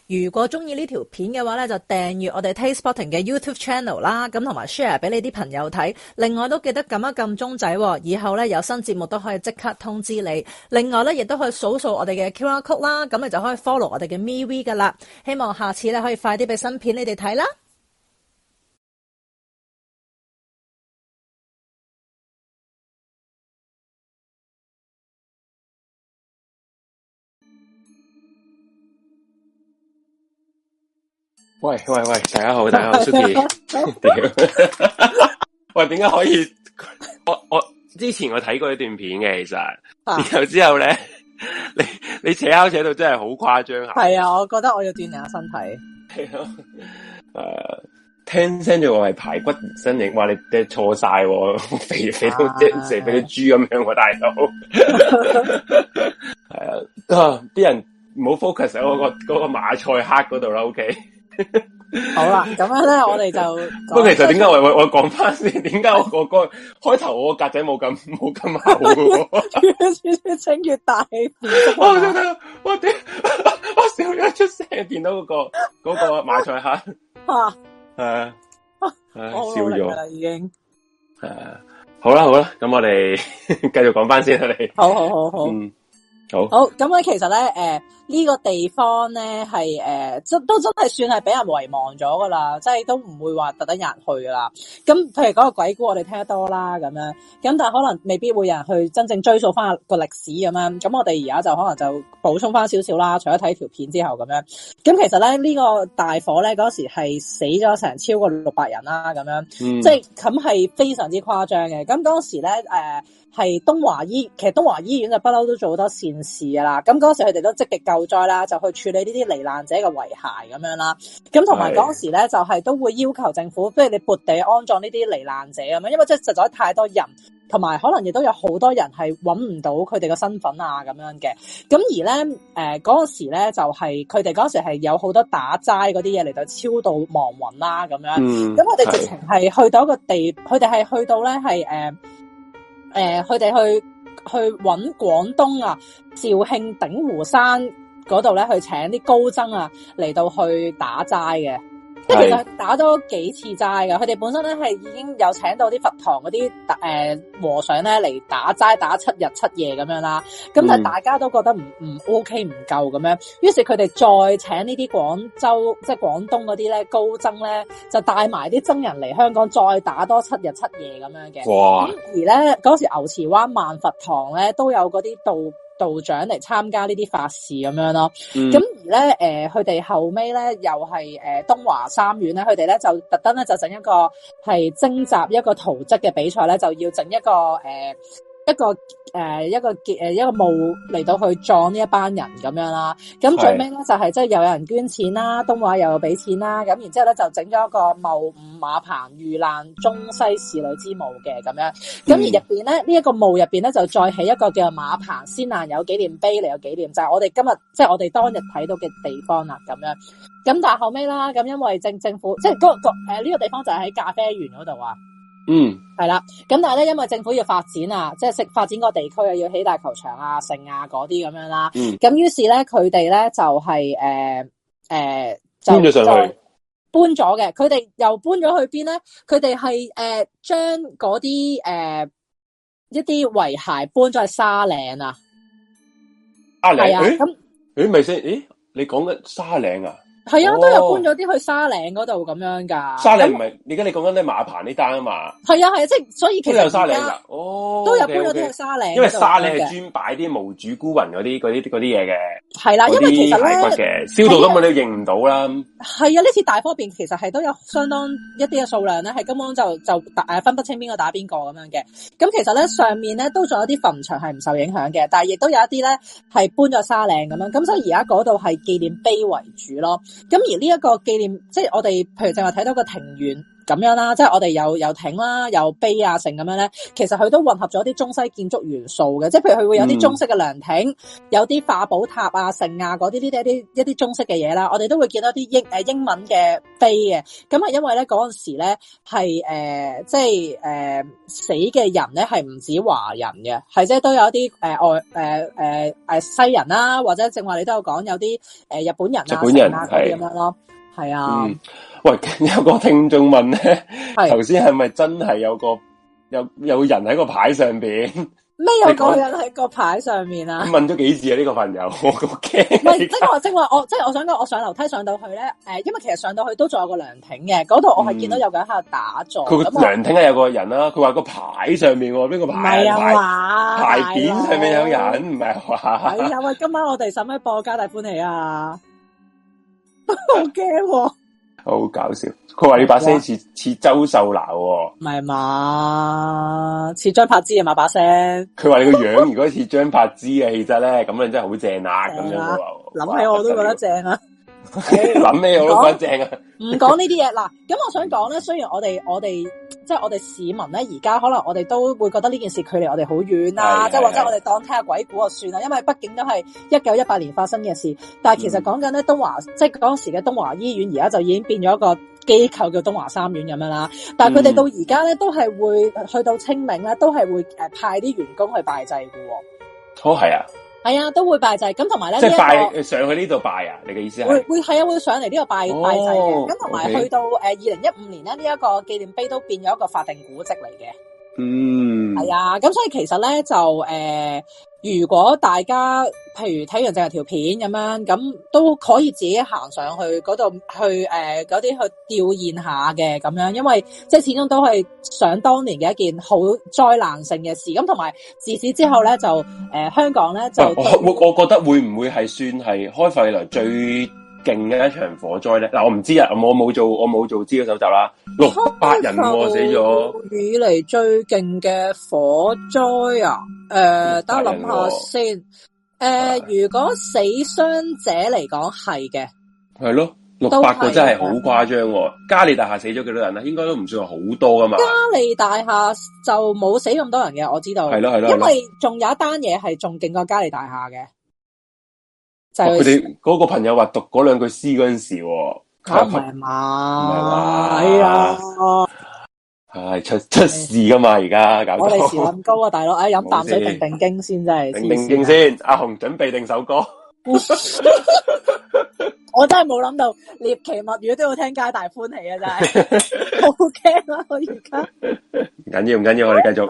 如果中意呢條片嘅話呢，就訂閱我哋 Taste Potting 嘅 YouTube Channel 啦，咁同埋 share 俾你啲朋友睇。另外都記得撳一撳鐘仔，以後呢，有新節目都可以即刻通知你。另外呢，亦都可以數數我哋嘅 QR Code 啦，咁你就可以 follow 我哋嘅 MeWe 噶啦。希望下次呢可以快啲俾新片你哋睇啦。喂喂喂，大家好， [LAUGHS] 大家好 Suki [LAUGHS] [LAUGHS] 喂，點解可以？我我之前我睇過一段片嘅，其實、啊，然後之後咧，你你扯口扯，扯到真係好誇張，係啊，我覺得我要鍛煉下身體。係啊，啊，聽聲就話係排骨身形，話你跌錯晒，肥肥到跌成隻豬咁樣，我大佬，係 [LAUGHS] 啊，啲、啊、人唔好 focus 喺嗰個嗰個馬賽克嗰度啦，OK。 [LAUGHS] 好啦，咁樣咧，我哋就不過其實點解我我我講翻先？點 [LAUGHS] 解我個個開頭我格仔冇咁冇咁厚 [LAUGHS] [LAUGHS] 越？越清越大、 [LAUGHS] 那個那個 [LAUGHS] [LAUGHS] 啊，我我笑咗出聲，見到嗰個嗰個馬賽克啊，係笑咗啦，已經、啊、好啦好啦，咁我哋繼續講翻先啦，你好好好好，嗯、好好咁咧，其實咧，誒、呃。呢、這個地方咧係誒，即、呃、都真係算係俾人遺忘咗㗎啦，即係都唔會話特登有人去㗎啦。咁譬如講個鬼故我了了，我哋聽得多啦咁樣。咁但係可能未必會有人去真正追溯翻個歷史咁樣。咁我哋而家就可能就補充翻少少啦，除咗睇條片之後咁樣。咁其實咧呢、這個大火咧嗰時係死咗成超過六百人啦，咁樣，嗯、即係咁係非常之誇張嘅。咁當時咧係、呃、東華醫，其實東華醫院就不嬲都做好多善事㗎啦。咁嗰時佢哋都積極救。救災啦，就去處理呢啲罹難者嘅遺骸咁樣啦。咁同埋嗰時咧，就係、是、都會要求政府，不如你撥地安葬呢啲罹難者咁樣，因為即係實在太多人，同埋可能亦都有好多人係揾唔到佢哋嘅身份啊，咁樣嘅。咁而咧，誒、呃、嗰、那個、時咧就係佢哋嗰時係有好多打齋嗰啲嘢嚟到超度亡魂啦咁樣。咁我哋直情係去到一個地，佢哋係去到咧係誒誒，佢哋、呃呃、去去揾廣東啊肇慶鼎湖山。嗰度咧，去請啲高僧啊，嚟到去打齋嘅，即係其實打多幾次齋嘅。佢哋本身咧係已經有請到啲佛堂嗰啲誒和尚咧嚟打齋，打七日七夜咁樣啦。咁但係大家都覺得唔唔、嗯、OK，唔夠咁樣。於是佢哋再請呢啲廣州即係廣東嗰啲咧高僧咧，就帶埋啲僧人嚟香港，再打多七日七夜咁樣嘅。哇！而咧嗰時牛池灣萬佛堂咧都有嗰啲道。道長嚟參加呢啲法事咁樣咯，咁、嗯、而咧，誒、呃，佢哋後屘咧又係，誒、呃，東華三院咧，佢哋咧就特登咧就整一個係徵集一個圖質嘅比賽咧，就要整一個，誒、呃。一個誒、呃，一個結誒，一個墓嚟到去撞一呢一班人咁樣啦。咁最尾咧就係即係又有人捐錢啦，東華又俾錢啦。咁然之後咧就整咗一個茂五馬棚遇難中西士女之墓嘅咁樣。咁而入邊咧呢一、這個墓入邊咧就再起一個叫做馬棚先難友紀念碑嚟，有紀念就係、是、我哋今日即係我哋當日睇到嘅地方啦。咁樣咁但係後尾啦，咁因為政政府即係、那個誒呢、呃這個地方就喺咖啡園嗰度啊。嗯，係啦，咁但係咧，因為政府要發展啊，即係食發展個地區啊，要起大球場啊、城啊嗰啲咁樣啦。嗯，咁於是咧、就是，佢哋咧就係誒誒搬咗上去，搬咗嘅，佢哋又搬咗去邊咧？佢哋係誒將嗰啲誒一啲遺骸搬咗去沙嶺啊。沙嶺，係啊，咁誒，咪先？誒，你講緊沙嶺啊？係啊，都有搬咗啲去沙嶺嗰度咁樣噶。沙嶺唔係，嗯、你跟你講緊都係馬棚呢單啊嘛。係啊係啊，即係、啊、所以其實都有沙嶺噶，哦，都有搬咗啲去沙嶺、哦 okay, okay。因為沙嶺係專擺啲無主孤魂嗰啲啲啲嘢嘅。係啦、啊，因為其實咧，燒到咁，我都認唔到啦。係啊、呢、啊、次大方面其實係都有相當一啲嘅數量咧，係根本就就誒分不清邊個打邊個咁樣嘅。咁其實咧上面咧都仲有啲墳場係唔受影響嘅，但係亦都有一啲咧係搬咗沙嶺咁樣。咁所以而家嗰度係紀念碑為主咯。咁而呢一個紀念，即係我哋譬如就話睇到個庭園。咁樣啦，即係我哋有有亭啦，有碑啊，成咁樣咧，其實佢都混合咗啲中西建築元素嘅，即係譬如佢會有啲中式嘅涼亭，有啲化寶塔啊，城啊嗰啲呢啲一啲一啲中式嘅嘢啦，我哋都會見到啲英英文嘅碑嘅，咁係因為咧嗰陣時咧係即係死嘅人咧係唔止華人嘅，係即係都有啲誒外西人啦，或者正話你都有講有啲日本人啊，日本人係咁樣咯。係啊、嗯，喂，有個聽眾問咧，頭先係咪真係有個有有人喺個牌上邊？咩有個人喺個牌上面啊？問咗幾次啊？呢、這個朋友，我驚。唔係，即係我即係我，即係我，我想講，我上樓梯上到去咧，誒、呃，因為其實上到去都仲有個涼亭嘅，嗰、嗯、度我係見到有個人喺度打坐。佢涼亭係有個人啦，佢話個牌上面邊個牌？唔係啊，牌匾、啊、上面有人，唔係話。哎呀、啊啊、喂，今晚我哋使唔使播家大歡喜啊？好驚喎，好搞笑！佢話你把聲似似周秀娜喎、哦，唔係嘛？似張柏芝啊嘛把聲，佢話你個樣如果似張柏芝嘅氣質咧，咁 [LAUGHS] 樣真係好正啊！咁、啊、樣諗起我都覺得正啊。 [LAUGHS] 諗咩？好鬼正啊，欸！唔講呢啲嘢嗱，咁我想講咧。雖然我哋我哋即係我哋市民咧，而家可能我哋都會覺得呢件事距離我哋好遠啦，即係或者我哋當聽下鬼故就算啦。因為畢竟都係一九一八年發生嘅事，但係其實講緊咧東華，即係嗰時嘅東華醫院，而家就已經變咗一個機構叫東華三院咁樣啦，啊。但係佢哋到而家咧都係會去到清明咧，都係會誒派啲員工去拜祭喎，啊哦。都係啊。係啊，都會拜祭，咁同埋咧即係拜、這個上去呢度拜啊，你嘅意思係？會會係啊，會上嚟呢度拜、哦、拜祭，咁同埋去到誒二零一五年咧，呢、這、一個紀念碑都變咗一個法定古蹟嚟嘅。嗯。係啊，咁所以其實咧就誒。呃如果大家譬如睇完淨係條片咁樣，咁都可以自己行上去嗰度去誒嗰啲去吊唁下嘅咁樣，因為即係始終都係想當年嘅一件好災難性嘅事。咁同埋自此之後咧，就誒、呃、香港咧就我我覺得會唔會係算係開埠以來最勁嘅一場火災咧，嗱我唔知啊，我冇做，我冇做資料搜集啦。六百人死咗，以嚟最勁嘅火災啊！誒，等、啊呃啊、我諗下先。誒、呃啊，如果死傷者嚟講係嘅，係咯，六百個真係好誇張。嘉利大廈死咗幾多人啊？應該都唔算話好多啊嘛。嘉利大廈就冇死咁多人嘅，我知道。係咯係咯，因為仲有一單嘢係仲勁過嘉利大廈嘅。佢哋嗰個朋友話讀嗰兩句詩嗰陣時候，唔係、啊哎哎、嘛？係啊，係出出事噶嘛？而家搞我哋時咁高啊，大佬，唉，飲啖水定定驚先，真係定定驚先。阿紅、啊啊啊、準備定首歌， [LAUGHS] [LAUGHS] 我真係冇諗到獵奇物語都要聽《皆大歡喜啊啊》啊，真係好驚啊！我而家緊要唔緊要，我哋繼續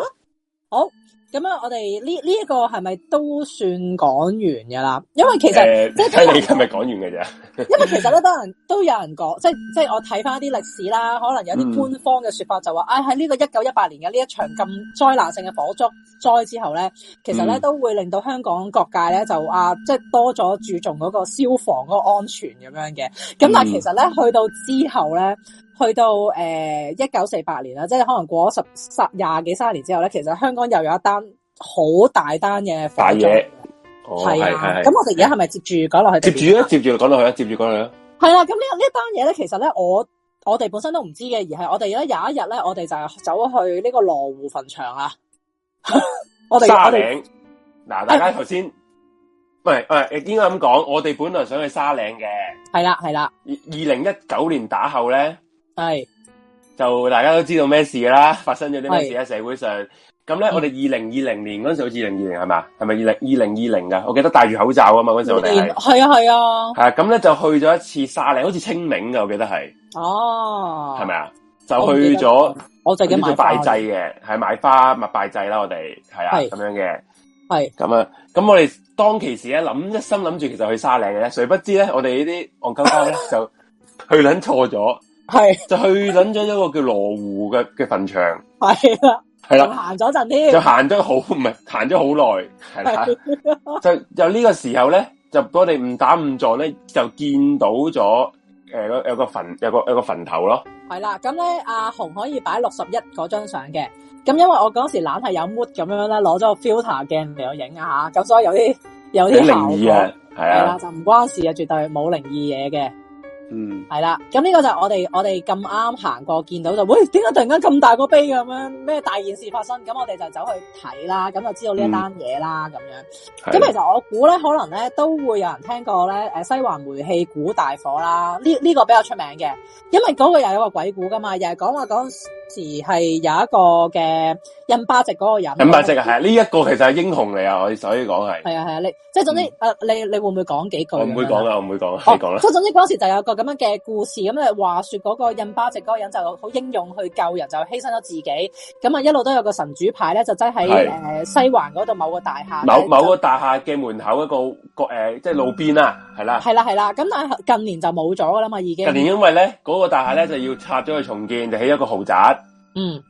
好。咁啊，我哋呢呢一個係咪都算講完嘅啦？因為其實、呃、即係你係咪講完嘅啫？因為其實咧，都有人都有人講，即係即係我睇翻啲歷史啦，可能有啲官方嘅說法就話，嗯、哎、喺呢個一九一八年嘅呢一場咁災難性嘅火燭災之後咧，其實咧、嗯、都會令到香港各界咧就啊，即係多咗注重嗰個消防嗰個安全咁樣嘅。咁但係其實咧、嗯，去到之後咧。去到誒一九四八年啦，即係可能過咗十二十廿幾三十年之後咧，其實香港又有一單好大單嘅大嘢，係、哦、咁、啊、我哋而家係咪接住講落去？接住啦，接住講落去啦，接住講落去啦。係啦、啊，咁呢一呢單嘢咧，其實咧我我哋本身都唔知嘅，而係我哋而家有一日咧，我哋就係走去呢個羅湖墳場啊。 [LAUGHS] 我哋沙嶺嗱，大家頭先喂，唔係唔係應該咁講，我哋本來想去沙嶺嘅，係啦係啦，二二零一九年打後咧。係，就大家都知道咩事㗎啦？發生咗啲咩事喺社會上咁咧，我哋二零二零年嗰陣時好似二零二零係嘛？係咪二零二零二零噶？我記得戴住口罩啊嘛，嗰陣時我哋係啊係啊，係啊。咁咧、啊、就去咗一次沙嶺，好似清明噶，我記得係。哦、啊，係咪啊？就去咗，我自己拜祭嘅，係、啊、買花咪拜祭啦。我哋係啊，咁樣嘅，係咁啊。咁我哋當其時咧諗，一心諗住其實去沙嶺嘅咧，誰不知咧，我哋呢啲戇鳩鳩咧就去諗錯咗。係就去緊咗，一個叫羅湖嘅嘅墳場，係啦，係啦，行咗陣添，就行咗好唔係行咗好耐，係啦，就就呢個時候咧，就我哋誤打誤撞咧，就見到咗誒有個墳有個有個墳頭咯，係啦，咁咧阿紅可以擺六十一嗰張相嘅，咁因爲我嗰時懶係有 mood 咁樣咧，攞咗個 filter 鏡嚟我影啊吓，咁所以有啲有啲靈異啊，係啦就唔關事啊，絕對冇靈異嘢嘅。嗯，係啦，咁呢個就係我哋我哋咁啱行過見到就，喂，點解突然間咁大個碑咁樣，咩大件事發生？咁我哋就走去睇啦，咁就知道呢一單嘢啦，咁、嗯、樣。咁其實我估咧，可能咧都會有人聽過咧，誒西環煤氣鼓大火啦，呢呢、這個比較出名嘅，因為嗰個又有一個鬼故噶嘛，又係講話講。時係有一個嘅印巴籍嗰個人，印巴籍係啊，呢一個其實係英雄嚟啊，我哋首先講，係，係啊係啊，你即係總之誒，你你會唔會講幾句？我唔會講啊，我唔會講，你講啦。即係總之嗰時就有個咁樣嘅故事，咁你話說嗰個印巴籍嗰個人就好英勇去救人，就犧牲咗自己。咁啊一路都有個神主牌咧，就擠喺誒西環嗰度某個大廈，某某個大廈嘅門口一個個誒，即係路邊啦，係啦，係啦，係啦。咁但係近年就冇咗噶啦嘛，已經。近年因為咧嗰個大廈咧就要拆咗去重建，就起一個豪宅。嗯，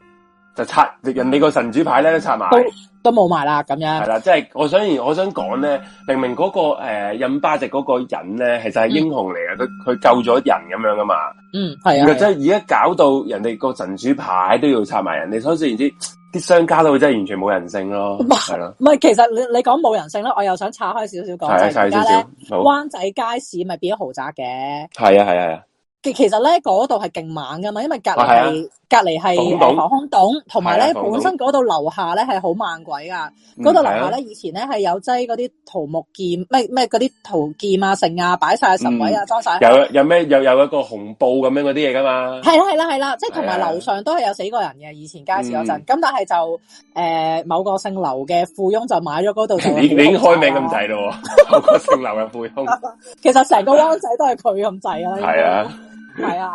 就拆，人哋個神主牌咧都拆埋，都都冇埋啦咁樣。係啦，即係我想，我想講咧，明明嗰個誒印巴籍，即係嗰個人咧，其實係英雄嚟嘅，佢、嗯、佢救咗人咁樣噶嘛。嗯，係啊。即係而家搞到人哋個神主牌都要拆埋，人哋所以之，甚至啲商家都真係完全冇人性咯。係咯，唔係其實你你講冇人性呢，我又想拆開少少講。拆開少少。好。灣仔街市咪變咗豪宅嘅。係啊，係啊，係啊。其其實咧嗰度係勁猛噶嘛，因為隔籬。隔籬係防空洞，同埋咧本身嗰度樓下咧係好猛鬼噶，嗰度樓下咧以前咧係有擠嗰啲桃木劍，咩係嗰啲桃劍啊、繩啊，擺晒喺十位啊，裝晒、嗯。有有咩？又有，有一個紅布咁樣嗰啲嘢噶嘛？係啦係啦係啦，即係同埋樓上都係有死過人嘅，以前街市嗰陣。咁、嗯、但係就誒、呃，某個姓劉嘅富翁就買咗嗰度。你你已經開名咁滯咯？ [LAUGHS] 某個姓劉嘅富翁， [LAUGHS] 其實成個灣仔都係佢咁滯啦。係啊。 [LAUGHS] 係 [LAUGHS] 啊，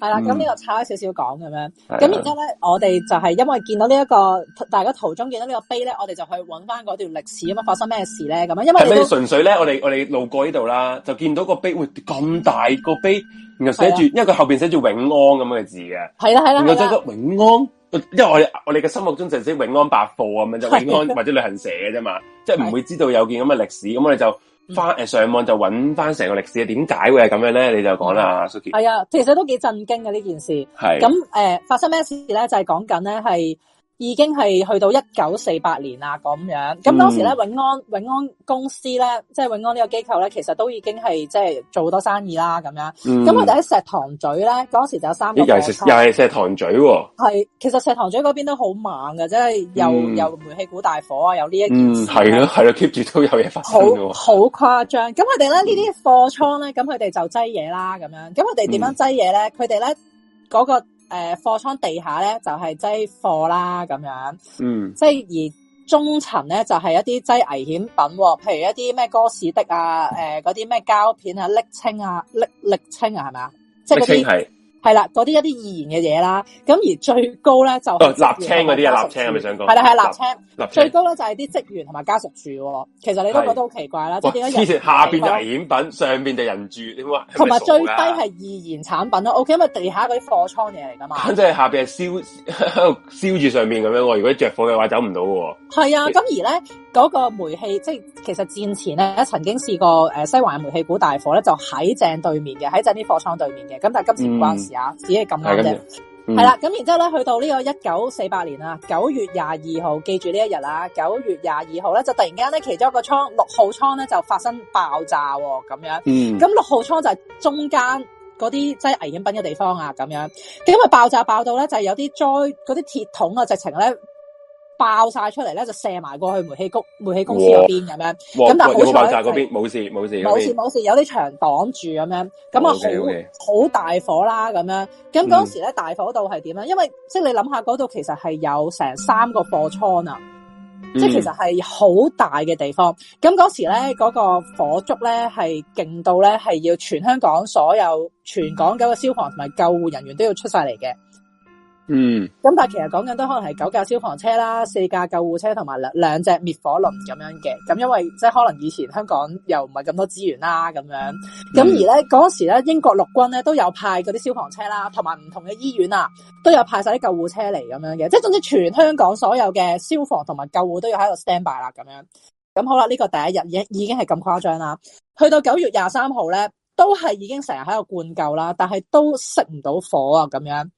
係啦、啊，咁、啊嗯嗯嗯、呢個差少少講咁樣，咁然之後咧，我哋就係因為見到呢、這、一個，大家途中見到呢個碑咧，我哋就去搵翻嗰段歷史，咁啊發生咩事咧？咁啊，因為純粹咧，我哋我哋路過呢度啦，就見到個碑，哇咁大、那個碑，然後寫住、啊，因為佢後邊寫住永安咁嘅字嘅，係啦係啦，然後真永安，因為我我哋嘅心目中淨識永安百貨咁樣就永安或者旅行社嘅啫嘛，即係唔會知道有件咁嘅歷史，咁、啊、我哋就。翻誒上網就揾翻成個歷史，點解會係咁樣咧？你就講啦，啊、嗯、Suki。係啊，其實都幾震驚嘅呢件事。係咁誒，發生咩事咧？就係講緊咧係。已經係去到一九四八年啦，咁樣咁當時咧、嗯、永安永安公司咧，即係永安呢個機構咧，其實都已經係即係做多生意啦，咁樣。咁、嗯、我哋喺石塘咀咧，當時就有三個。又係石，又係石塘咀喎、哦。係，其實石塘咀嗰邊都好猛嘅，即係又又、嗯、煤氣鼓大火啊，有呢一件事。嗯，係咯、啊，係咯，keep 住都有嘢發生好好誇張！咁我哋咧呢啲貨倉咧，咁佢哋就擠嘢啦，咁樣。咁我哋點樣擠嘢咧？佢哋咧嗰個。誒、呃、貨倉地下呢就係、是、擠貨啦，咁樣，嗯，即係而中層呢就係、是、一啲擠危險品喎、啊，譬如一啲咩哥士的呀，嗰啲咩膠片呀，瀝青呀，瀝瀝青啊，係咪啊？清啊，即係嗰啲。係啦，嗰啲一啲易燃嘅嘢啦，咁而最高咧就立青嗰啲啊，立青啊，係咪想講？係啦，係立，立，立青，最高咧就係啲職員同埋家屬住，其實你都覺得好奇怪啦，即係點解下邊危險品，上邊就人住點啊？同埋最低係易燃產品咯，OK，因為地些貨倉來的下嗰啲貨倉嘢嚟噶嘛，即係下邊係燒喺度燒住上邊咁樣，如果着火嘅話走唔到喎。係啊，咁而咧。嗰、那個煤氣，即係其實戰前咧曾經試過、呃、西環嘅煤氣股大火咧，就喺正對面嘅，喺正啲貨倉對面嘅。咁但係今、嗯、次唔關事啊，只係咁啱啫。係啦，咁然之後咧，去到呢個一九四八年啊，九月廿二號，記住一呢一日啦，九月廿二號咧就突然間咧其中一個倉六號倉咧就發生爆炸喎，咁樣。嗯。咁六號倉就係中間嗰啲即係危險品嘅地方啊，咁樣。因為爆炸爆到咧，就係、是、有啲災嗰啲鐵桶啊，直情咧。爆晒出嚟咧，就射埋過去煤氣谷、煤氣公司嗰邊咁樣。咁但係好彩，爆炸嗰邊冇事冇事。冇事冇事，事，事，有啲牆擋住咁樣。咁、哦、啊，好、okay, okay。大火啦咁樣。咁嗰時咧，大火度係點咧？因為即係、就是、你諗下，嗰度其實係有成三個貨倉啊，即係其實係好大嘅地方。咁嗰時咧，嗰、那個火燭咧係勁到咧係要全香港所有全港九嘅消防同埋救護人員都要出晒嚟嘅。嗯，咁但係其實講緊都可能係九架消防車啦，四架救護車同埋兩兩隻滅火輪咁樣嘅。咁因為即係可能以前香港又唔係咁多資源啦咁樣。咁、嗯、而咧嗰時咧，英國陸軍咧都有派嗰啲消防車啦，同埋唔同嘅醫院啊，都有派晒啲救護車嚟咁樣嘅。即係總之全香港所有嘅消防同埋救護都要喺度 stand by 啦咁樣。咁好啦，呢、這個第一日已已經係咁誇張啦。去到九月廿三號咧，都係已經成日喺度灌救啦，但係都熄唔到火啊咁樣。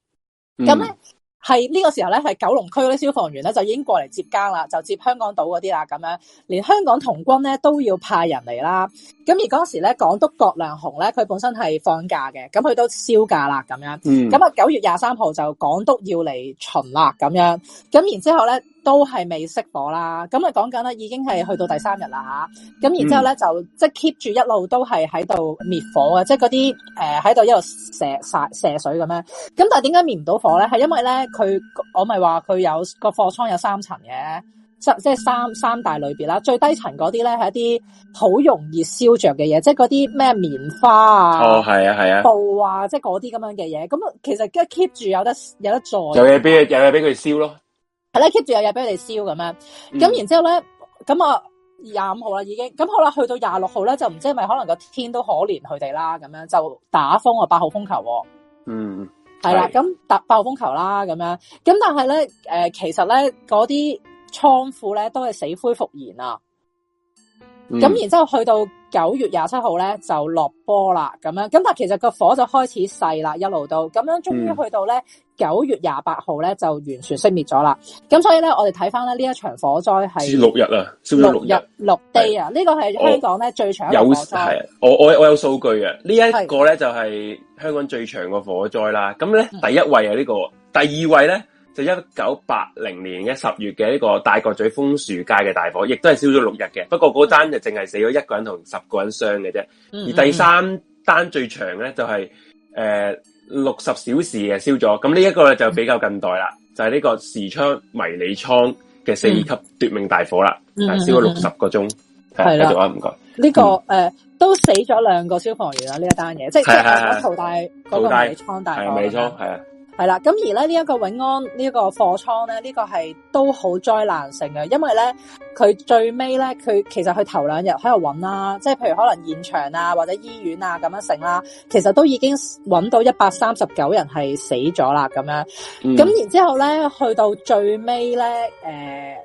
咁咧，係呢個時候咧，係九龍區嗰啲消防員咧就已經過嚟接更啦，就接香港島嗰啲啦，咁樣，連香港童軍咧都要派人嚟啦。咁而嗰時咧，港督郭亮雄咧，佢本身係放假嘅，咁佢都銷假啦，咁樣。咁啊，九月廿三號就港督要嚟巡啦，咁樣。咁然之後咧。都係未熄火啦，咁啊講緊啦，已經係去到第三日啦吓，咁然之後咧、嗯、就即係 keep 住一路都係喺度滅火啊、就是呃，即係嗰啲誒喺度一路射晒射水咁樣，咁但係點解滅唔到火咧？係因為咧佢我咪話佢有個貨倉有三層嘅，即即係三三大類別啦，最低層嗰啲咧係一啲好容易燒着嘅嘢，即係嗰啲咩棉花啊，哦係啊係啊布啊，即係嗰啲咁樣嘅嘢，咁其實即係 keep 住有得有得在，有嘢俾佢，有嘢俾佢燒咯。係咧 keep 住日日俾佢哋燒咁樣，咁然之後咧，咁啊廿五號啦已經，咁好啦去到廿六號咧就唔知係咪可能個天都可憐佢哋啦，咁樣就打風啊，八號風球，嗯，係啦，咁打八號風球啦，咁樣，咁但係咧，誒，其實咧嗰啲倉庫咧都係死灰復燃啊。咁、嗯、然之後去到九月廿七號咧就落波啦，咁樣咁但係其實個火就開始細啦，一路到咁樣，終於去到咧九月廿八號咧就完全熄滅咗啦。咁所以咧我哋睇翻咧呢一場火災係六日啊，六日六 day 啊，呢、這個係香港咧最長嘅火災，有我我我有數據啊，這個、呢一個咧就係、是、香港最長嘅火災啦。咁咧第一位係呢、這個、嗯，第二位咧，就一九八零年嘅十月嘅呢個大角咀楓樹街嘅大火，亦都係燒咗六日嘅。不過嗰單就淨係死咗一個人同十個人傷嘅啫。而第三單最長咧就係誒六十小時嘅燒咗。咁呢一個咧就比較近代啦，嗯，就係、是，呢個時昌迷你倉嘅四級奪命大火啦。嗯，燒咗六十個鐘。係、嗯、啦、唔、呃、該。呢個誒都死咗兩個消防員啦。呢一單嘢，即係即係嗰個淘大嗰個迷你倉大火大。係啊。係啦，咁而咧呢一個永安呢一個貨倉咧，呢個係都好災難性嘅，因為咧佢最尾咧佢其實去頭兩日喺度揾啦，即係譬如可能現場啊或者醫院啊咁樣成啦，其實都已經揾到一百三十九人係死咗啦咁樣，咁、嗯、然之後咧去到最尾咧，誒、呃、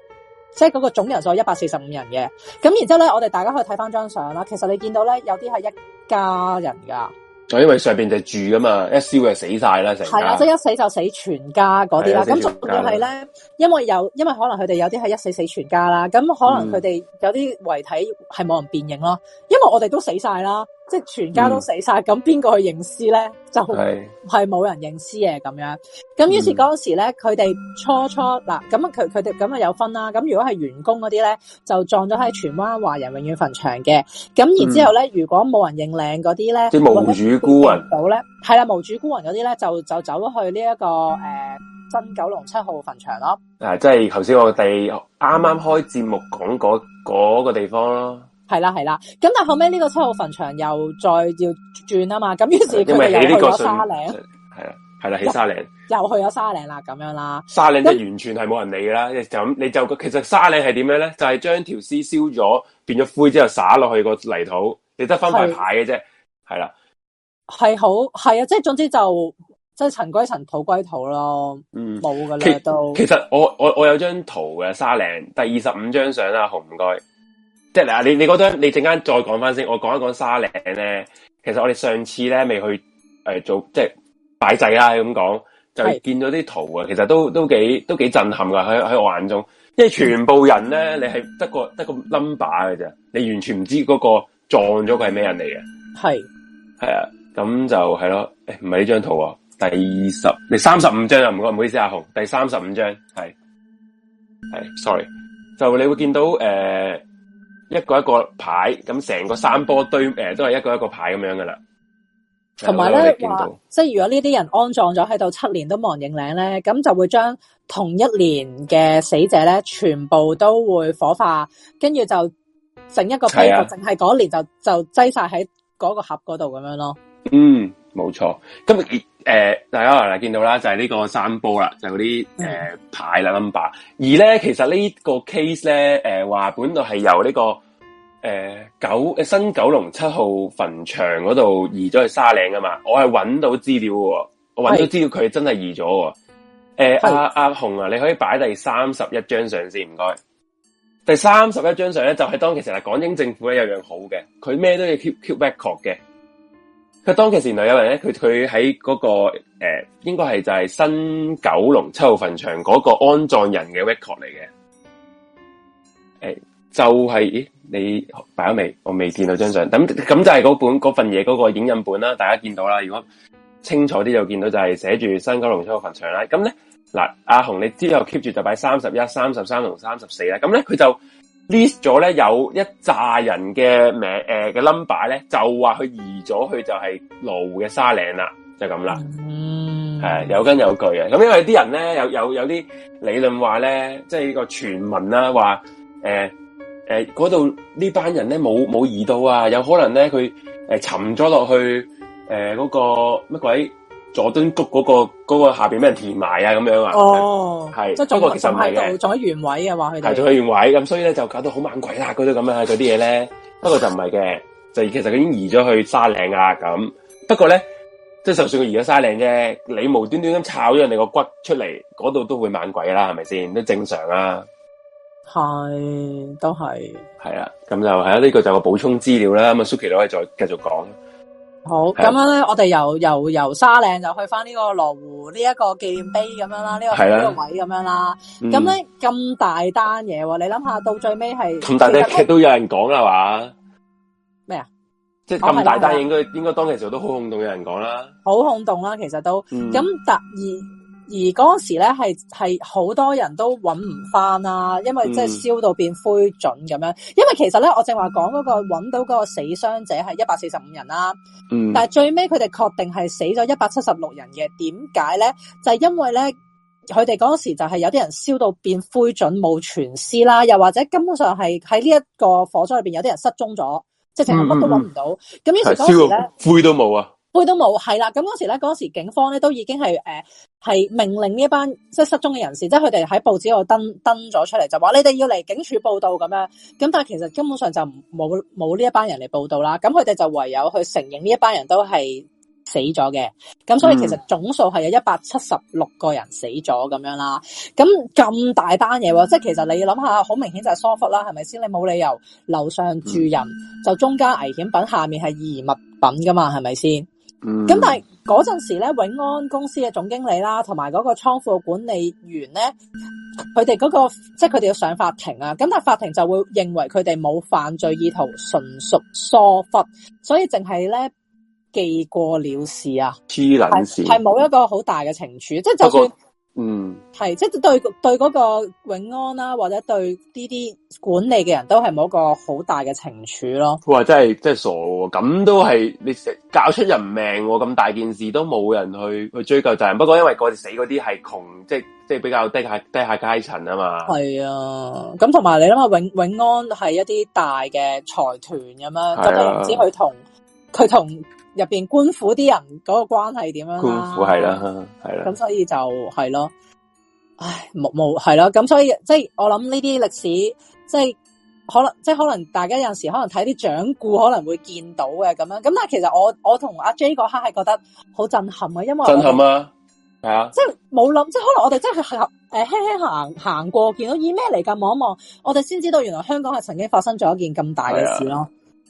即係嗰個總人數一百四十五人嘅，咁然之後咧我哋大家可以睇翻張相啦，其實你見到咧有啲係一家人噶。就因為上邊就住噶嘛，一燒就死晒啦，係啦、啊，即係一死就死全家嗰啲啦。咁仲要係咧，因為有，因為可能佢哋有啲係一死死全家啦。咁可能佢哋有啲遺體係冇人辨認咯、嗯，因為我哋都死晒啦。即係全家都死晒，咁邊個去認屍咧？就係、是、冇人認屍嘅咁樣。咁於是嗰時咧，佢、嗯、哋初初嗱咁佢佢哋咁啊有分啦。咁如果係員工嗰啲咧，就葬咗喺荃灣華人永遠墳場嘅。咁然之後咧、嗯，如果冇人認領嗰啲咧，無主孤魂到咧係啦，無主孤魂嗰啲咧就就走咗去呢、這、一個誒、呃、真九龍七號墳場咯。誒，即係頭先我哋啱啱開節目講嗰個個地方咯。係啦係啦，咁、啊、但後尾呢個七號墳場又再要轉啊嘛，咁於是佢又去咗沙嶺，係啦係啦，去、啊啊、沙嶺又，又去咗沙嶺啦，咁樣啦。沙嶺就完全係冇人理噶啦，就咁你就其實沙嶺係點樣咧？就係將條屍燒咗，變咗灰之後灑落去個泥土，你得翻塊牌嘅啫，係啦。係好係啊，即係、啊啊、總之就即係塵歸塵，就是、塵歸塵歸土歸土咯，嗯，冇噶啦都。其實我我我有張圖嘅沙嶺第二十五張相啦，好唔該。即係嗱，你你覺得你陣間再講翻先，我講一講沙嶺咧。其實我哋上次咧未去誒、呃、做，即係擺祭啦。咁講就見咗啲圖啊，其實都都幾都幾震撼，噶。喺喺我眼中，因為全部人咧，你係得個得個 number 嘅啫，你完全唔知嗰個撞咗佢係咩人嚟嘅。係係啊，咁就係咯。誒、啊，唔係呢張圖啊，第二十，你三十五張啊，唔該，唔好意思啊，紅第三十五張係係，sorry，就你會見到誒。呃一個一個牌，咁成個山坡堆，誒、呃，都係一個一個牌咁樣噶啦。同埋咧話，即係如果呢啲人安葬咗喺度七年都冇人認領咧，咁就會將同一年嘅死者咧，全部都會火化，跟住就整一個碑，淨係嗰年就就擠晒喺嗰個盒嗰度咁樣咯。嗯，冇錯。咁。誒、呃，大家嗱見到啦，就係、是、呢個三波啦，就嗰啲誒牌啦 number，嗯。而咧，其實呢個 case 咧，誒、呃、話本來係由呢、這個誒、呃、九誒新九龍七號墳場嗰度移咗去沙嶺㗎嘛，我係揾到資料，我揾到資料佢真係移咗。誒、呃，阿阿紅啊，你可以擺第三十一張相先，唔該。第三十一張相咧，就係、是、當其實啦，港英政府咧有樣好嘅，佢咩都要 keep keep record 嘅。佢當其時原來有人咧，佢佢喺嗰個誒、呃，應該係就係新九龍七號墳場嗰個安葬人嘅 record 嚟嘅。誒、呃，就係、是，咦、欸，你擺咗未？我未見到張相。咁咁就係嗰本嗰份嘢嗰個影印本啦，大家見到啦。如果清楚啲就見到就係寫住新九龍七號墳場啦。咁咧嗱，阿紅你之後 keep 住就擺三十一、三十三同三十四啦。咁咧佢就。list 咗咧有一紮人嘅名，誒嘅 number 咧，就話佢移咗去就係羅湖嘅沙嶺啦，就咁啦，係有根有據啊！咁因為啲人咧有有有啲理論話咧，即係個傳聞啦，話誒誒嗰度呢班人咧冇冇移到啊，有可能咧佢誒沉咗落去誒嗰個乜鬼？佐敦谷嗰、嗰個、嗰個下邊俾人填埋啊，咁樣啊，哦，係，不過其實唔係嘅，仲喺原位啊，話佢係仲喺原位，咁所以咧就搞到好猛鬼啊，嗰啲咁樣啊，嗰啲嘢咧，不過就唔係嘅，就其實佢已經移咗去沙嶺啊，咁，不過咧，即係就算佢移咗沙嶺啫，你無端端咁炒咗人哋個骨出嚟，嗰度都會猛鬼啦，係咪先？都正常啊，係，都係，係啦，咁就係啦，呢、嗯呢個就係個補充資料啦，咁啊，Suki 都可以再繼續講。好，咁樣咧，我哋由由由沙嶺就去翻呢個羅湖呢一個紀念碑咁樣啦，呢個呢個位咁樣啦。咁咧咁大單嘢，你諗下到最尾係咁大單，其實都有人講啦，嘛？咩啊？即係咁大單，應該應該當其時都好轟動，有人講啦，好轟動啦，啊，其實都咁突然。嗯而嗰時咧，係係好多人都揾唔翻啦，因為即係燒到變灰燼咁樣、嗯。因為其實咧，我正話講嗰個揾到嗰個死傷者係一百四十五人啦、啊。嗯。但係最尾佢哋確定係死咗一百七十六人嘅，點解咧？就係、是、因為咧，佢哋嗰時就係有啲人燒到變灰燼冇全屍啦，又或者根本上係喺呢一個火災裏面有啲人失蹤咗、嗯嗯嗯，即係成個乜都揾唔到。咁於是嗰陣燒到灰都冇啊。佢都冇係啦，咁嗰時咧，嗰時警方咧都已經係誒係命令呢一班即係失蹤嘅人士，即係佢哋喺報紙度登登咗出嚟，就話你哋要嚟警署報道咁樣。咁但係其實根本上就冇冇呢一班人嚟報道啦。咁佢哋就唯有去承認呢一班人都係死咗嘅。咁所以其實總數係有一百七十六個人死咗咁樣啦。咁咁大單嘢，即係其實你諗下，好明顯就係疏忽啦，係咪先？你冇理由樓上住人就中間危險品，下面係易燃物品噶嘛，係咪先？咁、嗯、但係嗰陣時咧，永安公司嘅總經理啦，同埋嗰個倉庫管理員咧，佢哋嗰個即係佢哋要上法庭啊。咁但係法庭就會認為佢哋冇犯罪意圖，純屬疏忽，所以淨係咧記過了事啊。黐捻事係冇一個好大嘅懲處，即係就算。嗯，係即係對對嗰個永安啦，或者對呢啲管理嘅人都係冇一個好大嘅懲處咯。佢話真係真係傻，咁都係你搞出人命啊，咁大件事都冇人去去追究責任。不過因為佢哋死嗰啲係窮，即係即係比較低下低下階層啊嘛。係啊，咁同埋你諗下永永安係一啲大嘅財團咁樣，都唔知佢同佢同。他跟入邊官府啲人嗰個關係點樣？官府係啦，係、啊、啦。咁所以就係咯，唉，冇冇係咯。咁所以即係我諗呢啲歷史，即係可能，即係可能大家有陣時可能睇啲掌故可能會見到嘅咁樣。咁但係其實我我同阿 J 嗰刻係覺得好震撼嘅，因為震撼啊，係啊，即係冇諗，即係可能我哋真係行誒，輕輕行行過，見到以咩嚟㗎？望一望，我哋先知道原來香港係曾經發生咗一件咁大嘅事咯。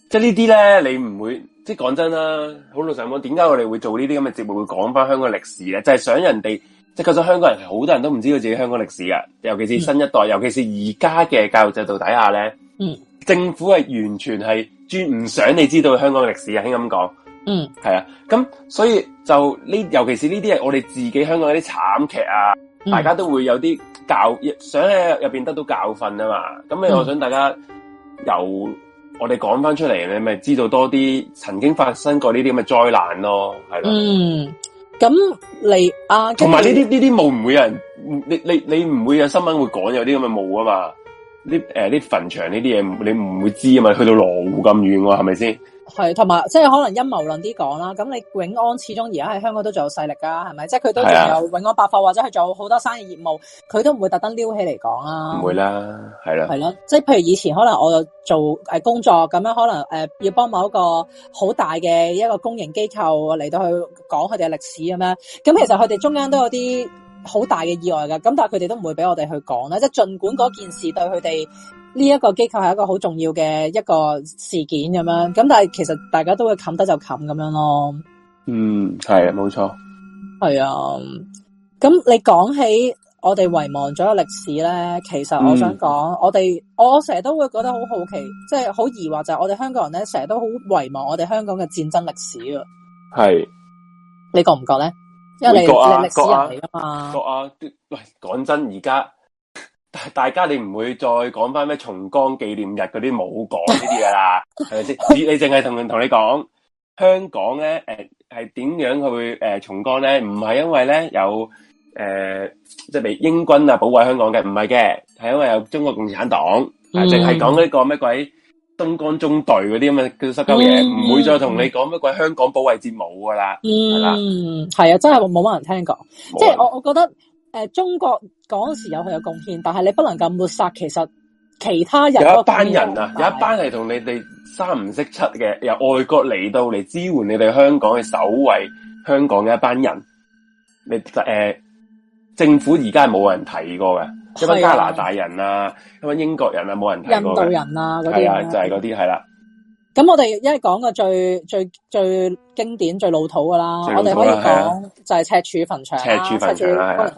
即係呢啲咧，你唔會。即講真啦，好老實講，點解我哋會做呢啲咁嘅節目，會講翻香港歷史咧？就係、是、想人哋，即係其實香港人係好多人都唔知道自己香港歷史㗎。尤其是新一代，嗯、尤其是而家嘅教育制度底下咧。嗯，政府係完全係專唔想你知道香港歷史啊，輕咁講。嗯，係啊，咁所以就呢，尤其是呢啲係我哋自己香港啲慘劇啊，嗯、大家都會有啲教，想喺入邊得到教訓啊嘛。咁我想大家有。嗯由我哋講翻出嚟你咪知道多啲曾經發生過呢啲咁嘅災難咯，係咯。嗯，咁嚟啊，同埋呢啲呢啲墓唔會有人，你你你唔會有新聞會講有啲咁嘅墓啊嘛？啲誒，啲、呃、墳場呢啲嘢，你唔會知啊嘛？去到羅湖咁遠，啊，係咪先。係，同埋即係可能陰謀論啲講啦。咁你永安始終而家喺香港都仲有勢力噶，係咪？即係佢都仲有永安百貨或者佢做好多生意業務，佢都唔會特登撩起嚟講啊。唔會啦，係啦。係咯，即係譬如以前可能我做工作咁樣，可能、呃、要幫某一個好大嘅一個公營機構嚟到去講佢哋嘅歷史咁樣。咁其實佢哋中間都有啲好大嘅意外噶。咁但係佢哋都唔會俾我哋去講啦。即係儘管嗰件事對佢哋。呢、這、一個機構係一個好重要嘅一個事件咁樣，咁但係其實大家都會冚得就冚咁樣咯。嗯，係啊，冇錯，係啊。咁你講起我哋遺忘咗嘅歷史咧，其實我想講、嗯，我哋我成日都會覺得好好奇，即係好疑惑就係、是、我哋香港人咧，成日都好遺忘我哋香港嘅戰爭歷史啊。係，你覺唔覺咧？因為你、啊、你是歷史人嚟噶嘛？覺啊，喂、啊，講真，而家。大家你唔會再講翻咩重光紀念日嗰啲冇講呢啲嘢啦，係咪先？你你淨係同人同你講香港咧，誒係點樣去誒、呃、重光咧？唔係因為咧有誒、呃、即係你英軍啊保衛香港嘅，唔係嘅，係因為有中國共產黨、嗯、啊，淨係講呢個咩鬼東江中隊嗰啲咁嘅叫濕鳩嘢，唔、嗯、會再同你講咩鬼香港保衛節冇噶啦，係、嗯、啦，係啊，真係冇乜人聽過，即係我我覺得。誒、呃，中國嗰時有佢有貢獻，但係你不能夠抹殺其實其他人有一班人啊，有一班係同你哋三唔識七嘅，由外國嚟到嚟支援你哋香港嘅守衛香港嘅一班人，你誒、呃、政府而家係冇人提過嘅，一班加拿大人啊，一班英國人啊，冇人提過。印度人啊，係啊，就係嗰啲係啦。咁我哋一係講個最最最經典最老土噶啦，我哋可以講就係赤柱墳場、赤柱墳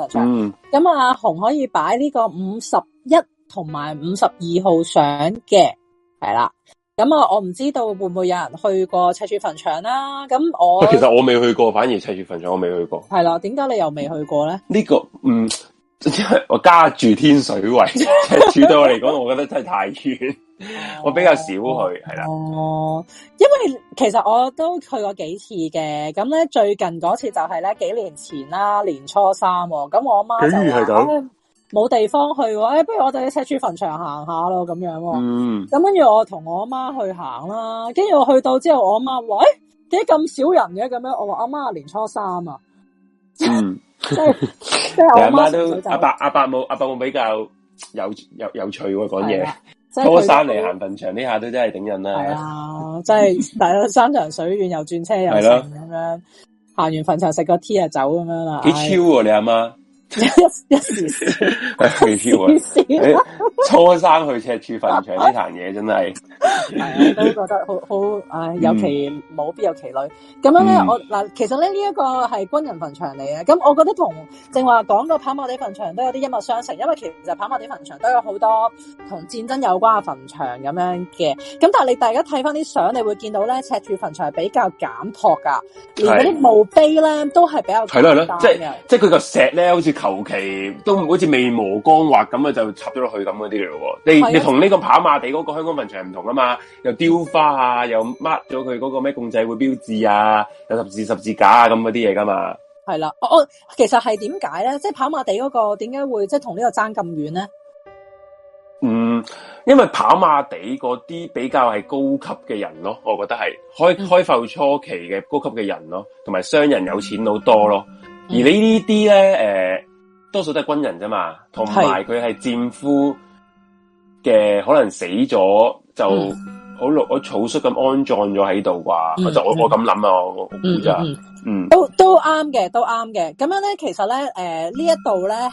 場，嗯，咁啊，紅可以擺呢個五十一同埋五十二號相嘅，係啦。咁啊，我唔知道會唔會有人去過赤柱墳場啦。咁我其實我未去過，反而赤柱墳場我未去過，係啦。點解你又未去過咧？呢個嗯。 [LAUGHS] 我家住天水圍，即係赤柱對我嚟講，我覺得真係太遠， [LAUGHS] 我比較少去，係啦。哦，因為其實我都去過幾次嘅，咁咧最近嗰次就係咧幾年前啦、啊，年初三、啊，咁我阿媽就係咁、啊，冇、哎、地方去、啊，誒、哎，不如我哋喺赤柱墳場行下咯、啊，咁樣、啊。嗯，咁跟住我同我阿媽去行啦、啊，跟住我去到之後，我阿媽話：誒、哎，點解咁少人嘅、啊？咁樣，我話阿媽，年初三啊。嗯。即 [LAUGHS] 係真是， [LAUGHS] [LAUGHS] 阿媽都阿伯阿伯母阿伯母比較有有有趣喎，講嘢、啊。初三嚟行墳場，呢下都真係頂癮啦、啊。係啊，真係大 [LAUGHS] 山長水遠又轉車又成咁樣、啊，行完墳場食個 tea 就走咁樣啦。幾超啊！你阿媽。一 [LAUGHS] 一時事時，一 [LAUGHS] 時，時 [LAUGHS] 初生去赤柱墳場呢壇嘢真係、 [LAUGHS] 啊，係我都覺得好好。唉、哎，有其母、嗯、必有其女。咁樣咧、嗯，我嗱，其實咧呢一、這個係軍人墳場嚟嘅。咁我覺得同正話講個跑馬地墳場都有啲一脈相承，因為其實跑馬地墳場都有好多同戰爭有關嘅墳場咁樣嘅。咁但係你大家睇翻啲相，你會見到咧赤柱墳場係比，比較簡朴噶，連嗰啲墓碑咧都係比較係咯係咯，即係即係佢個石咧好似。求其都好似未磨光滑咁啊，就插咗落去咁嗰啲嚟喎。你、啊、你同呢個跑馬地嗰個香港墳場唔同啊嘛，又雕花啊，又 mark 咗佢嗰個咩共濟會標誌啊，有十字十字架啊咁嗰啲嘢㗎嘛。係啦、啊，我我其實係點解咧？即係跑馬地嗰個點解會即係同呢個爭咁遠咧？嗯，因為跑馬地嗰啲比較係高級嘅人咯，我覺得係開開埠初期嘅高級嘅人咯，同埋商人有錢好多咯。嗯、而你這些呢啲咧，誒、呃、～多數都係軍人啫嘛，同埋佢係戰俘嘅，可能死咗就好落，好草率咁安葬咗喺度啩，就我我咁諗啊，我、我估咋。嗯嗯？嗯，都都啱嘅，都啱嘅。咁樣咧，其實咧，誒、呃，這裡呢一度咧係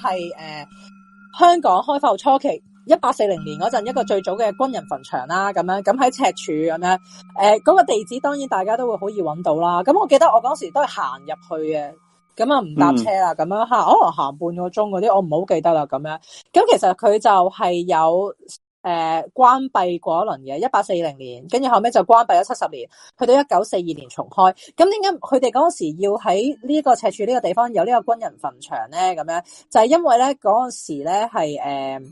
誒香港開埠初期，一八四零年嗰陣一個最早嘅軍人墳場啦，咁樣咁喺赤柱咁樣，誒，嗰、呃那個地址當然大家都會好易揾到啦。咁我記得我嗰時都係行入去嘅。咁啊，唔搭車啦，咁樣嚇，可能行半個鐘嗰啲，我唔好記得啦。咁樣咁，其實佢就係有誒、呃、關閉過一輪嘅一八四零年，跟住後尾就關閉咗七十年，去到一九四二年重開。咁點解佢哋嗰陣時要喺呢個赤柱呢個地方有呢個軍人墳場咧？咁樣就係、是、因為咧嗰陣時咧係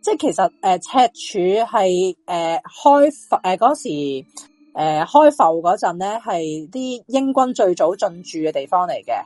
即係其實誒、呃、赤柱係誒開誒嗰陣時誒開埠嗰陣咧，係、呃、啲、呃、英軍最早進駐嘅地方嚟嘅。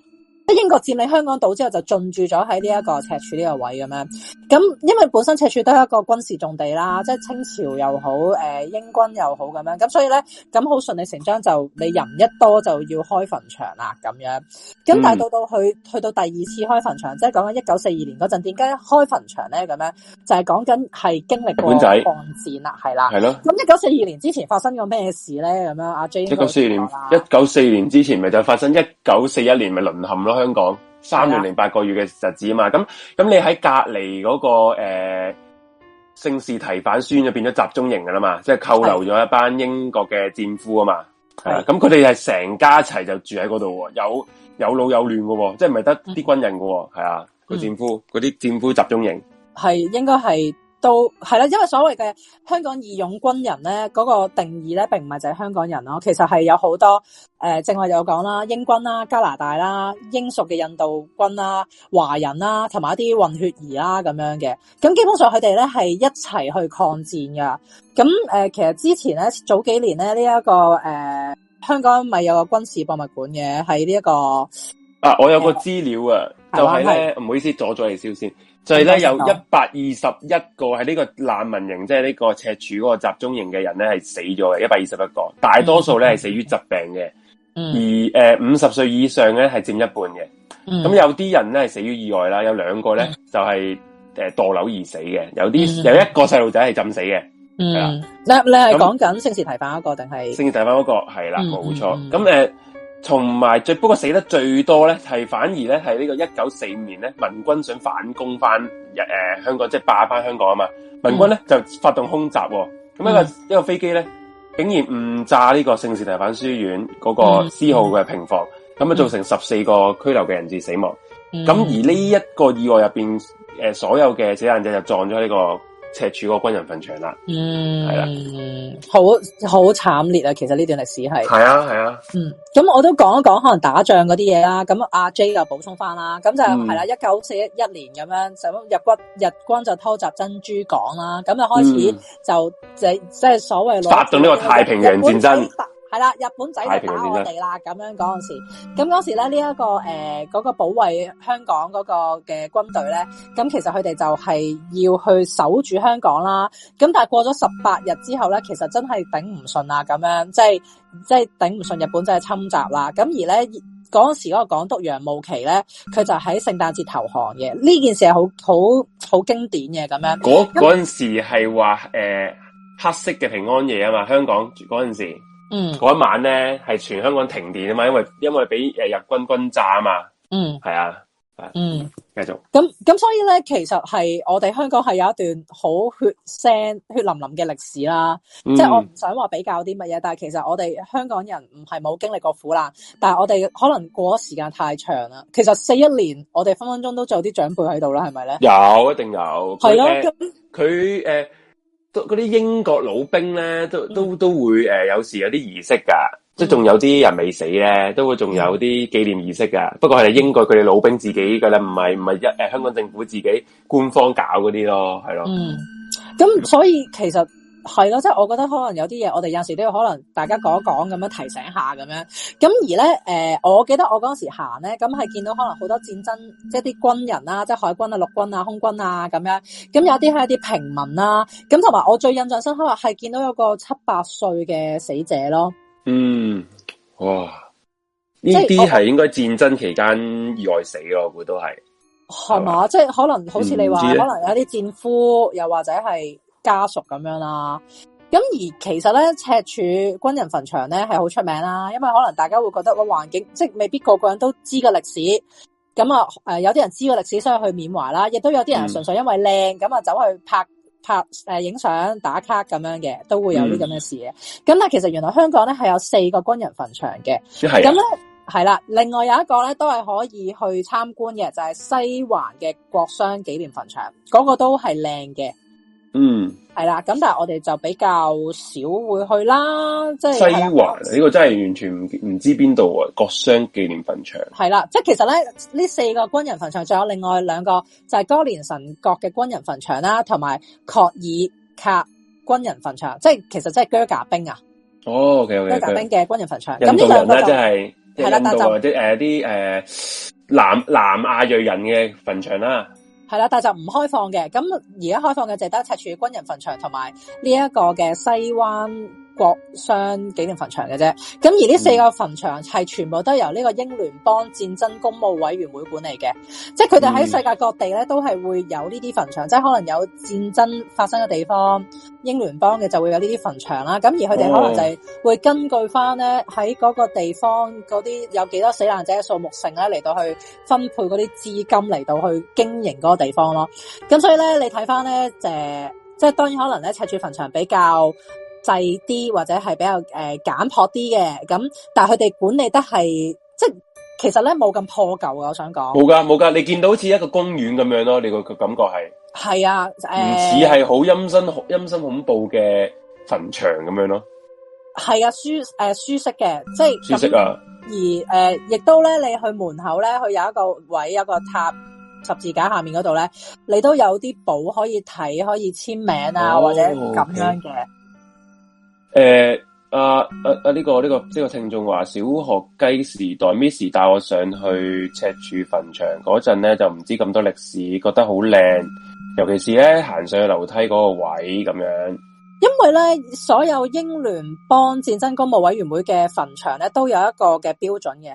英國佔領香港島之後，就進駐咗喺呢一個赤柱呢個位咁樣。咁因為本身赤柱都係一個軍事重地啦，即係清朝又好，誒英軍又好咁樣。咁所以咧，咁好順理成章就你人一多就要開墳場啦咁樣。咁但係到到去去到第二次開墳場，嗯、即係講緊一九四二年嗰陣，點解開墳場咧？咁樣就係講緊係經歷過抗戰啦，係啦，係咯。咁一九四二年之前發生過咩事咧？咁樣阿 J 一九四二年一九四年之前咪就發生一九四一年咪淪陷咯。香港三年零八個月嘅日子啊嘛，咁咁你喺隔籬嗰、那個誒、呃，聖士提反孫就變咗集中營噶啦嘛，即係扣留咗一班英國嘅戰俘啊嘛，係啊，咁佢哋係成家一齊就住喺嗰度，有有老有嫩噶、哦，即係唔係得啲軍人噶、哦，係、嗯、啊，個戰俘嗰啲戰俘集中營係應該係。到係啦，因為所謂嘅香港義勇軍人咧，嗰、那個定義咧，並唔係就係香港人咯。其實係有好多誒、呃，正話有講啦，英軍啦、加拿大啦、英屬嘅印度軍啦、華人啦，同埋一啲混血兒啦，咁樣嘅。咁基本上佢哋咧係一齊去抗戰噶。咁誒、呃，其實之前咧早幾年咧呢一、這個誒、呃，香港咪有個軍事博物館嘅，喺呢一個啊，我有個資料啊，呃、就係、是、咧，唔好意思，阻咗你少先。就係、是、咧有一百二十一個喺呢個難民營，即係呢個赤柱嗰個集中營嘅人咧係死咗嘅，一百二十一個，大多數咧係死於疾病嘅、嗯，而誒五十歲以上咧係佔一半嘅，咁、嗯、有啲人咧係死於意外啦，有兩個咧、嗯、就係誒墮樓而死嘅，有啲、嗯、有一個細路仔係浸死嘅，係、嗯、啦，你你係講緊聖士提反嗰、那個定係聖士提反嗰、那個係啦，冇錯，咁誒。嗯同埋最不過死得最多咧，係反而咧係呢個一九四五年咧，民軍想反攻翻誒、呃、香港，即係霸翻香港啊嘛！民軍咧、嗯、就發動空襲，咁一個、嗯、一個飛機咧，竟然誤炸呢個聖士提反書院嗰個私號嘅平房，咁、嗯、啊、嗯、造成十四個拘留嘅人士死亡。咁、嗯、而呢一個意外入邊，誒、呃、所有嘅死難者就撞咗呢、這個。赤柱個軍人墳場啦，嗯，係啦，嗯，好好慘烈啊！其實呢段歷史係，係啊，係啊，嗯，咁我都講一講可能打仗嗰啲嘢啦。咁阿 J 就補充翻啦，咁就係啦，一九四一一年咁樣，日軍日軍就偷襲珍珠港啦，咁就開始就即即係所謂發動呢個太平洋戰爭。係啦，日本仔打我哋啦，咁樣嗰陣時，咁嗰時咧呢一，這個誒嗰，呃那個保衛香港嗰個嘅軍隊咧，咁其實佢哋就係要去守住香港啦。咁但係過咗十八日之後咧，其實真係頂唔順啦，咁樣，即係即係頂唔順，日本真係侵襲啦。咁而咧嗰陣時嗰個港督楊慕琦咧，佢就喺聖誕節投降嘅。呢件事係好好好經典嘅咁樣。嗰嗰陣時係話誒黑色嘅平安夜啊嘛，香港嗰陣時。嗯，嗰一晚咧，係全香港停電啊嘛，因為因為俾誒日軍日軍轟炸啊嘛。嗯，係啊，嗯，繼續。咁咁，所以咧，其實係我哋香港係有一段好血腥、血淋淋嘅歷史啦。嗯、即係我唔想話比較啲乜嘢，但係其實我哋香港人唔係冇經歷過苦難，但係我哋可能過咗時間太長啦。其實四一年，我哋分分鐘都做啲長輩喺度啦，係咪咧？有，一定有。係咯，佢誒。嗰啲英國老兵咧，都都都會誒、呃，有時有啲儀式噶，即係仲有啲人未死咧，都會仲有啲紀念儀式噶。不過係英國佢哋老兵自己噶啦，唔係唔係一誒、呃、香港政府自己官方搞嗰啲咯，係咯。嗯，咁所以其實。係咯，即、就、係、是、我覺得可能有啲嘢，我哋有時時都要可能大家講一講咁樣提醒下咁樣。咁而咧，誒、呃，我記得我嗰時行咧，咁係見到可能好多戰爭，即係啲軍人啦、啊，即係海軍啊、陸軍啊、空軍啊咁樣。咁有啲係一啲平民啦、啊。咁同埋我最印象深刻係見到有個七八歲嘅死者咯。嗯，哇！呢啲係應該戰爭期間意外死咯，我估都係。係、就、嘛、是？即係、就是、可能好似你話、嗯，可能有啲戰俘，又或者係。家屬咁樣啦、啊，咁而其實咧，赤柱軍人墳場咧係好出名啦、啊，因為可能大家會覺得環境，個環境即係未必個個人都知個歷史，咁啊，誒、呃，有啲人知個歷史所以去緬懷啦，亦都有啲人純粹因為靚咁啊，走去拍拍誒影相打卡咁樣嘅，都會有啲咁嘅事。咁、嗯、但係其實原來香港咧係有四個軍人墳場嘅，咁咧係啦，另外有一個咧都係可以去參觀嘅，就係、是、西環嘅國殤紀念墳場，嗰、那個都係靚嘅。嗯，係啦，咁但係我哋就比較少會去啦，即、就、係、是、西環呢、這個真係完全唔唔知邊度啊，國殤紀念墳場。係啦，即、就、係、是、其實咧呢四個軍人墳場，仲有另外兩個就係哥連臣角嘅軍人墳場啦、啊，同埋廓爾喀軍人墳場，即係其實即係啹喀兵啊。哦啹喀兵嘅軍人墳場。印度人咧、啊，就係係啦，或者誒啲誒南南亞裔人嘅墳場啦、啊。係啦，但係就唔開放嘅。咁而家開放嘅就係得赤柱軍人墳場同埋呢一個嘅西灣。國殤紀念墳場嘅啫，咁而呢四個墳場係全部都由呢個英聯邦戰爭公墓委員會管理嘅、嗯，即係佢哋喺世界各地咧都係會有呢啲墳場，嗯、即係可能有戰爭發生嘅地方，英聯邦嘅就會有呢啲墳場啦。咁而佢哋可能就係會根據翻咧喺嗰個地方嗰啲有幾多死難者嘅數目性咧嚟到去分配嗰啲資金嚟到去經營嗰個地方咯。咁、嗯、所以咧，你睇翻咧，誒，即係當然可能咧，赤柱墳場比較。細啲或者係比較誒、呃、簡樸啲嘅咁，但係佢哋管理得係即係，其實咧冇咁破舊啊。我想講冇噶冇噶，你見到好似一個公園咁樣咯，你個感覺係係啊，誒、呃，唔似係好陰森、好陰森恐怖嘅墳場咁樣咯。係啊，舒誒、呃、舒適嘅，即係舒適啊。而誒，亦、呃、都咧，你去門口咧，佢有一個位，有一個塔十字架下面嗰度咧，你都有啲簿可以睇，可以簽名啊，哦、或者咁樣嘅。Okay. 誒、欸，阿阿阿呢個呢、這個即、這個聽眾話，小學雞時代 Miss 帶我上去赤柱墳場嗰陣咧，就唔知咁多歷史，覺得好靚，尤其是咧行上去樓梯嗰個位咁樣。因為咧，所有英聯邦戰爭公墓委員會嘅墳場咧，都有一個嘅標準嘅。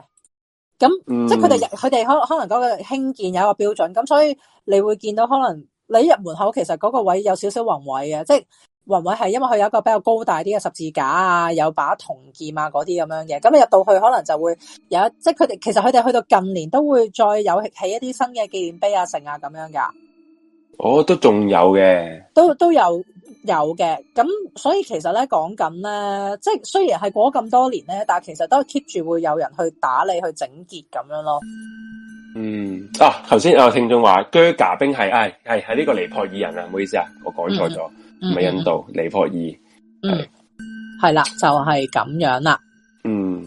咁、嗯，即係佢哋佢哋可可能嗰個興建有一個標準，咁所以你會見到可能你一入門口，其實嗰個位有少少宏偉嘅，即係。會唔會係因為佢有一個比較高大啲嘅十字架啊，有把銅劍啊嗰啲咁樣嘅，咁入到去可能就會有，即係佢哋其實佢哋去到近年都會再有起一啲新嘅紀念碑啊、成啊咁樣㗎。哦，都仲有嘅，都都有有嘅。咁所以其實咧講緊咧，即係雖然係過咁多年咧，但係其實都 keep 住會有人去打理去整潔咁樣咯。嗯，啊，頭先有聽眾話啹喀兵係，係係呢個尼泊爾人啊，唔好意思啊，我講錯咗。嗯唔咪印度尼泊爾，係係啦，就係咁樣啦。嗯，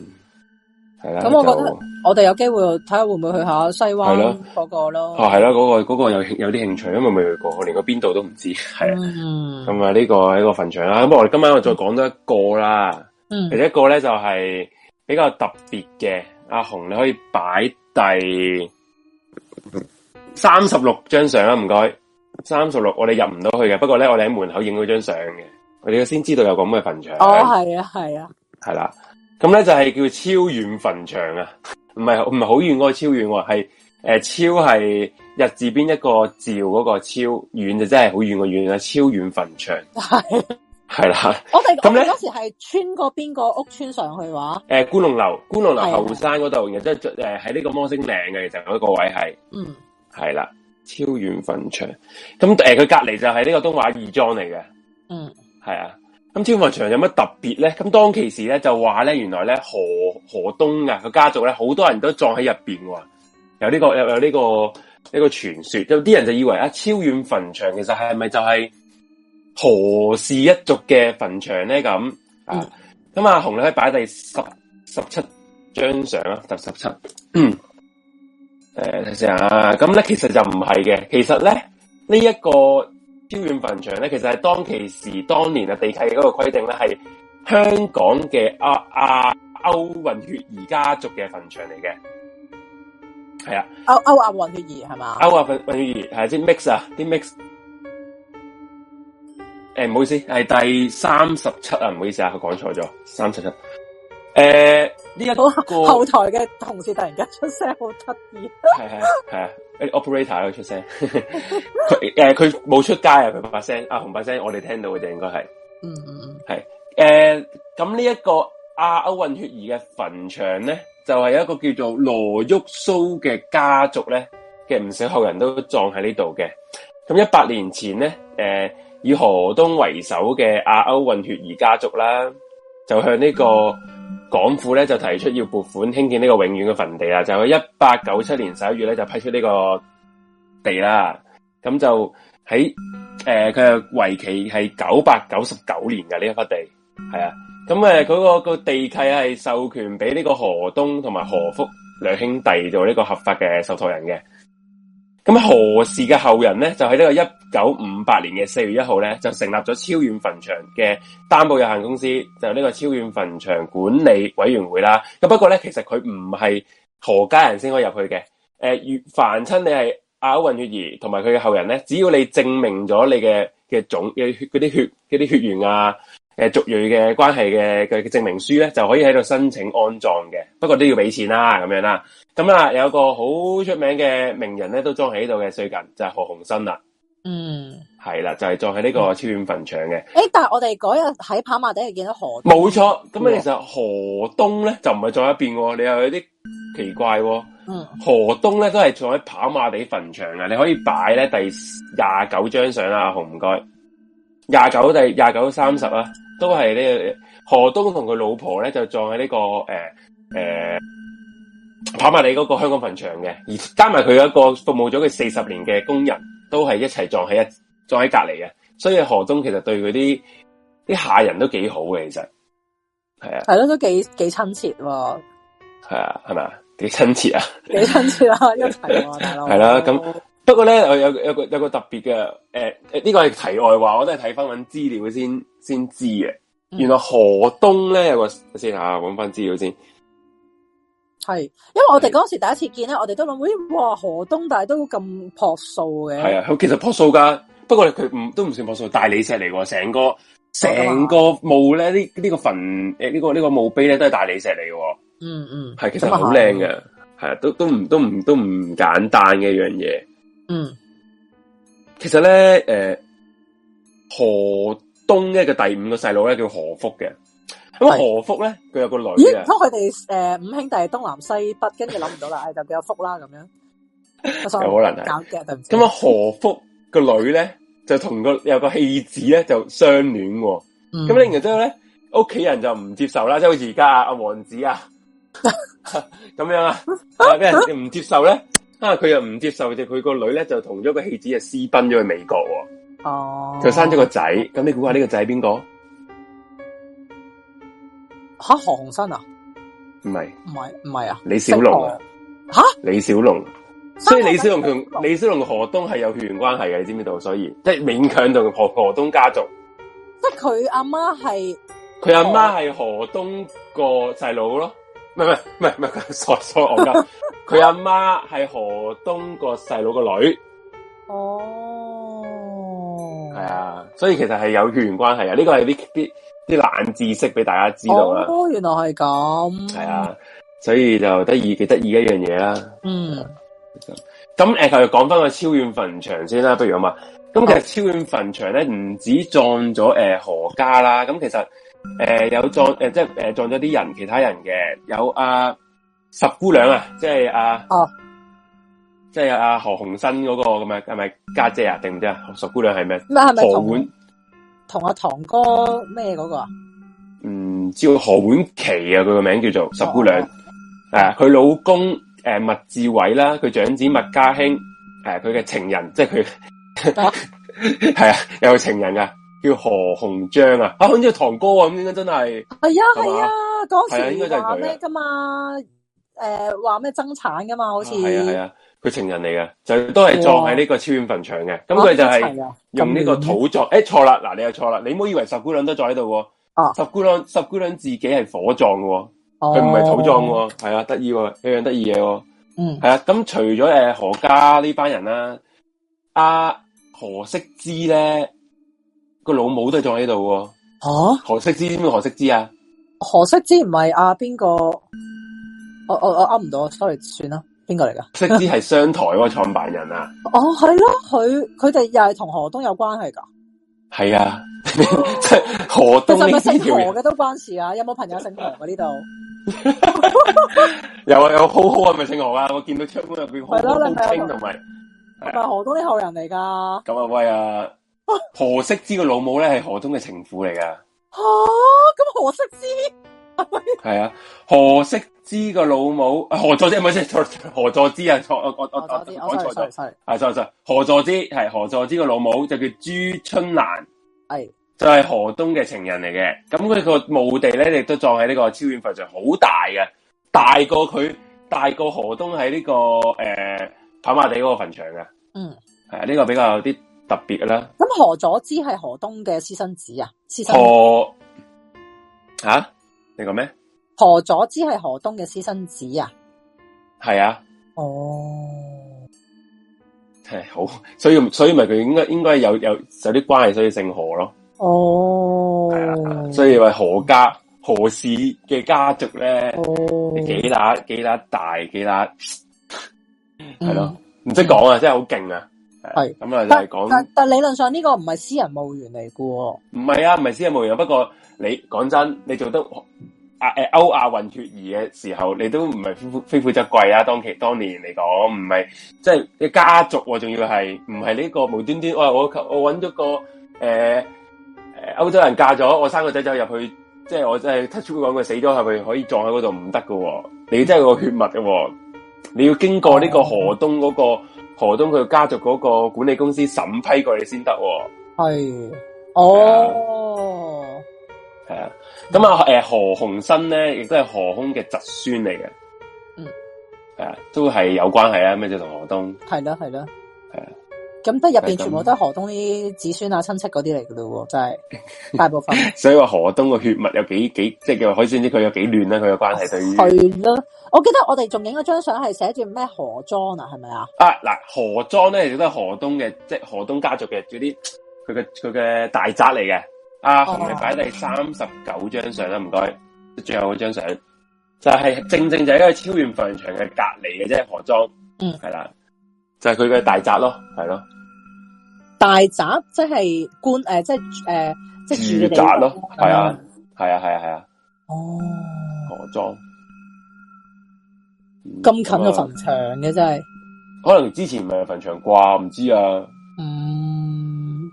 係啦。咁、就是嗯、我覺得我哋有機會睇下會唔會去下西灣嗰個咯。啊、係、那、咯、個，嗰、那個嗰、那個有有啲興趣，因為未去過，連邊嗯嗯這個這個、我連個邊度都唔知。係，咁埋呢個一個墳場啦。咁我哋今晚我再講、嗯、多一個啦、嗯。另一個咧就係比較特別嘅。阿紅你可以擺第三十六張相啦，唔該。三十六，我哋入唔到去嘅。不過咧，我哋喺門口影咗張相嘅，我哋先知道有咁嘅墳場。哦，係啊，係啊，係啦。咁咧就係叫超遠墳場啊，唔係唔係好遠個超遠，係、就、誒、是、超係日字邊一個召嗰個超遠就真係好遠個遠，超遠墳場係係啦。我哋咁咧嗰時係穿過邊個屋村上去的話？誒、呃，觀龍樓，觀龍樓後山嗰度，然後即係誒喺呢個摩星嶺嘅，就有一個位係，嗯，係啦。超遠墳場，咁誒，佢隔籬就係呢個東華義莊嚟嘅。嗯，係啊，咁超遠墳場有乜特別咧？咁當其時咧就話咧，原來咧何何東啊個家族咧，好多人都葬喺入邊嘅，有呢、這個有、這個、有呢、這個呢、這個傳說，有啲人就以為啊，超遠墳場其實係咪就係何氏一族嘅墳場咧？咁、嗯、啊，咁、嗯、啊，紅你可以擺第十十七張相啦，第十七，嗯。 [COUGHS] 誒，睇先啊，咁、啊、咧其實就唔係嘅，其實咧呢一、這個昭遠墳場咧，其實係當其時當年啊地契嗰個規定咧，係香港嘅阿阿歐亞混血兒家族嘅墳場嚟嘅，係啊，歐歐亞混血兒係咪？歐亞混混血兒係啲 mix 啊，啲 mix，誒唔好意思，係第三十七啊，唔好意思啊，佢講錯咗，三十七。誒、呃，呢、這、一個後台嘅同事突然間出聲，好得意，係係係啊，啲 operator 出聲，佢誒佢冇出街啊，佢把聲啊，紅把聲，我哋聽到嘅就應該係，嗯嗯，係誒，咁、呃、呢一個亞歐混血兒嘅墳場咧，就係、是、一個叫做羅旭蘇嘅家族咧嘅唔少後人都葬喺呢度嘅，咁一百年前咧，誒、呃、以何東為首嘅亞歐混血兒家族啦，就向呢個、嗯。港府咧就提出要撥款興建呢個永遠嘅墳地啊，就喺一八九七年十一月咧就批出呢個地啦，咁就喺誒佢嘅為期係九百九十九年嘅呢一塊地，係啊，咁誒佢個個地契係授權俾呢個何東同埋何福兩兄弟做呢個合法嘅受託人嘅，咁何氏嘅後人咧就喺呢個一九五八年嘅四月一號咧，就成立咗超遠墳場嘅擔保有限公司，就係呢個超遠墳場管理委員會啦。咁不過咧，其實佢唔係何家人先可以入去嘅。誒、呃，越凡親你係阿云月兒同埋佢嘅後人咧，只要你證明咗你嘅嘅種嘅血嗰啲血啲血緣啊，誒族裔嘅關係嘅嘅證明書咧，就可以喺度申請安葬嘅。不過都要俾錢啦，咁樣啦。咁啊，有個好出名嘅名人咧，都葬喺度嘅，最近就係何鴻燊啦。嗯，係啦，就係葬喺呢個昭遠墳場嘅。誒、欸，但係我哋嗰日喺跑馬地係見到何東，冇錯。咁啊，其實何東咧、嗯、就唔係葬一邊、哦，你又有啲奇怪、哦。嗯，何東咧都係葬喺跑馬地墳場嘅。你可以擺咧第廿九張相啦，阿紅唔該。廿九29第廿九三十啦，都係呢、這個。何東同佢老婆咧就葬喺呢個誒誒跑馬地嗰個香港墳場嘅，而加埋佢有一個服務咗佢四十年嘅工人。都係一齊撞喺一撞喺隔籬嘅，所以何東其實對佢啲啲下人都幾好嘅，其實係啊，係咯，都幾幾親切、哦，係啊，係咪啊，幾親切啊，幾親切啊，一齊大佬，係啦，咁不過咧，我有有，有個有個特別嘅，誒、呃、誒，呢、這個係題外話，我都係睇翻揾資料先先知嘅、嗯，原來何東咧有個先吓，揾翻資料先。係，因為我哋嗰時第一次見咧，我哋都諗，咦、哎，哇，何東大都咁樸素嘅。係啊，其實樸素噶，不過佢唔都唔算樸素，大理石嚟，成個成個墓咧，呢呢個墳誒，呢個呢個墓碑咧都係大理石嚟嘅。嗯嗯，係其實好靚嘅，係、嗯、啊，都都唔都唔都唔簡單嘅一樣嘢。嗯，其實咧，誒、呃，何東咧嘅第五個細路咧叫何福嘅。咁何福咧？佢有個女啊，咁佢哋誒五兄弟係東南西北，跟住諗唔到啦， [LAUGHS] 就叫阿福啦咁樣。有 [LAUGHS] 所以 [LAUGHS] 可能搞咁啊何福女呢個女咧就同個有個戲子咧就相戀、哦、咁、嗯、你然之後咧屋企人就唔接受啦，即係好似而家阿王子啊咁 [LAUGHS] [LAUGHS] 樣啊，咩 [LAUGHS] 人唔接受咧？ [LAUGHS] 啊，佢又唔接受，就佢個女咧就同咗個戲子啊私奔咗去美國，哦，就生咗個仔。咁你估下呢個仔係邊個？吓，何鴻燊啊？唔係唔係唔係啊？李小龍啊？吓？李小龍，所以李小龍同李小龍何東係有血緣關係嘅，你知唔知道？所以即係、就是、勉強同何何東家族，即係佢阿媽係佢阿媽係何東個細佬咯？唔係唔係唔係唔係，傻傻我噶，佢阿媽係何東個細佬個女。哦，係啊，所以其實係有血緣關係啊，呢、這個係啲啲。啲冷知識俾大家知道啦。哦、oh，原來係咁。係啊，所以就得意幾得意一樣嘢啦。嗯、mm。咁、呃、誒，繼續講翻個昭遠墳場先啦，不如咁啊。咁其實昭遠墳場咧，唔止葬咗誒、呃、何家啦。咁其實誒、呃、有葬，誒、呃，即係誒葬咗啲人，其他人嘅有阿、啊、十姑娘啊，即係阿哦，即係阿何鴻燊嗰個咁啊，係咪家姐啊，定唔知啊？十姑娘係咩？唔係，係咪何婉？同阿、啊、堂哥咩嗰個啊？嗯，叫何婉琪啊，佢個名叫做十姑娘。誒、哦，佢、啊、老公誒、呃，麥志偉啦，佢長子麥家興。誒、呃，佢嘅情人即係佢係啊，有個情人啊，叫何鴻章啊。啊，好似唐堂哥啊，咁應該真係。係啊係啊，當時話咩噶嘛？誒、呃，話咩爭產噶嘛？好似係啊。佢情人嚟嘅，就都係葬喺呢個超遠墳場嘅。咁、啊、佢就係用呢個土葬。誒，錯、欸、啦，嗱，你又錯啦，你唔好以為十姑娘都葬喺度喎。十姑娘，十姑娘自己係火葬嘅，佢唔係土葬嘅，係啊，得意，一樣得意嘢。嗯。係啊，咁除咗誒何家呢班人啦，阿何色之咧個老母都係葬喺度。哦。何色之邊、啊、個何色之啊？何色之唔係阿邊個？啊、我我我噏唔到，sorry，算啦。邊個嚟噶？識之係商台嗰個創辦人啊！ [LAUGHS] 哦，係咯，佢佢哋又係同何東有關係噶。係啊，即係何東係咪姓何嘅都關事啊！有冇朋友姓何嘅呢度？有啊，有好好啊，咪姓何啊！我見到窗框入邊係咯，係咪何東啲後人嚟噶？咁啊喂啊！何識之個老母咧係何東嘅情婦嚟噶。吓，咁何識之？係 [LAUGHS] 啊，何惜之個老母何佐之，唔係先何佐之啊？錯之，之？我我我錯咗係，錯錯何佐之係何佐之個老母就叫朱春蘭，係就係何東嘅情人嚟嘅。咁佢個墓地咧，亦都葬喺呢個昭遠墳場，好大嘅，大過佢，大過何東喺呢個誒跑、呃、馬地嗰個墳場嘅。嗯，係呢、啊這個比較有啲特別啦。咁何佐之係何東嘅私生子啊？私生子？吓？啊你講咩？何佐之係何東嘅私生子啊？係啊。哦、oh. 哎。係好，所以所以咪佢應該應該有有有啲關係，所以姓何咯。哦。係啊，所以話何家何氏嘅家族咧，oh. 幾大幾大大，幾大係咯，唔識講啊，真係好勁啊！係咁、嗯，就是這個，啊！就係講，但但理論上呢個唔係私人墓園嚟嘅，唔係啊，唔係私人墓園。不過你講真，你做得阿誒歐亞混血兒嘅時候，你都唔係非非富則貴啊。當其當年嚟講，唔係即係你家族、啊，仲要係唔係呢個無端端。哎、我我我搵咗個誒誒歐洲人嫁咗，我生個仔就入去。即係我即係 touch 個，佢死咗係咪可以葬喺嗰度唔得噶？你真係個血脈噶、哦，你要經過呢個河東嗰、那個。何東佢家族嗰個管理公司審批過你先得，係，哦，係啊，咁、哦、啊，誒、啊、何鴻燊咧亦都係何鴻嘅侄孫嚟嘅，嗯，係啊，都係有關係啊，咩就同何東，係啦係啦，係啊。咁得入邊全部都係何東啲子孫啊、親戚嗰啲嚟噶咯，真係大部分。 [LAUGHS] 所以話何東嘅血脈有幾幾，即係叫可以先知佢有幾亂啦，佢嘅關係對於。亂啦！我記得我哋仲影咗張相，係寫住咩何莊啊？係咪啊？啊嗱，何莊咧亦都係何東嘅，即係何東家族嘅嗰啲，佢嘅佢嘅大宅嚟嘅。啊，紅、哦、你擺第三十九張相啦，唔該，最後嗰張相就係正正就一個昭遠墳場嘅隔離嘅啫，何莊嗯係啦。就係佢嘅大宅咯，係咯，大宅即係官誒，即係誒、呃，即係住、呃、宅咯，係、呃、啊，係啊，係啊，係啊，哦、啊，河裝咁近個墳場嘅真係，可能之前唔係墳場啩，唔知啊，嗯，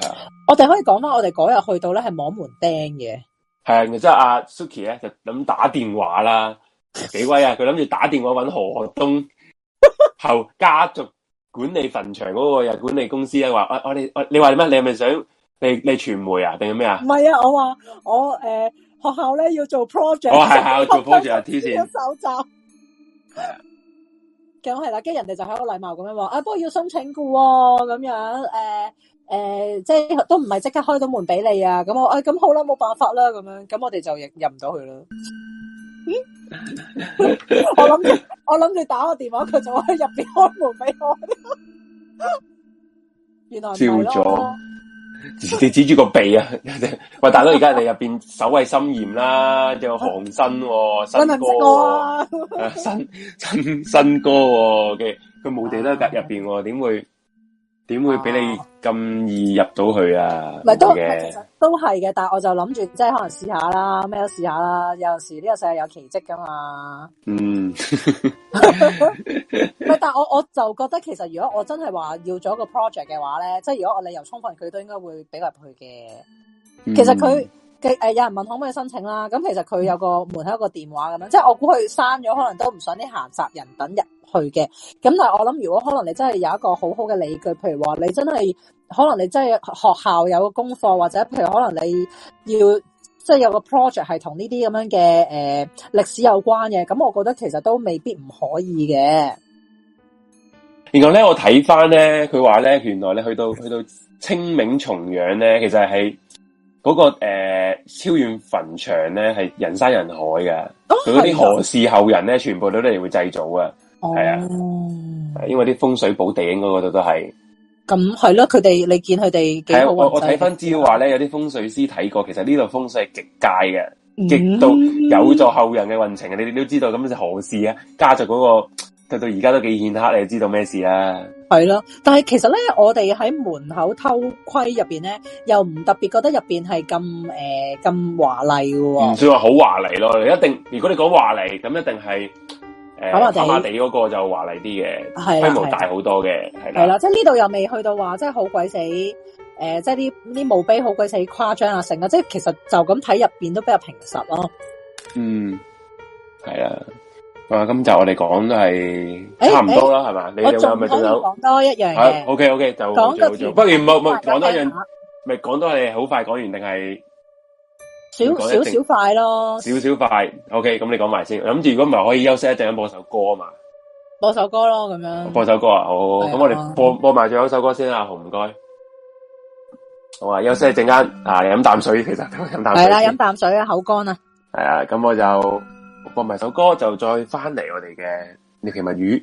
係啊，我哋可以講翻，我哋嗰日去到咧係冇門釘嘅，係、啊，然之後阿 Suki 咧就諗打電話啦，幾威啊，佢諗住打電話搵何學東。 [LAUGHS] 後家族管理墳場嗰個又管理公司咧話，我我哋我你話咩？你係咪想你你傳媒啊？定係咩啊？唔係啊，我話我誒、呃、學校咧要做 project、哦啊、我係學校做 project、嗯、啊，手戰。其實係啦，跟住人哋就喺好禮貌咁樣話，啊不過要申請嘅喎、啊，咁樣誒誒、啊啊，即係都唔係即刻開到門俾你啊。咁我誒，咁好啦，冇辦法啦，咁樣咁我哋就入入唔到去啦。 [LAUGHS] 我諗住我諗住打個電話，佢就喺入邊開門俾 [LAUGHS] 我。原 [LAUGHS] 咗，你指住個鼻啊！喂， [LAUGHS] 大佬，而家你入邊守衛森嚴啦，仲 [LAUGHS] 有身、哦，新哥、哦 [LAUGHS] 新， [LAUGHS] 新新新哥嘅，佢 [LAUGHS] 冇地得隔入邊、哦，點 [LAUGHS] 會？點會俾你咁易入到去啊？唔、啊、係都其實都係嘅，但係我就諗住即係可能試下啦，咩都試下啦。有時呢個世界有奇蹟噶嘛。嗯，係， [LAUGHS] [LAUGHS] 但係我我就覺得，其實如果我真係話要做一個 project 嘅話咧，即係如果我理由充分，佢都應該會俾入去嘅、嗯。其實佢嘅誒，有人問可唔可以申請啦？咁其實佢有個門口個、嗯、個電話咁樣，即係我估佢刪咗，可能都唔想啲閒雜人等入。去嘅，咁但係我諗，如果可能你真係有一個好好嘅理據，譬如話你真係，可能你真係學校有個功課，或者譬如可能你要，即係有個 project 係同呢啲咁樣嘅誒歷史有關嘅，咁我覺得其實都未必唔可以嘅。然後咧，我睇翻咧，佢話咧，原來咧，去到去到清明重陽咧，其實係嗰個誒超遠墳場咧係人山人海嘅，佢嗰啲何氏後人咧全部都嚟會祭祖啊。係、oh. 啊，因為啲風水寶地嗰度都係，咁係咯。佢哋你見佢哋幾好。我睇翻資料話咧，有啲風水師睇過，其實呢度風水係極佳嘅，極到有助後人嘅運程、mm. 你哋都知道咁就何事啊？家族嗰、那個到到而家都幾顯赫，你就知道咩事啊？係咯，但係其實咧，我哋喺門口偷窺入邊咧，又唔特別覺得入邊係咁誒咁華麗喎、哦，唔算話好華麗咯。你一定如果你講華麗，咁一定係。欸、你馬地嗰個就華麗啲嘅，規模、啊、大好多嘅，係啦、啊啊啊，即係呢度又未去到話，即係好鬼死，誒、呃，即係啲啲墓碑好鬼死誇張啊，成啊，即係其實就咁睇入邊都比較平實咯。嗯，係啊，咁就我哋講係差唔多啦，係、欸、嘛，你哋咪仲有講多一樣、啊、o、okay, k OK，就講到不如唔好唔好講多一樣，咪講多係，你好快講完定係？少少少，少，少，少快咯，少少，少快。OK，咁你講埋先。諗住如果唔係，可以休息一陣，播首歌啊嘛。播首歌咯，咁樣。播首歌好好啊，好。咁我哋播播埋最後一首歌先啊，好唔該。好啊，休息一陣間啊，飲啖水。其實飲啖係啦，飲啖水、啊、水啊，口乾啊。係啊，咁我就我播埋首歌，就再翻嚟我哋嘅獵奇物語。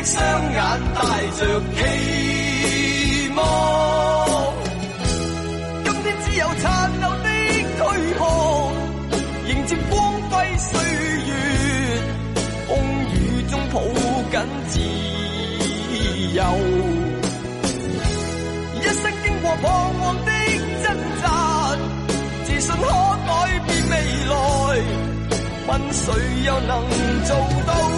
的雙眼帶着期望，今天只有殘留的軀殼，迎接光輝歲月，風雨中抱緊自由。一生經過彷徨的掙扎，自信可改變未來，問誰又能做到？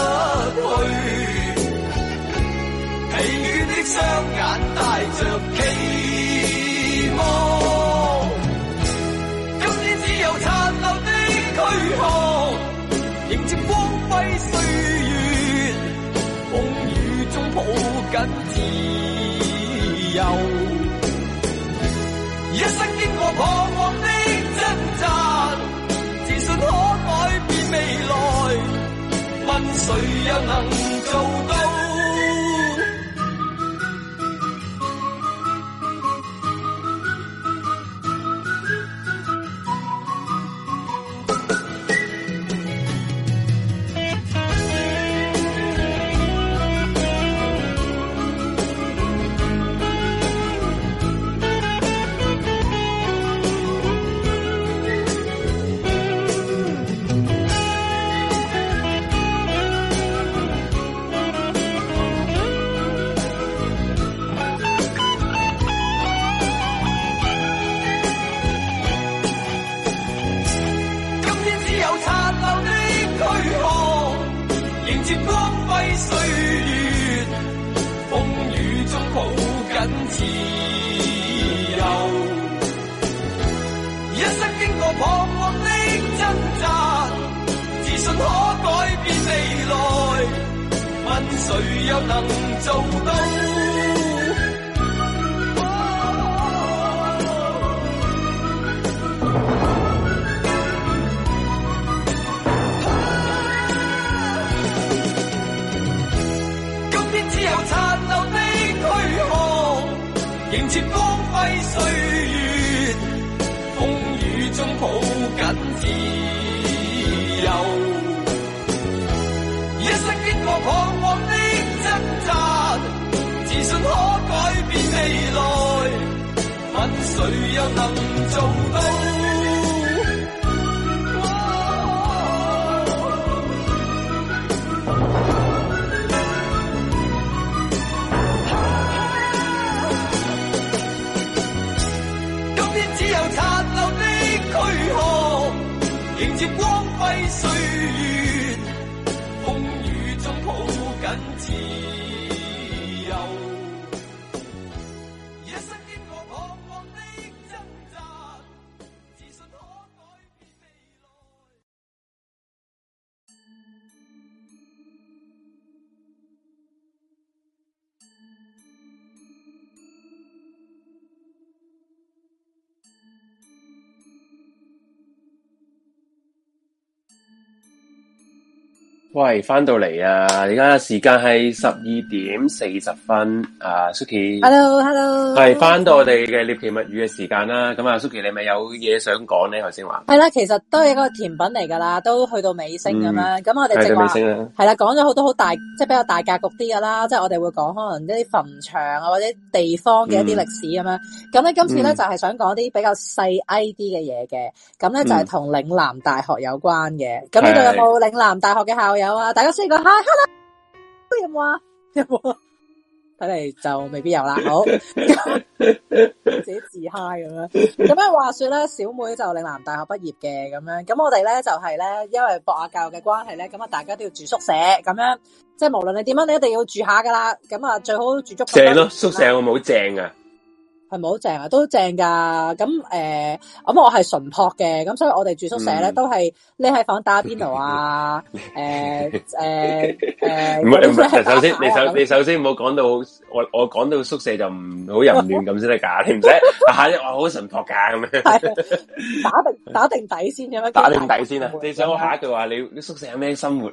雙眼帶着期望，今天只有殘留的軀殼，迎接光輝歲月。風雨中抱緊自由，一生經過彷徨的掙扎，自信可改變未來。問誰又能做到？喂，翻到嚟啊！而家時間係十二點四十分啊，Suki hello, hello。Hello，Hello。係翻到我哋嘅獵奇物語嘅時間啦。咁啊，Suki，你咪有嘢想講呢？頭先話。係啦，其實都係一個甜品嚟噶啦，都去到尾聲咁樣。咁、嗯、我哋正話係啦，講咗好多好大，即係比較大格局啲噶啦。即係我哋會講可能一啲墳場啊，或者地方嘅一啲歷史咁、嗯、樣呢。咁咧今次咧、嗯、就係、是、想講啲比較細埃啲嘅嘢嘅。咁咧就係同嶺南大學有關嘅。咁呢度有冇嶺南大學嘅校友？有啊，大家雖然講 hi hello 有冇啊？有冇、啊？睇嚟就未必有啦。好， [LAUGHS] 自己自嗨咁樣。咁樣話說咧，小妹就嶺南大學畢業嘅咁樣。咁我哋咧就係、是、咧，因為博雅教育嘅關係咧，咁啊大家都要住宿舍咁樣。即係無論你點樣，你一定要住下噶啦。咁啊最好住宿舍。正咯，宿舍會唔會好正啊？係咪好正啊？都好正噶。咁誒，咁我係純樸嘅。咁所以我哋住宿舍咧，都係匿喺房打邊爐啊。誒誒誒，唔係唔係。首先你首你首先唔好講到，我我講到宿舍就唔好淫亂咁先得㗎，你唔使。下一句我好純樸㗎咁樣。打定打定底先咁樣。打定底先啦。你想我下一句話，你你宿舍有咩生活，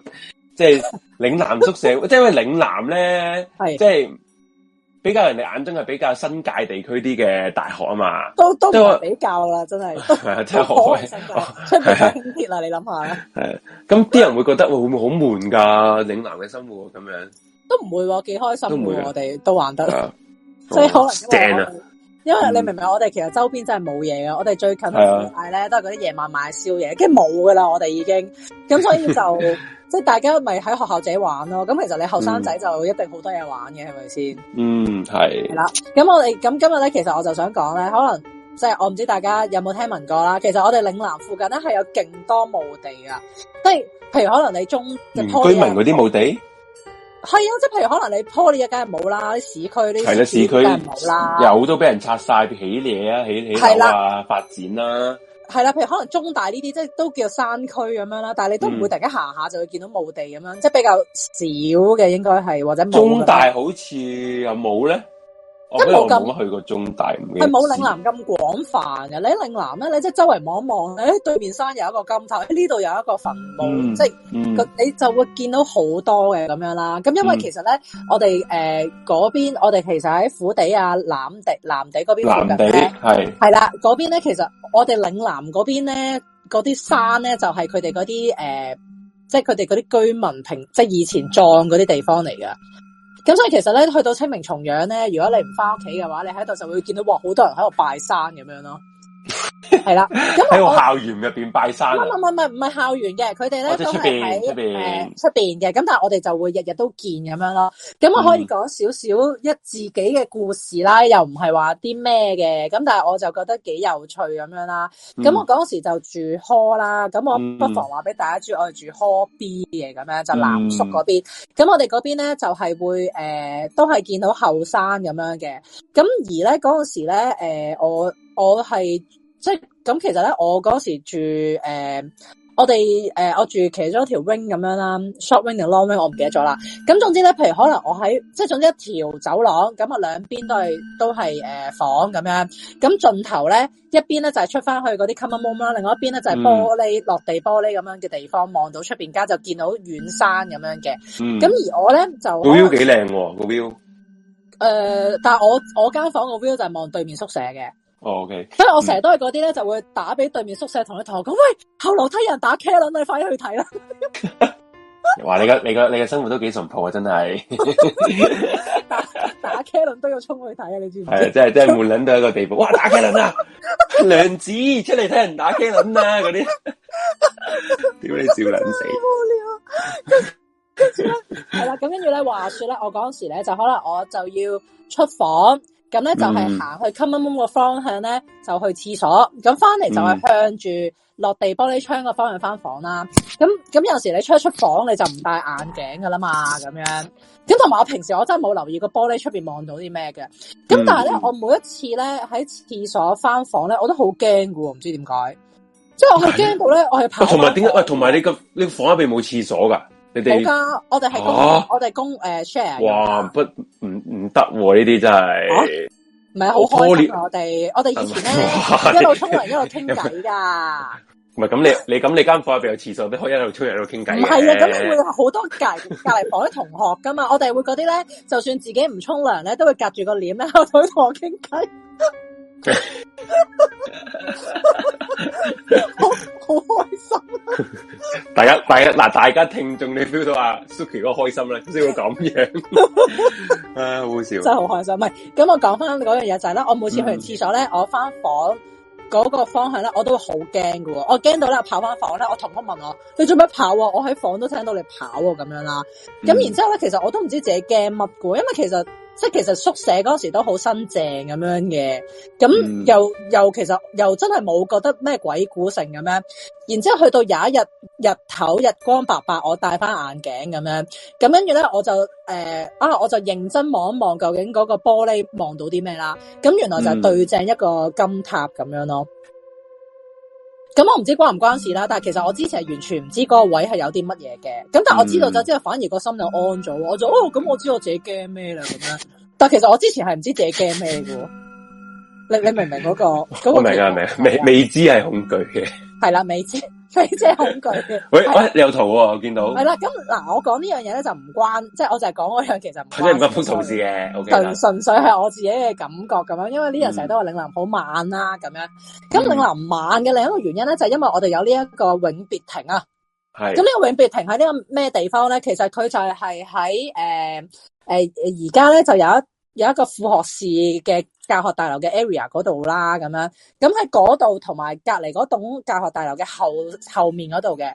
即係嶺南宿舍，即係因為嶺南咧，即係。比較人哋眼中係比較新界地區啲嘅大學啊嘛，都都比較啦，就是，真係，即係好新界出面係輕鐵啦，你諗下。係、啊，咁啲人會覺得、嗯、會唔會好悶噶？嶺南嘅生活咁樣，都唔會，幾開心喎，啊，我哋都玩得，即係好，哦可能因為可能 Stand，因為你明唔明？我哋其實周邊真係冇嘢噶，我哋最近係咧、啊、都係嗰啲夜晚買宵夜，跟住冇噶啦，我哋已經，咁所以就。 [LAUGHS] 即係大家咪喺學校自己玩咯，咁其實你後生仔就一定好多嘢玩嘅，係咪先？嗯，係。係啦，咁我哋咁今日咧，其實我就想講咧，可能即係我唔知大家有冇聽聞過啦。其實我哋嶺南附近咧係有勁多墓地㗎。即係譬如可能你中、嗯、居民嗰啲墓地，係啊，即係譬如可能你鋪呢一梗係冇啦。啲市區啲係啦，市區梗係冇啦，有都俾人拆晒起嘢啊，起起樓啊，發展啦、啊。係啦、啊，譬如可能中大呢啲，即係都叫做山區咁樣啦，但係你都唔會突然間行下就會見到墓地咁樣，嗯、即係比較少嘅，應該係或者冇，中大好似又冇咧。即冇咁去過中大，係冇嶺南咁廣泛嘅。你喺嶺南咧，你即係周圍望一望，誒、哎，對面山有一個金塔，呢、哎、度有一個墳墓，嗯、即係、嗯、你就會見到好多嘅咁樣啦。咁因為其實咧、嗯，我哋誒嗰邊，我哋其實喺虎地啊、藍地、藍地嗰邊藍地係係啦，嗰邊咧，其實我哋嶺南嗰邊咧，嗰啲山咧就係佢哋嗰啲誒，即係佢哋嗰啲居民平，即係以前葬嗰啲地方嚟噶。咁所以其實咧，去到清明重陽咧，如果你唔返屋企嘅話，你喺度就會見到，哇，好多人喺度拜山咁樣咯。係 [LAUGHS] 啦，喺個校園入邊拜山。唔唔唔唔，唔係校園嘅，佢哋咧都係喺出邊嘅。咁、呃、但係我哋就會日日都見咁樣咯。咁我可以講少少一自己嘅故事啦，嗯、又唔係話啲咩嘅。咁但係我就覺得幾有趣咁樣啦。咁、嗯、我嗰時就住呵啦，咁我不妨話俾大家知，我住呵 B 嘅咁、嗯就是呃、樣，就南宿嗰邊。咁我哋嗰邊咧就係會誒，都係見到後生咁樣嘅。咁而咧嗰陣時咧，誒，我我係。即係咁，其實咧，我嗰時住誒、呃，我哋誒、呃，我住其中一條 wing 咁樣啦，short wing 定 long wing，我唔記得咗啦。咁總之咧，譬如可能我喺即係總之一條走廊，咁啊兩邊都係都係誒、呃、房咁樣，咁盡頭咧一邊咧就係、是、出翻去嗰啲 common room 啦，另外一邊咧就係、是、玻璃、嗯、落地玻璃咁樣嘅地方，望到出邊街就見到遠山咁樣嘅。咁、嗯、而我咧就 view 幾靚喎，view。誒、呃，但係我我間房個 view 就係望對面宿舍嘅。哦、oh，OK，即係我成日都係嗰啲咧，就會打俾對面宿舍同佢同學講，喂，後樓梯有人打茄輪，你快啲去睇啦。哇！你嘅你嘅你嘅生活都幾淳樸啊真係 [LAUGHS] 。打打茄輪都要衝去睇啊，你知唔知？係、 [LAUGHS] 啊，真係真係悶撚到一個地步。哇！打茄輪啊，娘 [LAUGHS] 子出嚟睇人打茄輪啊，嗰啲。屌 [LAUGHS] 你少撚死！無聊。跟住咧，係啦，咁跟住咧，話說咧，我嗰時咧就可能我就要出房。咁咧就係行去 come on on 個方向咧、嗯，就去廁所。咁翻嚟就係向住落地玻璃窗個方向翻房啦。咁、嗯、咁有時你出一出房，你就唔戴眼鏡噶啦嘛，咁樣。咁同埋我平時我真係冇留意個玻璃出邊望到啲咩嘅。咁但係咧、嗯，我每一次咧喺廁所翻房咧，我都好驚噶，唔知點解。即係我係驚到咧，我係跑。同埋點解？喂，同埋你個你房入邊冇廁所噶？你我家、啊、我哋係公，我哋公誒 share 嘩，哇，不唔唔得喎！呢啲真係唔係好開心。我哋我哋以前咧一路沖涼一路傾偈噶。唔係咁你你咁你間房入邊有廁所，可以一路沖涼一路傾偈。唔係啊，咁你會好多隔隔籬房啲同學噶嘛， [LAUGHS] 我哋會嗰啲咧，就算自己唔沖涼咧，都會隔住個簾咧，喺度同我傾偈。 [LAUGHS] [LAUGHS] [LAUGHS] 好好開心、啊、 [LAUGHS] 大家，大家嗱，大家聽眾你 feel 到啊，Suki 嗰個開心咧，先會咁樣。 [LAUGHS] [LAUGHS] 啊，好笑！真係好開心，唔係咁我講翻嗰樣嘢，就係啦，我每次去完廁所咧，我翻房嗰個方向咧，我都會好驚嘅喎，我驚到啦跑翻房咧，我同屋問我，你做咩跑啊？我喺房都聽到你跑啊，咁樣啦。咁然之後咧，其實我都唔知自己驚乜嘅，因為其實。即係其實宿舍嗰時都好新淨咁樣嘅，咁又、嗯、又其實又真係冇覺得咩鬼古城咁樣，然之後去到有一日日頭日光白白，我戴翻眼鏡咁樣，咁跟住咧我就誒、呃、啊，我就認真望一望究竟嗰個玻璃望到啲咩啦，咁原來就對正一個金塔咁樣咯。嗯咁我唔知關唔關事啦，但係其實我之前係完全唔知嗰個位係有啲乜嘢嘅，咁但係我知道咗之後，反而個心就安咗，我就哦，咁我知道我自己驚咩啦咁樣，但係其實我之前係唔知自己驚咩嘅，你你明唔明嗰個、那個？我明啊明，未未知係恐懼嘅，係啦未知。飛 [LAUGHS] 車恐懼，喂喂、啊，你有圖喎、啊？我見到係啦，咁嗱、啊，我講呢樣嘢咧就唔關，即係我就係講嗰樣，其實唔關。即係唔關風潮事嘅，純純、okay. 粹係我自己嘅感覺咁樣。因為呢樣成日都話嶺南好慢啦、啊，咁樣。咁、嗯、嶺南慢嘅另一個原因咧，就係、是、因為我哋有呢一個永別亭啊。係。咁呢個永別亭喺呢個咩地方咧？其實佢就係喺誒誒，而家咧就有一有一個副學士嘅教學大樓嘅 area 嗰度啦，咁樣，咁喺嗰度同埋隔籬嗰棟教學大樓嘅後後面嗰度嘅，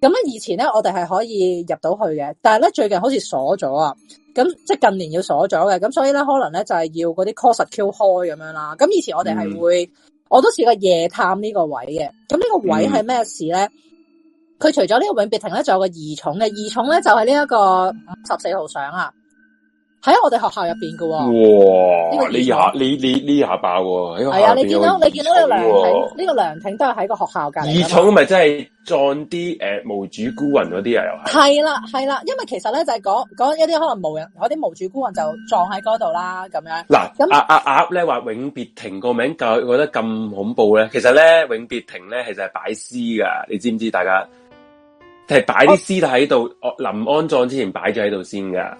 咁咧以前咧我哋係可以入到去嘅，但係咧最近好似鎖咗啊，咁即係近年要鎖咗嘅，咁所以咧可能咧就係要嗰啲 course q 開咁樣啦，咁以前我哋係會，mm -hmm. 我都試過夜探呢個位嘅，咁呢個位係咩事咧？佢、mm -hmm. 除咗呢個永別亭咧，仲有個義塚嘅，義塚咧就係呢一個十四、就是、號上啊。喺我哋學校入邊噶，哇！呢、這、下、個、你呢呢下爆喎、哦，係、這個、啊，啊！你見到你見到呢個涼亭，呢、啊這個涼亭都係喺個學校隔籬。二草咪真係撞啲誒無主孤魂嗰啲啊？係啦係啦，因為其實咧就係講講一啲可能無人，啲無主孤魂就撞喺嗰度啦，咁樣。嗱，阿阿鴨咧話永別亭個名，覺覺得咁恐怖咧。其實咧永別亭咧，其實係擺屍噶，你知唔知？大家係擺啲屍喺度，安臨安葬之前擺咗喺度先噶。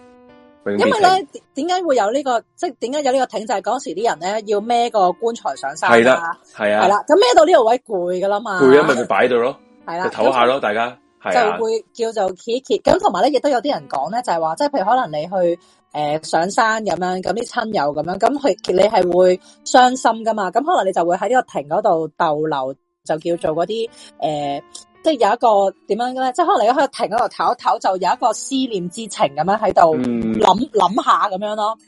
因為咧，點解會有呢、這個，即係點解有呢個亭？就係、是、嗰時啲人咧要孭個棺材上山，係啦，係啊，係啦，咁孭到呢個位攰噶啦嘛，攰啊咪咪擺喺度咯，係啦，唞下咯，大家係啊，就會叫做企企咁，同埋咧亦都有啲人講咧就係、是、話，即係譬如可能你去誒、呃、上山咁樣，咁啲親友咁樣，咁佢你係會傷心噶嘛，咁可能你就會喺呢個亭嗰度逗留，就叫做嗰啲誒。呃即係有一個點樣嘅咧，即係可能你喺度停喺度唞一唞，就有一個思念之情咁樣喺度諗諗下咁樣咯。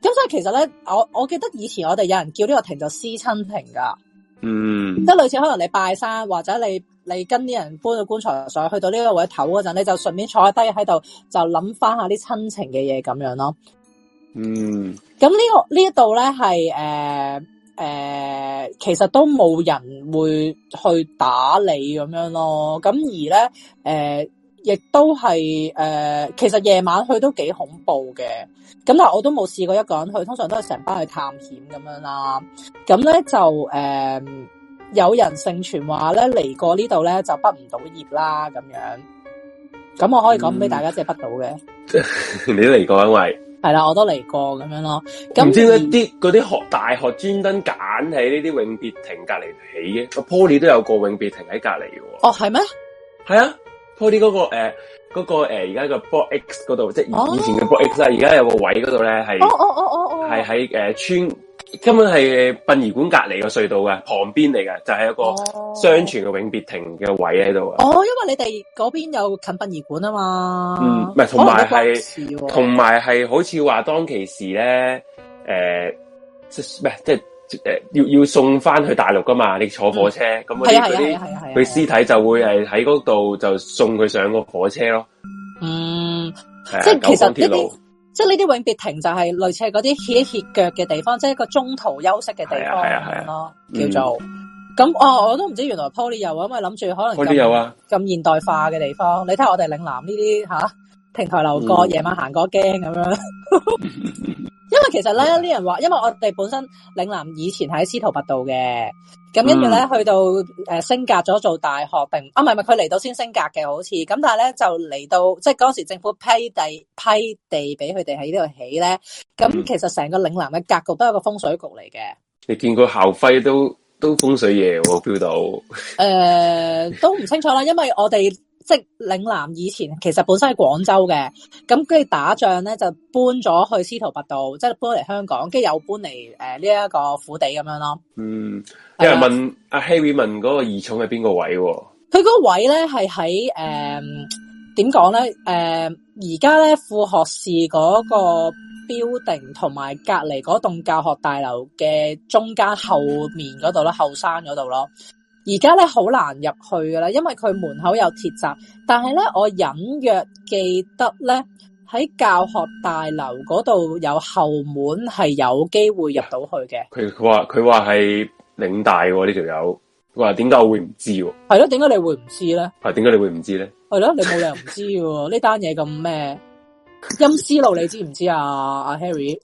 咁所以其實咧，我我記得以前我哋有人叫呢個亭就思親亭噶，嗯，即係類似可能你拜山或者你你跟啲人搬到棺材上，去到呢個位唞嗰陣，你就順便坐低喺度就諗翻下啲親情嘅嘢咁樣咯。嗯，咁、呢個、呢個呢一度咧係誒。誒、呃，其實都冇人會去打你咁樣咯。咁而咧，誒、呃，亦都係誒、呃，其實夜晚去都幾恐怖嘅。咁但係我都冇試過一個人去，通常都係成班去探險咁樣啦。咁咧就誒、呃，有人盛傳話咧嚟過呢度咧就畢唔到業啦咁樣。咁我可以講俾大家知、嗯、畢到嘅。 [LAUGHS] 你嚟過因為？係啦，我都嚟過咁樣咯。唔知咧啲嗰啲學大學專登揀喺呢啲永別亭隔籬起嘅，阿 Poly 都有個永別亭喺隔籬喎。哦，係咩？係啊，Poly 嗰、嗰個誒，嗰、呃嗰個誒，而家個 Block X 嗰度、哦，即係以前嘅 Block X 啊，而家有個位嗰度咧係，哦哦哦哦，係喺誒村。根本係殯儀館隔籬個隧道嘅旁邊嚟嘅，就係、是、一個相傳嘅永別亭嘅位喺度。哦，因為你哋嗰邊有近殯儀館啊嘛。嗯，唔係，同埋係，同埋係，好似話當其時咧，誒、呃，即係即係誒，要要送翻去大陸噶嘛？你坐火車咁、嗯、啊啲，佢屍、啊啊啊啊啊、體就會係喺嗰度就送佢上個火車咯。嗯，是啊、即係九廣鐵路。即係呢啲永別亭就係類似嗰啲歇一歇腳嘅地方，即、就、係、是、一個中途休息嘅地方咯、啊啊啊，叫做咁、嗯。哦，我都唔知原來 Poly 有啊，因為諗住可能 Poly 有啊，咁現代化嘅地方，你睇下我哋嶺南呢啲吓，亭、啊、台樓閣，夜、嗯、晚行過驚咁樣。 [LAUGHS] [LAUGHS] 因為其實咧，啲人話，因為我哋本身嶺南以前喺司徒拔道嘅，咁跟住咧去到誒、呃、升格咗做大學，定啊唔係係佢嚟到先升格嘅，好似咁，但係咧就嚟到即係嗰時政府批地批地俾佢哋喺呢度起咧，咁其實成個嶺南嘅格局都係個風水局嚟嘅。你見過校徽都都風水嘢喎、啊，標導。誒、 [LAUGHS] 呃，都唔清楚啦，因為我哋。即嶺南以前其實本身喺廣州嘅，咁跟住打仗咧，就搬咗去司徒拔道，即係搬嚟香港，跟住又搬嚟誒呢一個府地咁樣咯。嗯，有人問阿 Harry 問嗰個義塚係邊個位？佢嗰位咧係喺誒點講咧？誒而家咧，副學士嗰個 building 同埋隔籬嗰棟教學大樓嘅中間後面嗰度咧，後山嗰度咯。而家咧好難入去噶啦，因為佢門口有鐵閘。但係咧，我隱約記得咧喺教學大樓嗰度有後門係有機會入到去嘅。佢佢話佢話係領大喎呢條友，話點解我會唔知？係咯？點解你會唔知咧？係點解你會唔知咧？係咯？你冇理由唔知喎？呢單嘢咁咩陰思路，你知唔知啊？阿 Harry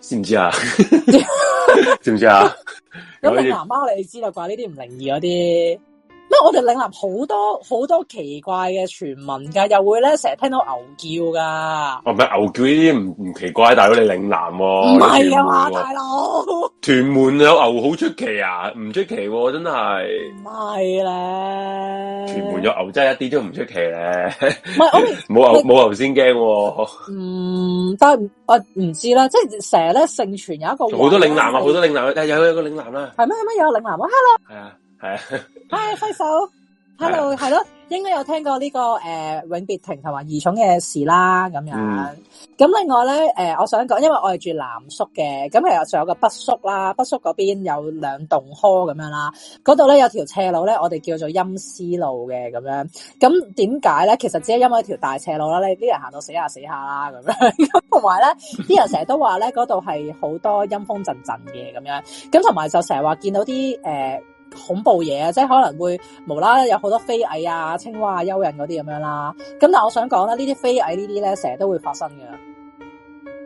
知唔知啊？ [LAUGHS] 知唔知啊？ [LAUGHS] [LAUGHS] 咁你阿媽你知啦啩？呢啲唔靈異嗰啲。因咩？我哋嶺南好多好多奇怪嘅傳聞噶，又會咧成日聽到牛叫噶。哦、啊，唔係牛叫呢啲唔唔奇怪，大佬你嶺南、哦。唔係、哦、啊，大佬。屯門有牛好出奇啊，唔出奇、哦、真係。唔係咧。屯門有牛真係一啲都唔出奇咧。唔 [LAUGHS] 係我冇牛冇牛先驚、哦。嗯，但係我唔知啦，即係成日咧，盛傳有一個好多嶺南啊，好多嶺南、哎，有有個嶺南啦。係咩？係咩？有個嶺南啊！哈囉。係啊。係 [LAUGHS] 手，嗨，揮手，hello，係 [LAUGHS] 咯，應該有聽過呢、這個誒、呃、永別亭同埋義塚嘅事啦。咁樣，咁、嗯嗯、另外咧，誒、呃，我想講，因為我係住南宿嘅，咁其實有，有一個北宿啦，北宿嗰邊有兩棟 hall 咁樣啦，嗰度咧有條斜路咧，我哋叫做陰屍路嘅咁樣。咁點解咧？其實只係因為一條大斜路啦，你啲人行到死下死下啦咁樣。咁同埋咧，啲人成日都話咧，嗰度係好多陰風陣陣嘅咁樣。咁同埋就成日話見到啲誒。呃恐怖嘢，即係可能會無啦啦有好多飛蟻啊、青蛙啊、幽人嗰啲咁樣啦。咁但係我想講啦，呢啲飛蟻呢啲咧，成日都會發生嘅。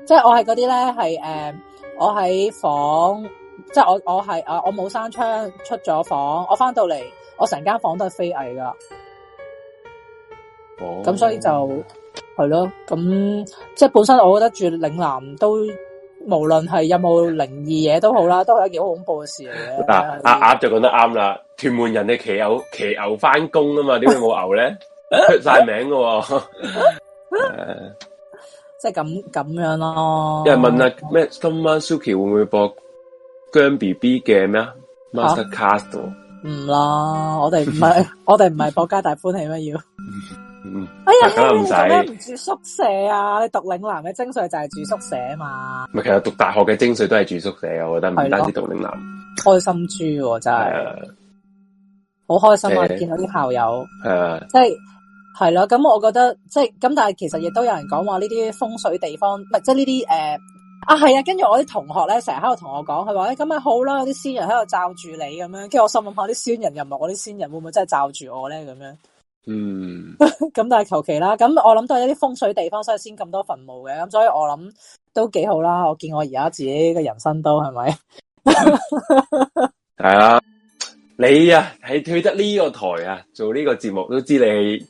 即係我係嗰啲咧，係誒、呃，我喺房，即係我我係誒，我冇閂窗，出咗房，我翻到嚟，我成間房都係飛蟻噶。哦，咁所以就係咯，咁即係本身我覺得住嶺南都。無論係有冇靈異嘢都好啦，都係一件好恐怖嘅事嚟嘅。嗱、啊，阿、啊、鴨、啊、就講得啱啦，屯門人哋騎牛，騎牛翻工啊嘛，點會冇牛咧？出 [LAUGHS] 晒名嘅，哦 [LAUGHS] 啊，即係咁咁樣咯。有人問啊，咩今晚 Suki 會唔會播姜 BB 嘅咩 Mastercast 唔啦，我哋唔係， [LAUGHS] 我哋唔係播家大歡喜咩要？ [LAUGHS] 哎呀，咁唔使唔住宿舍啊！你讀嶺南嘅精髓就係住宿舍嘛。其實讀大學嘅精髓都係住宿舍啊！我覺得唔單止讀嶺南，開心豬、啊、真係好開心啊！見到啲校友，係啊，即係係咯。咁我覺得即係咁，但係其實亦都有人講話呢啲風水地方，唔係即係呢啲誒啊，係啊。跟住我啲同學咧，成日喺度同我講，佢話咧，咁咪好啦，有啲先人喺度罩住你咁樣。跟住我心諗下，啲先人又唔係我啲先人，會唔會真係罩住我咧？咁樣。嗯，咁 [LAUGHS] 但係求其啦，咁我諗都係一啲風水地方，所以先咁多墳墓嘅，咁所以我諗都幾好啦。我見我而家自己嘅人生都係咪？係啦、 [LAUGHS] 啊，你啊，係退得呢個台啊，做呢個節目都知你，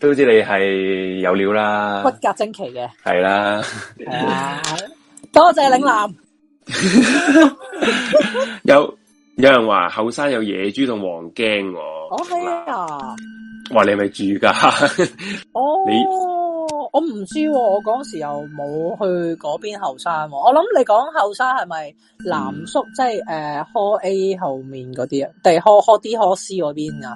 都知你係有料啦，骨格精奇嘅，係啦、啊 [LAUGHS] 啊，多謝嶺南、嗯 [LAUGHS] [LAUGHS] 有有人話後生有野豬同黃驚喎。我、okay、係啊。話你咪住噶？哦 [LAUGHS] 、oh,，我唔知、啊，我嗰時候又冇去嗰邊後山、啊。我諗你講後山係咪南宿？嗯、即係誒，Hall、uh, A 後面嗰啲啊，定 Hall Hall D Hall C 嗰邊啊？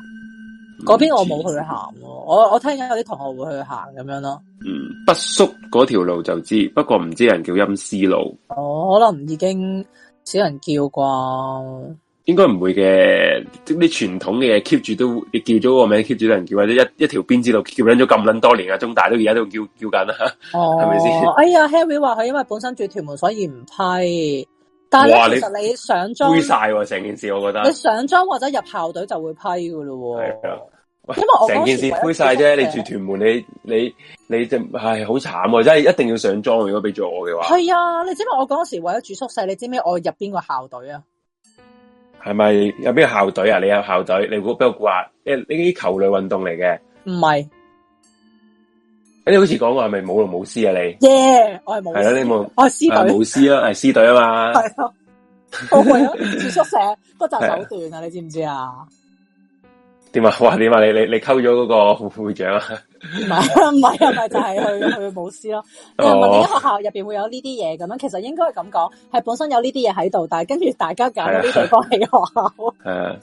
嗰邊我冇去行喎。我我聽緊有啲同學會去行咁樣咯、啊。嗯，北宿嗰條路就知，不過唔知人叫陰思路。哦、oh,，可能已經少人叫啩。應該唔會嘅，即啲傳統嘅嘢 keep 住都，你叫咗個名 keep 住有人叫，或者一一條邊知道叫捻咗咁捻多年啊，中大都而家都在叫叫緊啊，係咪先？哎呀，Harry 話佢因為本身住屯門，所以唔批。但係其實你上莊，灰晒成件事，我覺得。你上莊或者入校隊就會批噶咯。係啊，因為成件事灰晒啫。你住屯門你，你你你就係好慘，真係一定要上莊。如果俾住我嘅話，係啊，你知唔知我嗰時為咗住宿舍，你知唔知我入邊個校隊啊？係咪有邊個校隊啊？你有校隊，你會邊個掛？誒，呢啲球類運動嚟嘅，唔係。誒，你好似講過、啊 yeah, 我係咪舞龍舞獅啊？你，耶，我係舞，係啊，你冇，我獅隊，舞獅咯，係獅隊啊嘛，係啊，我為咗住宿舍，不擇手段啊，你知唔知啊？點啊？哇！點啊？你你你溝咗嗰個副會長啊？唔 [LAUGHS] 係，唔係啊，咪就係、是、去去舞獅咯。你 [LAUGHS] 問啲學校入邊會有呢啲嘢咁樣，oh. 其實應該係咁講，係本身有呢啲嘢喺度，但係跟住大家揀呢啲地方喺學校。係、yeah.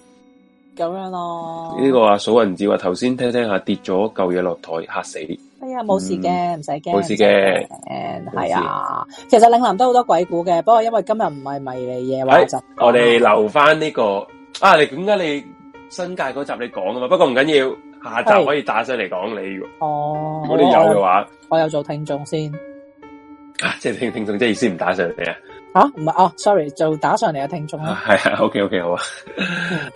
咁 [LAUGHS] 樣咯。呢個啊 Suki 話頭先聽聽下跌咗嚿嘢落台嚇死。哎呀，冇事嘅，唔使驚，冇事嘅。誒，係啊。其實嶺南都好多鬼故嘅，不過因為今日唔係迷離夜話集，我哋留翻呢、這個啊。你點解你新界嗰集你講啊嘛？不過唔緊要緊。下集可以打上嚟講你、哦，如果你有嘅話我有，我有做聽眾先，啊，即、就、係、是、聽不聽眾即係意思唔打上嚟啊？吓、啊？唔係哦 sorry 就打上嚟嘅、啊、聽眾了啊，係 OK OK，好啊，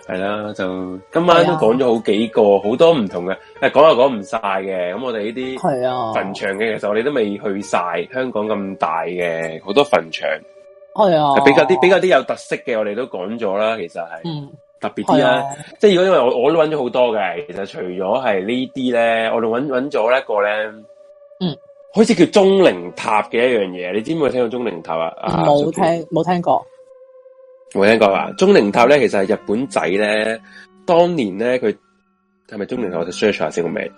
係 [LAUGHS] 啦、啊，就今晚都講咗好幾個，好、啊、多唔同嘅，誒，講又講唔晒嘅，咁我哋呢啲係啊墳場嘅，其實我哋都未去晒香港咁大嘅好多墳場，係啊，比較啲比較啲有特色嘅，我哋都講咗啦，其實係。嗯特別啲啦，即係如果因為我我都揾咗好多嘅，其實除咗係呢啲咧，我仲揾咗一個咧，嗯，好似叫中靈塔嘅一樣嘢，你知唔知有，有聽過中靈塔啊？冇聽，冇聽過，冇、啊、聽過啊中靈塔咧，其實係日本仔咧，當年咧佢係咪中靈塔？我就 search 下先好未？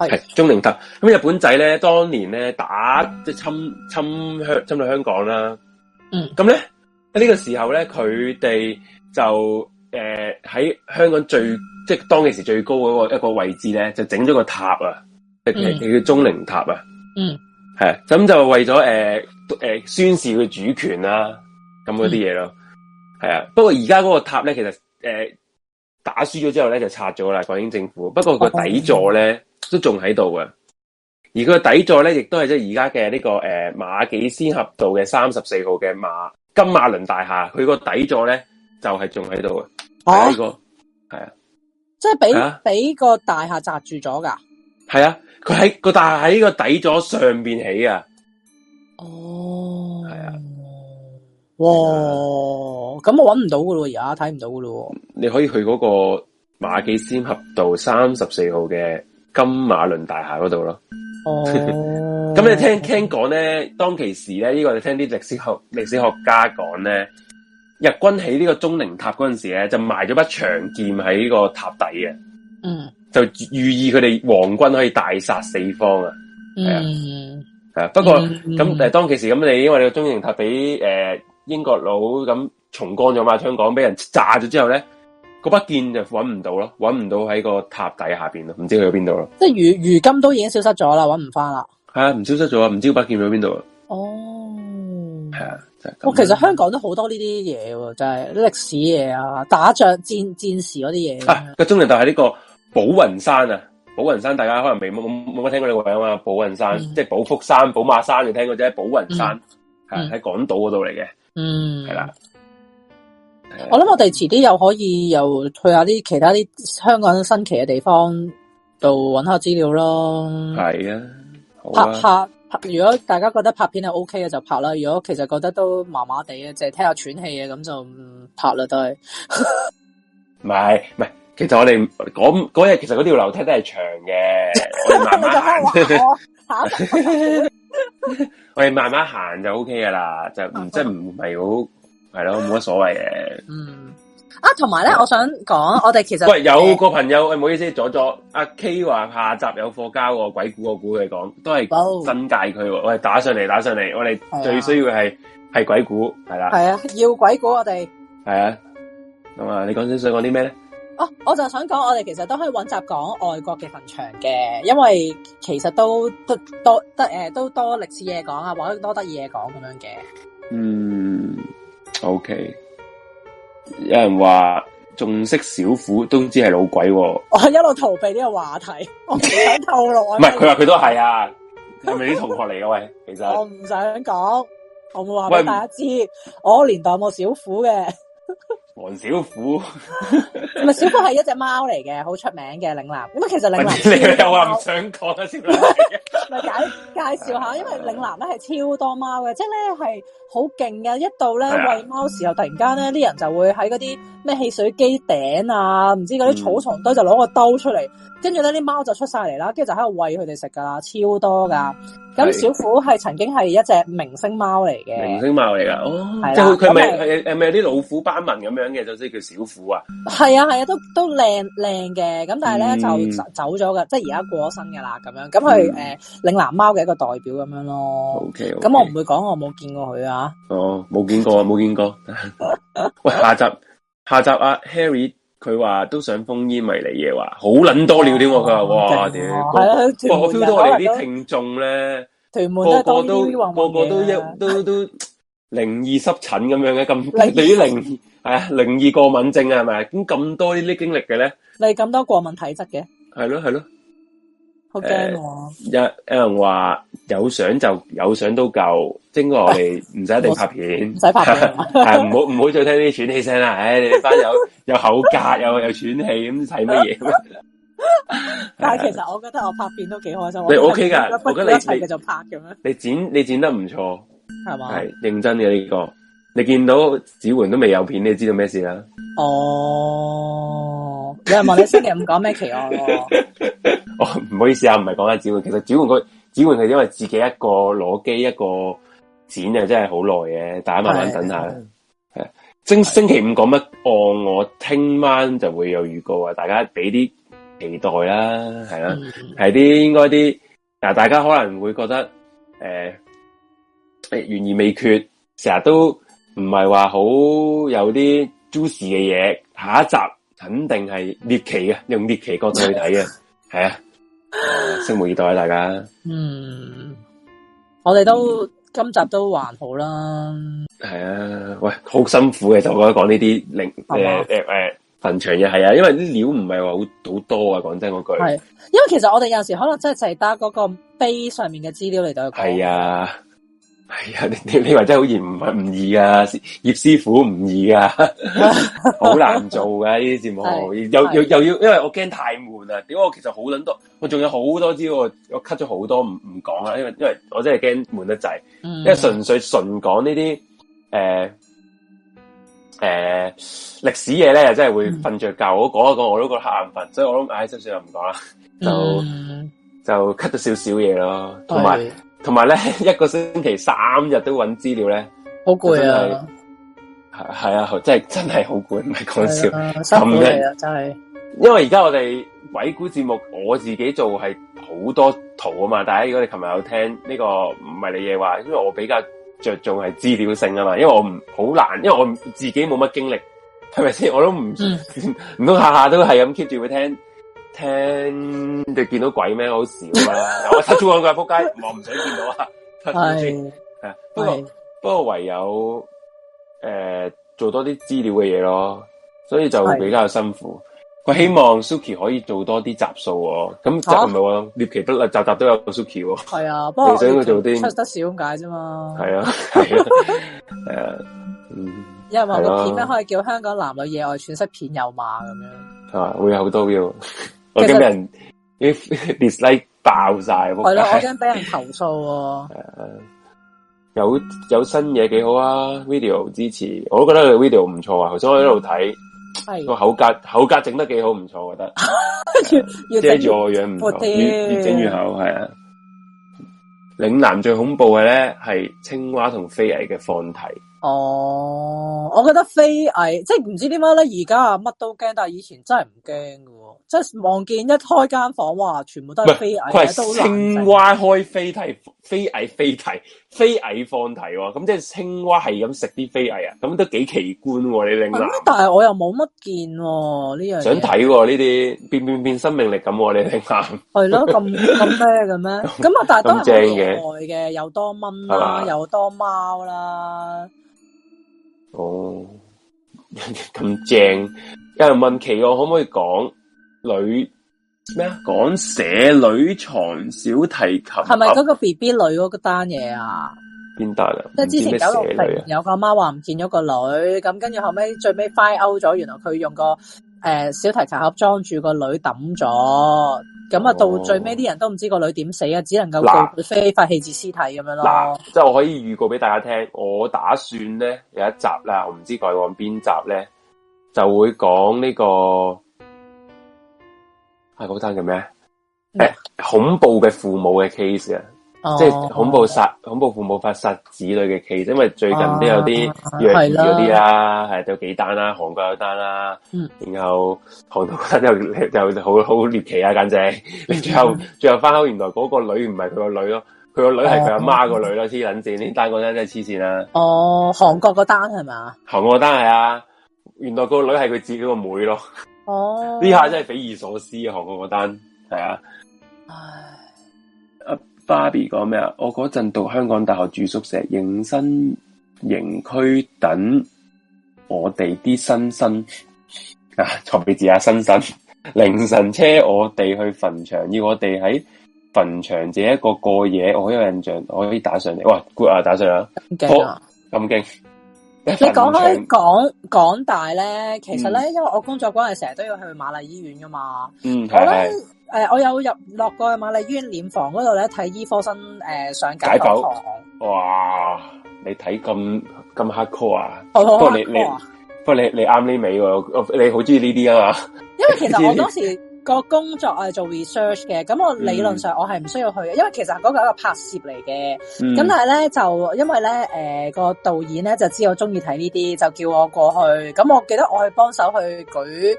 係中靈塔。咁日本仔咧，當年咧打即係侵侵香侵到香港啦。嗯，咁咧喺呢、呢個時候咧，佢哋就。誒、呃，喺香港最即係當其時最高個一個位置咧，就整咗個塔啊、嗯，叫忠靈塔啊，嗯，係、呃呃、啊，咁就為咗誒誒宣示佢主權啦，咁嗰啲嘢咯，係、嗯、啊。不過而家嗰個塔咧，其實誒、呃、打輸咗之後咧就拆咗啦，港英政府。不過個底座咧、哦、都仲喺度嘅，而佢個底座咧亦都係即係而家嘅呢是是、這個誒、呃、馬己仙峽道嘅三十四號嘅馬金馬倫大廈，佢個底座咧就係仲喺度嘅。個係啊，啊，啊，即係俾俾個大廈砸住咗噶，係啊，佢喺個大廈喺呢個底座上邊起啊，哦，係啊，哇，咁、啊、我揾唔到噶咯，而家睇唔到噶咯，你可以去嗰個馬己仙峽道三十四號嘅金馬倫大廈嗰度咯，哦，咁 [LAUGHS] 你聽聽講咧，當其時咧，呢、這個你聽啲歷史學歷史學家講咧。日軍起呢個忠靈塔嗰陣時咧，就埋咗把長劍喺呢個塔底嘅。嗯，就寓意佢哋皇軍可以大殺四方啊，係、嗯、啊，係啊。不過咁誒、嗯嗯，當其時咁，你因為你個忠靈塔俾誒、呃、英國佬咁重光咗嘛，香港俾人炸咗之後咧，嗰把劍就揾唔到咯，揾唔到喺個塔底下邊咯，唔知去咗邊度咯。即係如如今都已經消失咗啦，揾唔翻啦。係啊，唔消失咗啊，唔知把劍去咗邊度啊。哦，係啊。我其實香港都好多呢啲嘢，就係、是、歷史嘢啊，打仗、戰戰士嗰啲嘢。啊，中個鐘就係呢個寶雲山啊，寶雲山大家可能未冇冇冇聽過呢個名啊，寶雲山、嗯、即係寶福山、寶馬山你聽過啫，寶雲山係喺港島嗰度嚟嘅，嗯，係啦、嗯。我諗我哋遲啲又可以又去下啲其他啲香港新奇嘅地方度揾下資料咯。係啊，啊，拍拍。如果大家覺得拍片係 O K 嘅就拍啦，如果其實覺得都麻麻地啊，聽聽淨係聽下喘氣嘅，咁就唔拍啦都係。唔 [LAUGHS] 係，唔係，其實我哋嗰日其實嗰條樓梯都係長嘅，我哋慢慢行 [LAUGHS] 就 O K 噶啦，就唔 [LAUGHS] 即係唔係好係咯，冇乜所謂嘅。嗯。啊，同埋咧，我想講，我哋其實喂有個朋友，誒、哎，唔好意思，阻咗阿、啊、K 話下集有貨交喎，鬼故我估佢講都係新界。佢、oh，我哋打上嚟，打上嚟，我哋最需要係係、哎、鬼故，係啦、啊，係啊，要鬼故我哋係啊，咁啊，你講想講啲咩咧？哦、啊，我就想講，我哋其實都可以揾集講外國嘅墳場嘅，因為其實都，都多，得、呃、多多得誒，都多歷史嘢講啊，或者多得意嘢講咁樣嘅。嗯，OK。有人話仲識小虎都唔知係老鬼，哦，我一路逃避呢個話題，我唔想透露。唔係佢話佢都係啊，係咪啲同學嚟嘅喂？其實我唔想講，我唔話俾大家知，我年代冇小虎嘅，黃小虎，唔 [LAUGHS] 係小虎係一隻貓嚟嘅，好出名嘅嶺南。咁啊，其實嶺南你又話唔想講啊？先。 [LAUGHS] 咪介介紹下，因為嶺南咧係超多貓嘅，即係咧係好勁嘅。一到咧餵貓時候，突然間咧啲人就會喺嗰啲咩汽水機頂啊，唔知嗰啲草叢堆就攞個兜出嚟，跟住咧啲貓就出晒嚟啦，跟住就喺度餵佢哋食噶啦，超多噶。咁小虎係曾經係一隻明星貓嚟嘅，明星貓嚟噶，即係佢佢咪係誒咪有啲老虎斑紋咁樣嘅，就即係叫小虎啊。係啊係啊，都都靚靚嘅，咁但係咧就走咗噶，即係而家過咗身噶啦咁樣。咁佢誒嶺南貓嘅一個代表咁樣咯。OK，咁我唔會講我冇見過佢啊。哦，冇見過啊，冇見過。喂，下集下集啊 Harry。佢話都想封煙咪嚟嘢話，好撚多料添喎。佢話：哇，屌！我 feel 到我哋啲聽眾咧，個個都個個都一都都靈異濕疹咁樣嘅，咁對於靈係啊靈異過敏症啊，係咪？咁咁多呢啲經歷嘅咧，你咁多過敏體質嘅，係咯係咯。好驚喎！有人話有相就有相都夠，經過我哋唔使一定拍片，唔 [LAUGHS] 使拍唔好唔好再聽啲喘氣聲啦！唉、哎，你哋班友有口格，又又喘氣咁睇乜嘢？什麼 [LAUGHS] [LAUGHS] 但係其實我覺得我拍片都幾開心，你 OK 噶？我覺得你，我覺得你一齊就拍咁咩？你剪你剪得唔錯，係嘛？係認真嘅呢、這個。你見到指緩都未有片，你知道咩事啦？哦，有人問你星期五講咩奇案？ [LAUGHS] 哦，唔好意思啊，唔係講緊指緩，其實指緩佢指緩係因為自己一個攞機一個剪啊，真係好耐嘅，大家慢慢等下。係星星期五講乜、哦？我我聽晚就會有預告啊！大家俾啲期待啦，係啦、啊，係、嗯、啲應該啲嗱，大家可能會覺得誒誒懸疑未決，成日都。唔係話好有啲 juicy 嘅嘢，下一集肯定係獵奇嘅，用獵奇角度去睇嘅，係啊，拭目 [LAUGHS] 以待大家。嗯，我哋都今集都還好啦。係啊，喂，好辛苦嘅就覺得講呢啲令，誒誒墳場嘢，係啊，因為啲料唔係話好好多啊，講真嗰句。係，因為其實我哋有陣時可能真係淨係得嗰個碑上面嘅資料嚟到去講。係啊。係、哎、啊，你你你話真係好嚴，唔係唔易噶，葉師傅唔易噶，好 [LAUGHS] [LAUGHS] 難做噶呢啲節目，又又又要，因為我驚太悶啦。屌我其實好捻多，我仲有好多招，我 cut 咗好多唔唔講啦，因為因為我真係驚悶得滯，因為純粹純講、呃呃、呢啲誒誒歷史嘢咧，又真係會瞓着覺。我講一講，我都覺得瞌眼瞓，所以我諗唉，少少又唔講啦，就、嗯、就 cut 咗少少嘢咯，同埋。同埋咧，一個星期三日都揾資料咧，好攰啊！係係啊，真係真係好攰，唔係講笑咁、啊啊、樣！真係！係、啊、因為而家我哋鬼故節目，我自己做係好多圖啊嘛！大家如果你琴日有聽呢、呢個唔係你嘢話，因為我比較著重係資料性啊嘛，因為我唔好難，因為我自己冇乜經歷，係咪先？我都唔唔通下下都係咁 keep 住會聽。聽就見到鬼咩？好少啦！我睇咗兩句仆街，我唔想見到啊！係， [LAUGHS] 不過不過唯有誒、呃、做多啲資料嘅嘢咯，所以就比較辛苦。佢希望 Suki 可以做多啲集數，咁即係唔係話獵奇都啦？集集都有 Suki，係啊。不過你想佢做啲出得少咁解啫嘛。係 [LAUGHS] 啊，係啊，係 [LAUGHS] 啊、嗯，因為個片可以叫香港男女野外喘息片有嘛咁樣，係、啊、會有好多要。 [LAUGHS] 我驚俾人，啲 dislike 爆晒係咯，我驚俾人投訴。係啊， [LAUGHS] 有有新嘢幾好啊！video 支持，我都覺得 video 唔錯啊，所以我在一路睇。係、嗯、個口格口格整得幾好，唔錯，我覺得。嗯、 [LAUGHS] 要要遮住我樣唔錯，越整越好，係啊。嶺、嗯、南最恐怖嘅咧，係青蛙同飛蟻嘅放題。哦、呃，我覺得飛蟻即係唔知點解咧，而家啊乜都驚，但係以前真係唔驚嘅。即、就、係、是、望見一開間房間，哇！全部都係飛蟻，都難。青蛙開飛梯，飛蟻飛梯，飛蟻放題。咁、哦、即係青蛙係咁食啲飛蟻啊？咁都幾奇觀、哦。你聽下，但係我又冇乜見呢、哦、樣、這個。想睇呢啲變變變生命力咁、哦。你聽下係咯，咁咁咩咁咩？咁 [LAUGHS] 啊，但係都係可愛嘅，又多蚊啦，又多貓啦。哦，咁正有人問奇，我可唔可以講？女咩啊？講寫女藏小提琴，係咪嗰個 B B 女嗰個單嘢啊？變大啦！即係之前九六有個媽話唔見咗個女，咁跟住後尾最尾 file out 咗，原來佢用個誒小提琴盒裝住個女抌咗。咁啊到最尾啲人都唔知個女點死啊，只能夠去非法棄置屍體咁樣咯。哦呃、即係我可以預告俾大家聽，我打算咧有一集啦，我唔知改往邊集咧，就會講呢個。係嗰單叫咩？誒、欸，恐怖嘅父母嘅 case 啊、哦，即係恐怖殺、恐怖父母發殺子女嘅 case。因為最近都有啲越嗰啲啦，係、啊、都有幾單啦、啊，韓國有單啦、啊嗯。然後韓國單又又好好獵奇啊，簡直。最後、嗯、最後翻屋，原來嗰個女唔係佢個女咯，佢個女係佢阿媽個女咯，黐撚線！呢單嗰單真係黐線啦。哦，韓國個單係咪？韓國單係啊，原來個女係佢自己個妹咯。哦，呢下真係匪夷所思啊！韓國嗰單係啊，唉，阿 Barbie 講咩啊？我嗰陣讀香港大學住宿舍，迎新營區等我哋啲新生啊，錯別字啊，新生凌晨車我哋去墳場，要我哋喺墳場借一個過夜。我有印象，我可以打上嚟。哇，good 啊，打上嚟，好咁勁。你講開港、港大咧，其實咧、嗯，因為我工作關係，成日都要去瑪麗醫院噶嘛。嗯，我誒、呃，我有入落過去瑪麗醫院殮房嗰度咧睇醫科生，誒、呃，上解剖房。哇，你睇咁咁黑科啊？不過你你，不過、啊、你你啱呢味喎，你好鍾意呢啲啊嘛、啊。因為其實我當時。 [LAUGHS] 個工作我係做 research 嘅，咁我理論上我係唔需要去嘅、嗯，因為其實嗰個係一個拍攝嚟嘅，咁、嗯、但係咧就因為咧誒個導演咧就知我中意睇呢啲，就叫我過去，咁我記得我去幫手去舉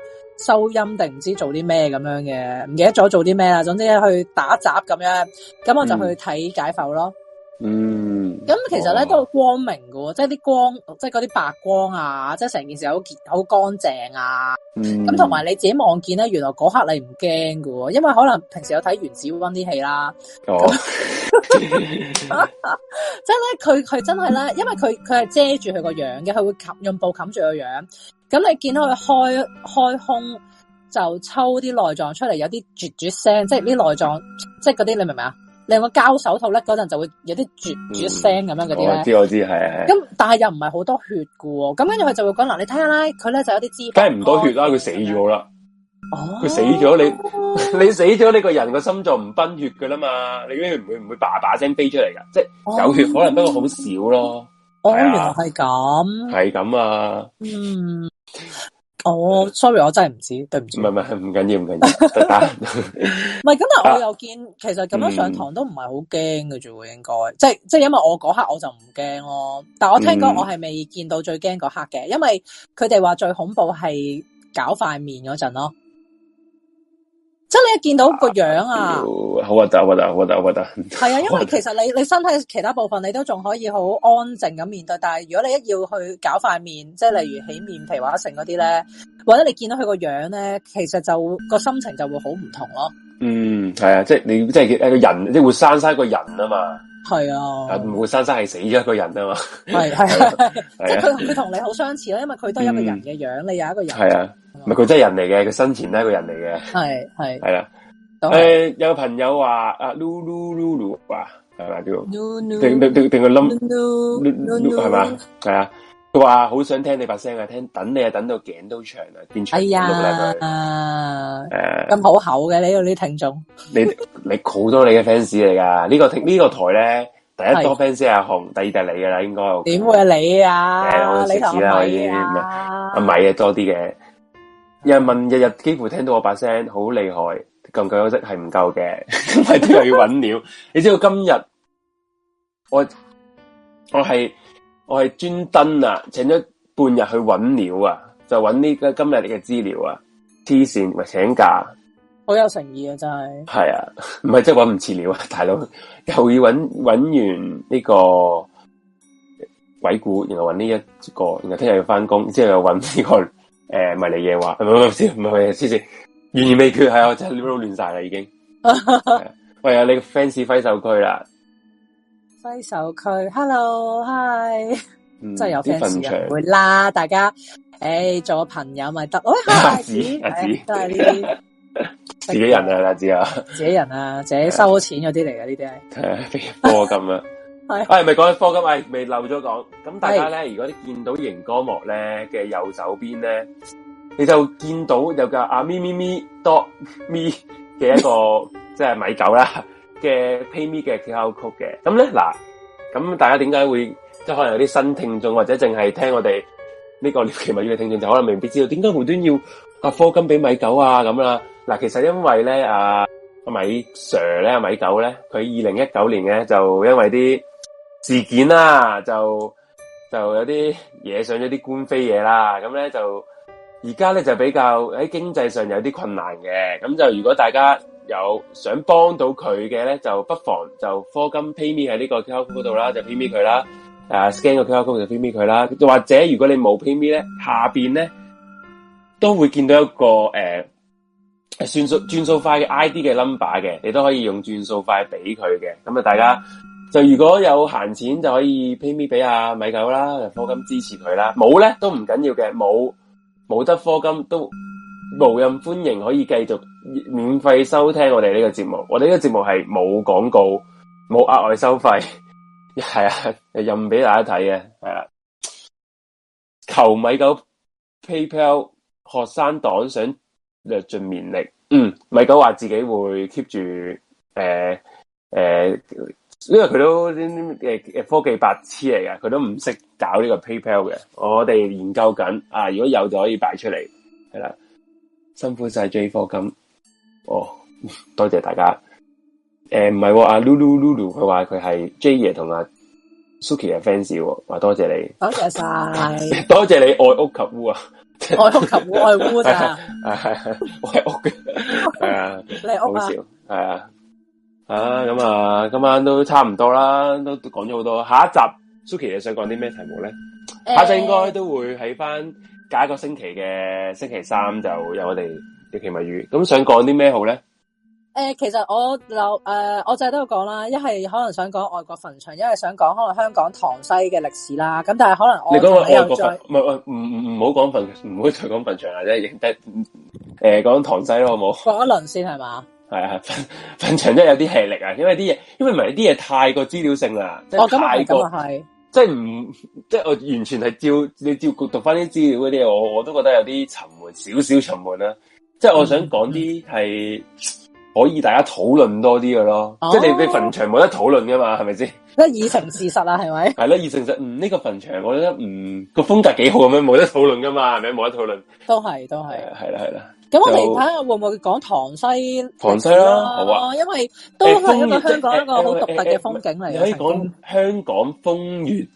收音定唔知做啲咩咁樣嘅，唔記得咗做啲咩啦，總之去打雜咁樣，咁我就去睇解剖咯。嗯嗯，咁其實咧、哦、都光明嘅，即係啲光，即係嗰啲白光啊，即係成件事好潔、好乾淨啊。咁同埋你自己望見咧，原來嗰刻你唔驚嘅，因為可能平時有睇原子溫啲戲啦。哦， [LAUGHS] [LAUGHS] 即係咧，佢佢真係咧，因為佢佢係遮住佢個樣嘅，佢會冚用布冚住個樣。咁你見到佢開開胸就抽啲內臟出嚟，有啲絕絕聲，即係啲內臟，即係嗰啲你明唔明啊？你個膠手套咧，嗰陣就會有啲絕絕聲咁樣嗰啲咧。知、嗯、我知係。咁但係又唔係好多血嘅喎，咁跟住佢就會講嗱，你睇下啦，佢咧就有啲滋。梗係唔多血啦，佢、啊、死咗啦、啊。哦。佢死咗，你你死咗，你個人個心臟唔噴血噶啦嘛，你咩唔會唔會把把聲飛出嚟噶？即係有血、嗯，可能不過好少咯。哦、嗯，原來係咁。係咁啊。嗯。哦、oh，sorry，我真係唔知，對唔住。唔係唔係，唔緊要唔緊要。唔係咁，但我又見其實咁樣上堂都唔係好驚嘅啫，會應該。即係即係，因為我嗰刻我就唔驚咯。但係我聽講我係未見到最驚嗰刻嘅，因為佢哋話最恐怖係搞塊面嗰陣咯。即係你一見到個樣啊，好核突核突核突核突。係 [MUSIC] 啊，因為其實你你身體其他部分你都仲，可以好安靜咁面對，但係如果你一要去搞塊面，即係例如起面皮或者成嗰啲咧，或者你見到佢個樣咧，其實就個心情就會好唔同咯。嗯，係啊，即係你即係誒個人，即係會生晒個人啊嘛。係啊，唔會生晒係死咗一個人啊嘛。係係係啊，即係佢同、啊啊啊啊、你好相似囉，因為佢都係一個人嘅樣、嗯，你又一個人。係啊。唔係佢真係人嚟嘅，佢生前咧，佢都係一個人嚟嘅。係係係啦。誒，有朋友話阿 Lu Lu Lu Lu 啊，係咪叫？Lu Lu 定定定佢諗 Lu Lu 係嘛？係啊，佢話好想聽你把聲啊，聽等你啊，等到頸都長啊，變長。哎呀，誒，咁好厚嘅呢度啲聽眾。你你好多你嘅 fans 嚟噶，呢個聽呢個台咧，第一多 fans 係阿雄，第二就你噶啦，應該。點會啊，你啊？誒，我識子啦，我呢啲咩？阿米啊，多啲嘅。有人問日日幾乎聽到我把聲，好厲害，咁夠休息係唔夠嘅，咁咪都又要揾料。 [LAUGHS] 你知道今日我我係我係專登啊，請咗半日去揾料啊，就揾呢個今日你嘅資料啊，黐線，咪，請假，好有誠意啊，真係。係啊，唔係即係揾唔切料啊，大佬又要揾揾完呢個鬼故，然後揾呢一個，然後聽日要翻工，之後又揾呢個。誒、呃，咪你嘢話，唔好唔好笑，唔係嘅，黐線懸疑未決，係、哎、啊，我真係亂晒啦，已經。 [LAUGHS] 喂啊，你 fans 揮手區、嗯、啦，揮手區，hello，hi，真係有 fans 聚會啦，大家，誒、欸，做個朋友咪得，喂、哎，阿、啊啊啊啊、子，阿、啊、子，都係呢啲， [LAUGHS] 自己人啊，阿子啊，自己人啊 [LAUGHS] 自己人 [LAUGHS] 自己人，自己收咗錢嗰啲嚟噶，呢啲係，波金啊。 [LAUGHS] 誒，咪講緊科金，誒、哎，未漏咗講。咁大家咧，如果你見到熒光幕咧嘅右手邊咧，你就見到有架阿咪咪咪多咪嘅一個 [LAUGHS] 即係米九啦嘅 pay me 嘅片頭曲嘅。咁咧嗱，咁大家點解會即係可能有啲新聽眾或者淨係聽我哋呢、這個《獵奇物語》嘅聽眾，就可能未必知道點解無端要阿科金俾米狗啊咁啦。嗱，其實因為咧阿阿米 Sir 咧阿米九咧，佢二零一九年咧就因為啲事件啦，就就有啲惹上咗啲官非嘢啦，咁咧就而家咧就比較喺經濟上有啲困難嘅，咁就如果大家有想幫到佢嘅咧，就不妨就科金 pay me 喺呢個 QR Code 度啦，就 pay me 佢啦，誒 scan 個 QR Code，就 pay me 佢啦，或者如果你冇 pay me 咧，下邊咧都會見到一個誒算數轉數快嘅 ID 嘅 number 嘅，你都可以用轉數快俾佢嘅，咁啊大家。就如果有閒錢就可以 PayMe 俾阿米狗啦，課金支持佢啦。冇咧都唔緊要嘅，冇冇得課金都無任歡迎，可以繼續免費收聽我哋呢個節目。我哋呢個節目係冇廣告、冇額外收費，係 [LAUGHS] 啊，任俾大家睇嘅，係啊。求米狗 PayPal 學生黨想略盡綿力，嗯，米狗話自己會 keep 住誒誒。呃呃因為佢都啲啲誒誒科技白痴嚟㗎，佢都唔識搞呢個 PayPal 嘅。我哋研究緊啊，如果有就可以擺出嚟係啦。辛苦晒 J 科金哦， [LAUGHS] 多謝大家。誒、呃，唔係阿、啊、Lulu Lulu，佢話佢係 J 爺同阿 Suki 嘅 fans，話、啊、多謝你，多謝晒， [LAUGHS] 多謝你愛屋及烏啊， [LAUGHS] 啊，愛屋及烏，愛烏啊係愛屋，係啊，你屋啊，好笑，係啊。啊，咁啊，今晚都差唔多啦，都講咗好多。下一集 Suki 想講啲咩題目咧、欸？下一集應該都會喺翻下一個星期嘅星期三就有我哋嘅獵奇物語。咁想講啲咩好咧？誒，其實我就誒、呃，我就都有講啦。一係可能想講外國墳場，一係想講可能香港唐西嘅歷史啦。咁但係可能我你又再唔唔唔唔好講墳，唔好再講墳場啊！即係，講得誒，講唐西好冇？講一輪先係嘛？係啊，墳墳場真係有啲氣力啊，因為啲嘢，因為唔係啲嘢太過資料性啦，哦咁啊係，即係唔即係我完全係照你照讀翻啲資料嗰啲，我我都覺得有啲沉悶，少少沉悶啦。即係我想講啲係可以大家討論多啲嘅咯，嗯、即係你你墳場冇得討論㗎嘛，係咪先？得 [LAUGHS] 以成事實啊，係咪？係 [LAUGHS] 咯，以成實，唔、嗯、呢、這個墳場，我覺得唔個、嗯、風格幾好咁樣，冇得討論㗎嘛，係咪？冇得討論，都係都係，係啦係啦。咁我嚟睇下會唔會講唐西？唐西啦，好啊，因為都係一個香港一個好獨特嘅風景嚟嘅。可以講香港風月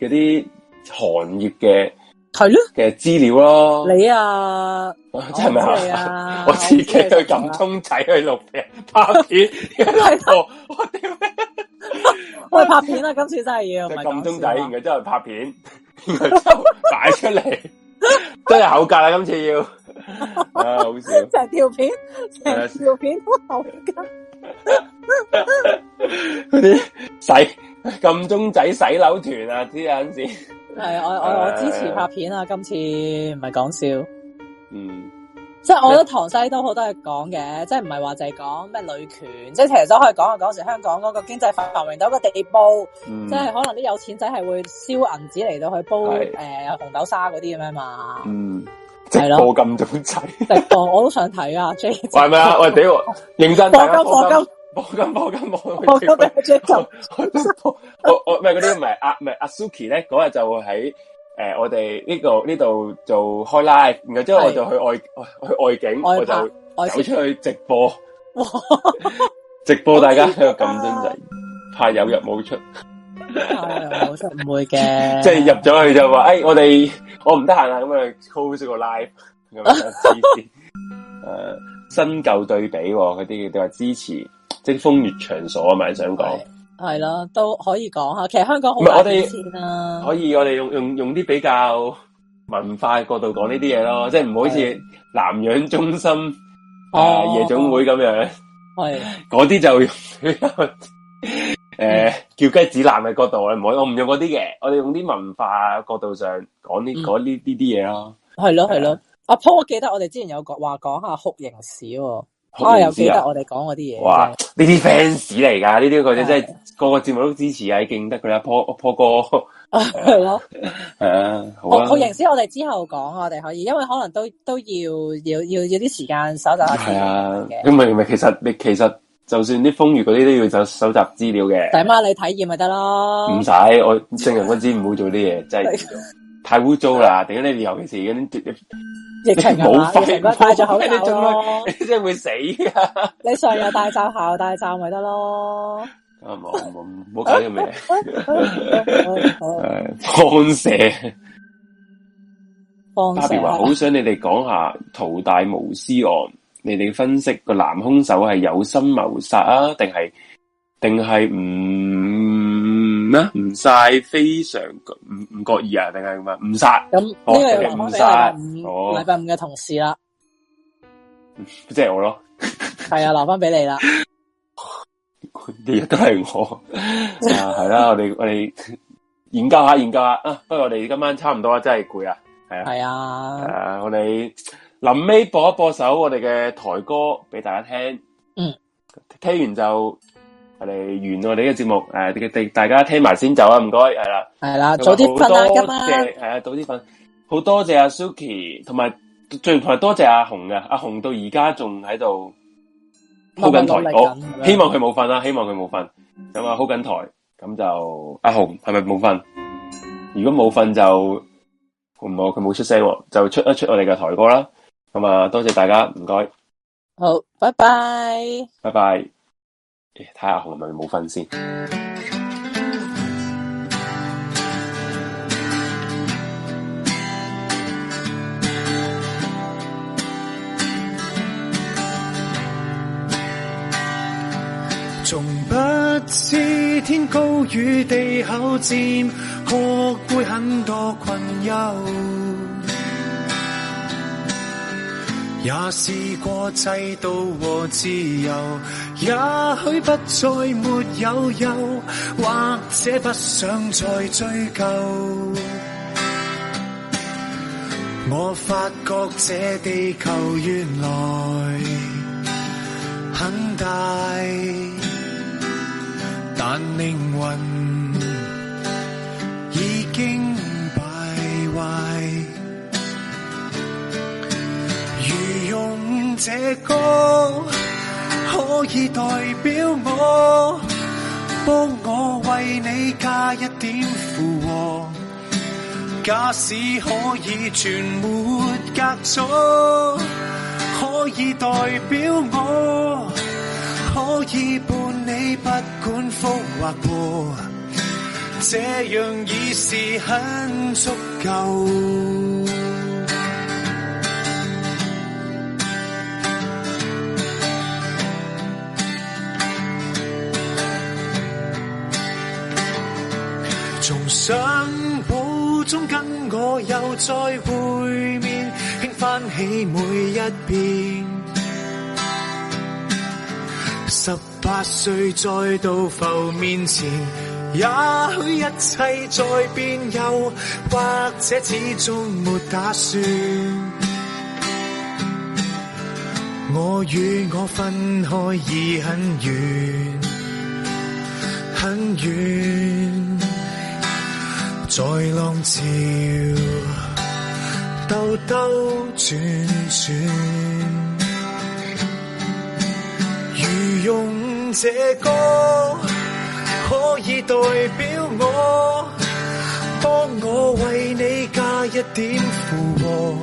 嗰啲行業嘅係咯嘅資料咯。你啊，真係咪，係啊？我自己去錦東仔去錄嘅拍片，我我屌，我係拍片啊！今次真係要，錦東仔，然之後拍片，然之後擺出嚟，真係口格啊！今次要。成 [LAUGHS] 條、啊、好 [LAUGHS] 片，成條片都好噶。嗰 [LAUGHS] 啲 [LAUGHS] 洗金鐘仔洗樓團啊，啲人知。係 [LAUGHS] 我我我支持拍片啊！ [LAUGHS] 今次唔係講笑。嗯，即係我覺得唐西都好多嘢講嘅，即係唔係話就係講咩女權，即係其實都可以講下講香港嗰個經濟繁榮到一個地步，嗯、即係可能啲有錢仔係會燒銀紙嚟到去煲誒、呃、紅豆沙嗰啲咁樣嘛。嗯。係啦，直播咁早，仔，我都想睇啊 J，係咪啊？喂屌，認真，播金播金播金播金，播金，金，金，金我我咩嗰啲唔係阿唔係阿 Suki 咧嗰日就喺誒、呃、我哋呢度呢度做開 live 然後之後我就去外去外景，我就走出去直播， [LAUGHS] 直播大家一個咁真仔，怕、啊啊、有入冇出。唔、 [LAUGHS] 哎、會嘅，即係入咗去就話，誒、哎，我哋我唔得閒啦，咁啊 close 個 live 咁樣支持，誒， [LAUGHS] 新舊對比嗰啲，你話支持即係風月場所啊？咪想講？係咯，都可以講吓。其實香港好、啊，我哋可以我哋用用用啲比較文化角度講呢啲嘢咯，嗯、即係唔好似南洋中心、呃、夜總會咁樣，係嗰啲就用。 [LAUGHS] 誒、嗯呃，叫雞指南嘅角度咧，唔好，我唔用嗰啲嘅，我哋用啲文化角度上講啲講呢啲啲嘢咯。係咯係咯，阿 Paul，嗯啊、Paul, 我記得我哋之前有講話講下酷刑史、啊啊，我又記得我哋講嗰啲嘢。哇，呢啲 fans 嚟噶，呢啲個真係個個節目都支持啊，勁得佢啦 Paul 阿 Paul 哥。係 [LAUGHS] 咯是的，係 [LAUGHS] 啊是的， [LAUGHS] 酷刑史我哋之後講，我哋可以，因為可能都都要要要要啲時間搜集下資料嘅。係啊，咁咪咪，其實你其實。就算啲風雨嗰啲都要搜搜集資料嘅，大媽你體驗咪得咯？唔使，我正人君子唔好做啲嘢， [LAUGHS] 真係太污糟啦！點解你哋尤其是而家啲疫情啊，唔好帶住口罩咯，即係、啊、會死！ [LAUGHS] 你上又戴罩，下又戴罩，咪得咯？唔好睇咁樣，放、啊、射。特別話，好，好 [LAUGHS] 爸爸、啊、想你哋講下屠大無師案。你哋分析個男凶手係有心謀殺啊，定係定係唔咩唔晒非常唔唔覺意啊，定係咁啊唔殺咁呢個唔殺禮拜五嘅、哦、同事啦，即係我咯，係 [LAUGHS] 啊留翻俾你啦，佢哋都係我、 [LAUGHS] [LAUGHS] uh, 啊係啦，我哋我哋研究下研究下啊，不、uh, 過我哋今晚差唔多啊，真係攰啊，係啊，係啊，誒我哋。臨尾播一播首我哋嘅台歌俾大家聽，嗯，聽完就完我哋完我哋嘅節目，誒，大家聽埋先走啊，唔該，係啦，係啦，早啲瞓、啊、今晚係啊，早啲瞓，好多謝阿 Suki，同埋仲同埋多謝阿紅噶，阿紅到而家仲喺度 hold 緊台，好、啊，希望佢冇瞓啦。希望佢冇瞓，咁、嗯、啊 hold 緊台，咁、嗯嗯、就阿紅係咪冇瞓？如果冇瞓就唔好，好，佢冇出聲、啊，就出一出我哋嘅台歌啦。咁啊，多謝大家，唔該，好，拜拜，拜拜，睇下紅咪冇瞓先。從不知天高與地厚，漸學會很多困擾。也試過制度和自由，也許不再沒有憂，或者不想再追究。我發覺這地球原來很大，但靈魂。這歌可以代表我，幫我為你加一點附和。假使可以全沒隔阻，可以代表我，可以伴你不管福或禍，這樣已是很足夠。從相簿中跟我又再會面，輕翻起每一篇。十八歲再度浮面前，也許一切在變，又或者始終沒打算。我與我分開已很遠，很遠。在浪潮兜兜轉轉，如用這歌可以代表我，幫我為你加一點負荷。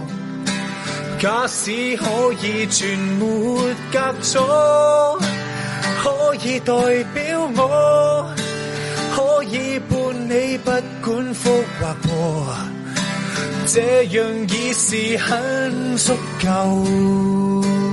假使可以全沒隔阻，可以代表我。可以伴你，不管福或禍，這樣已是很足夠。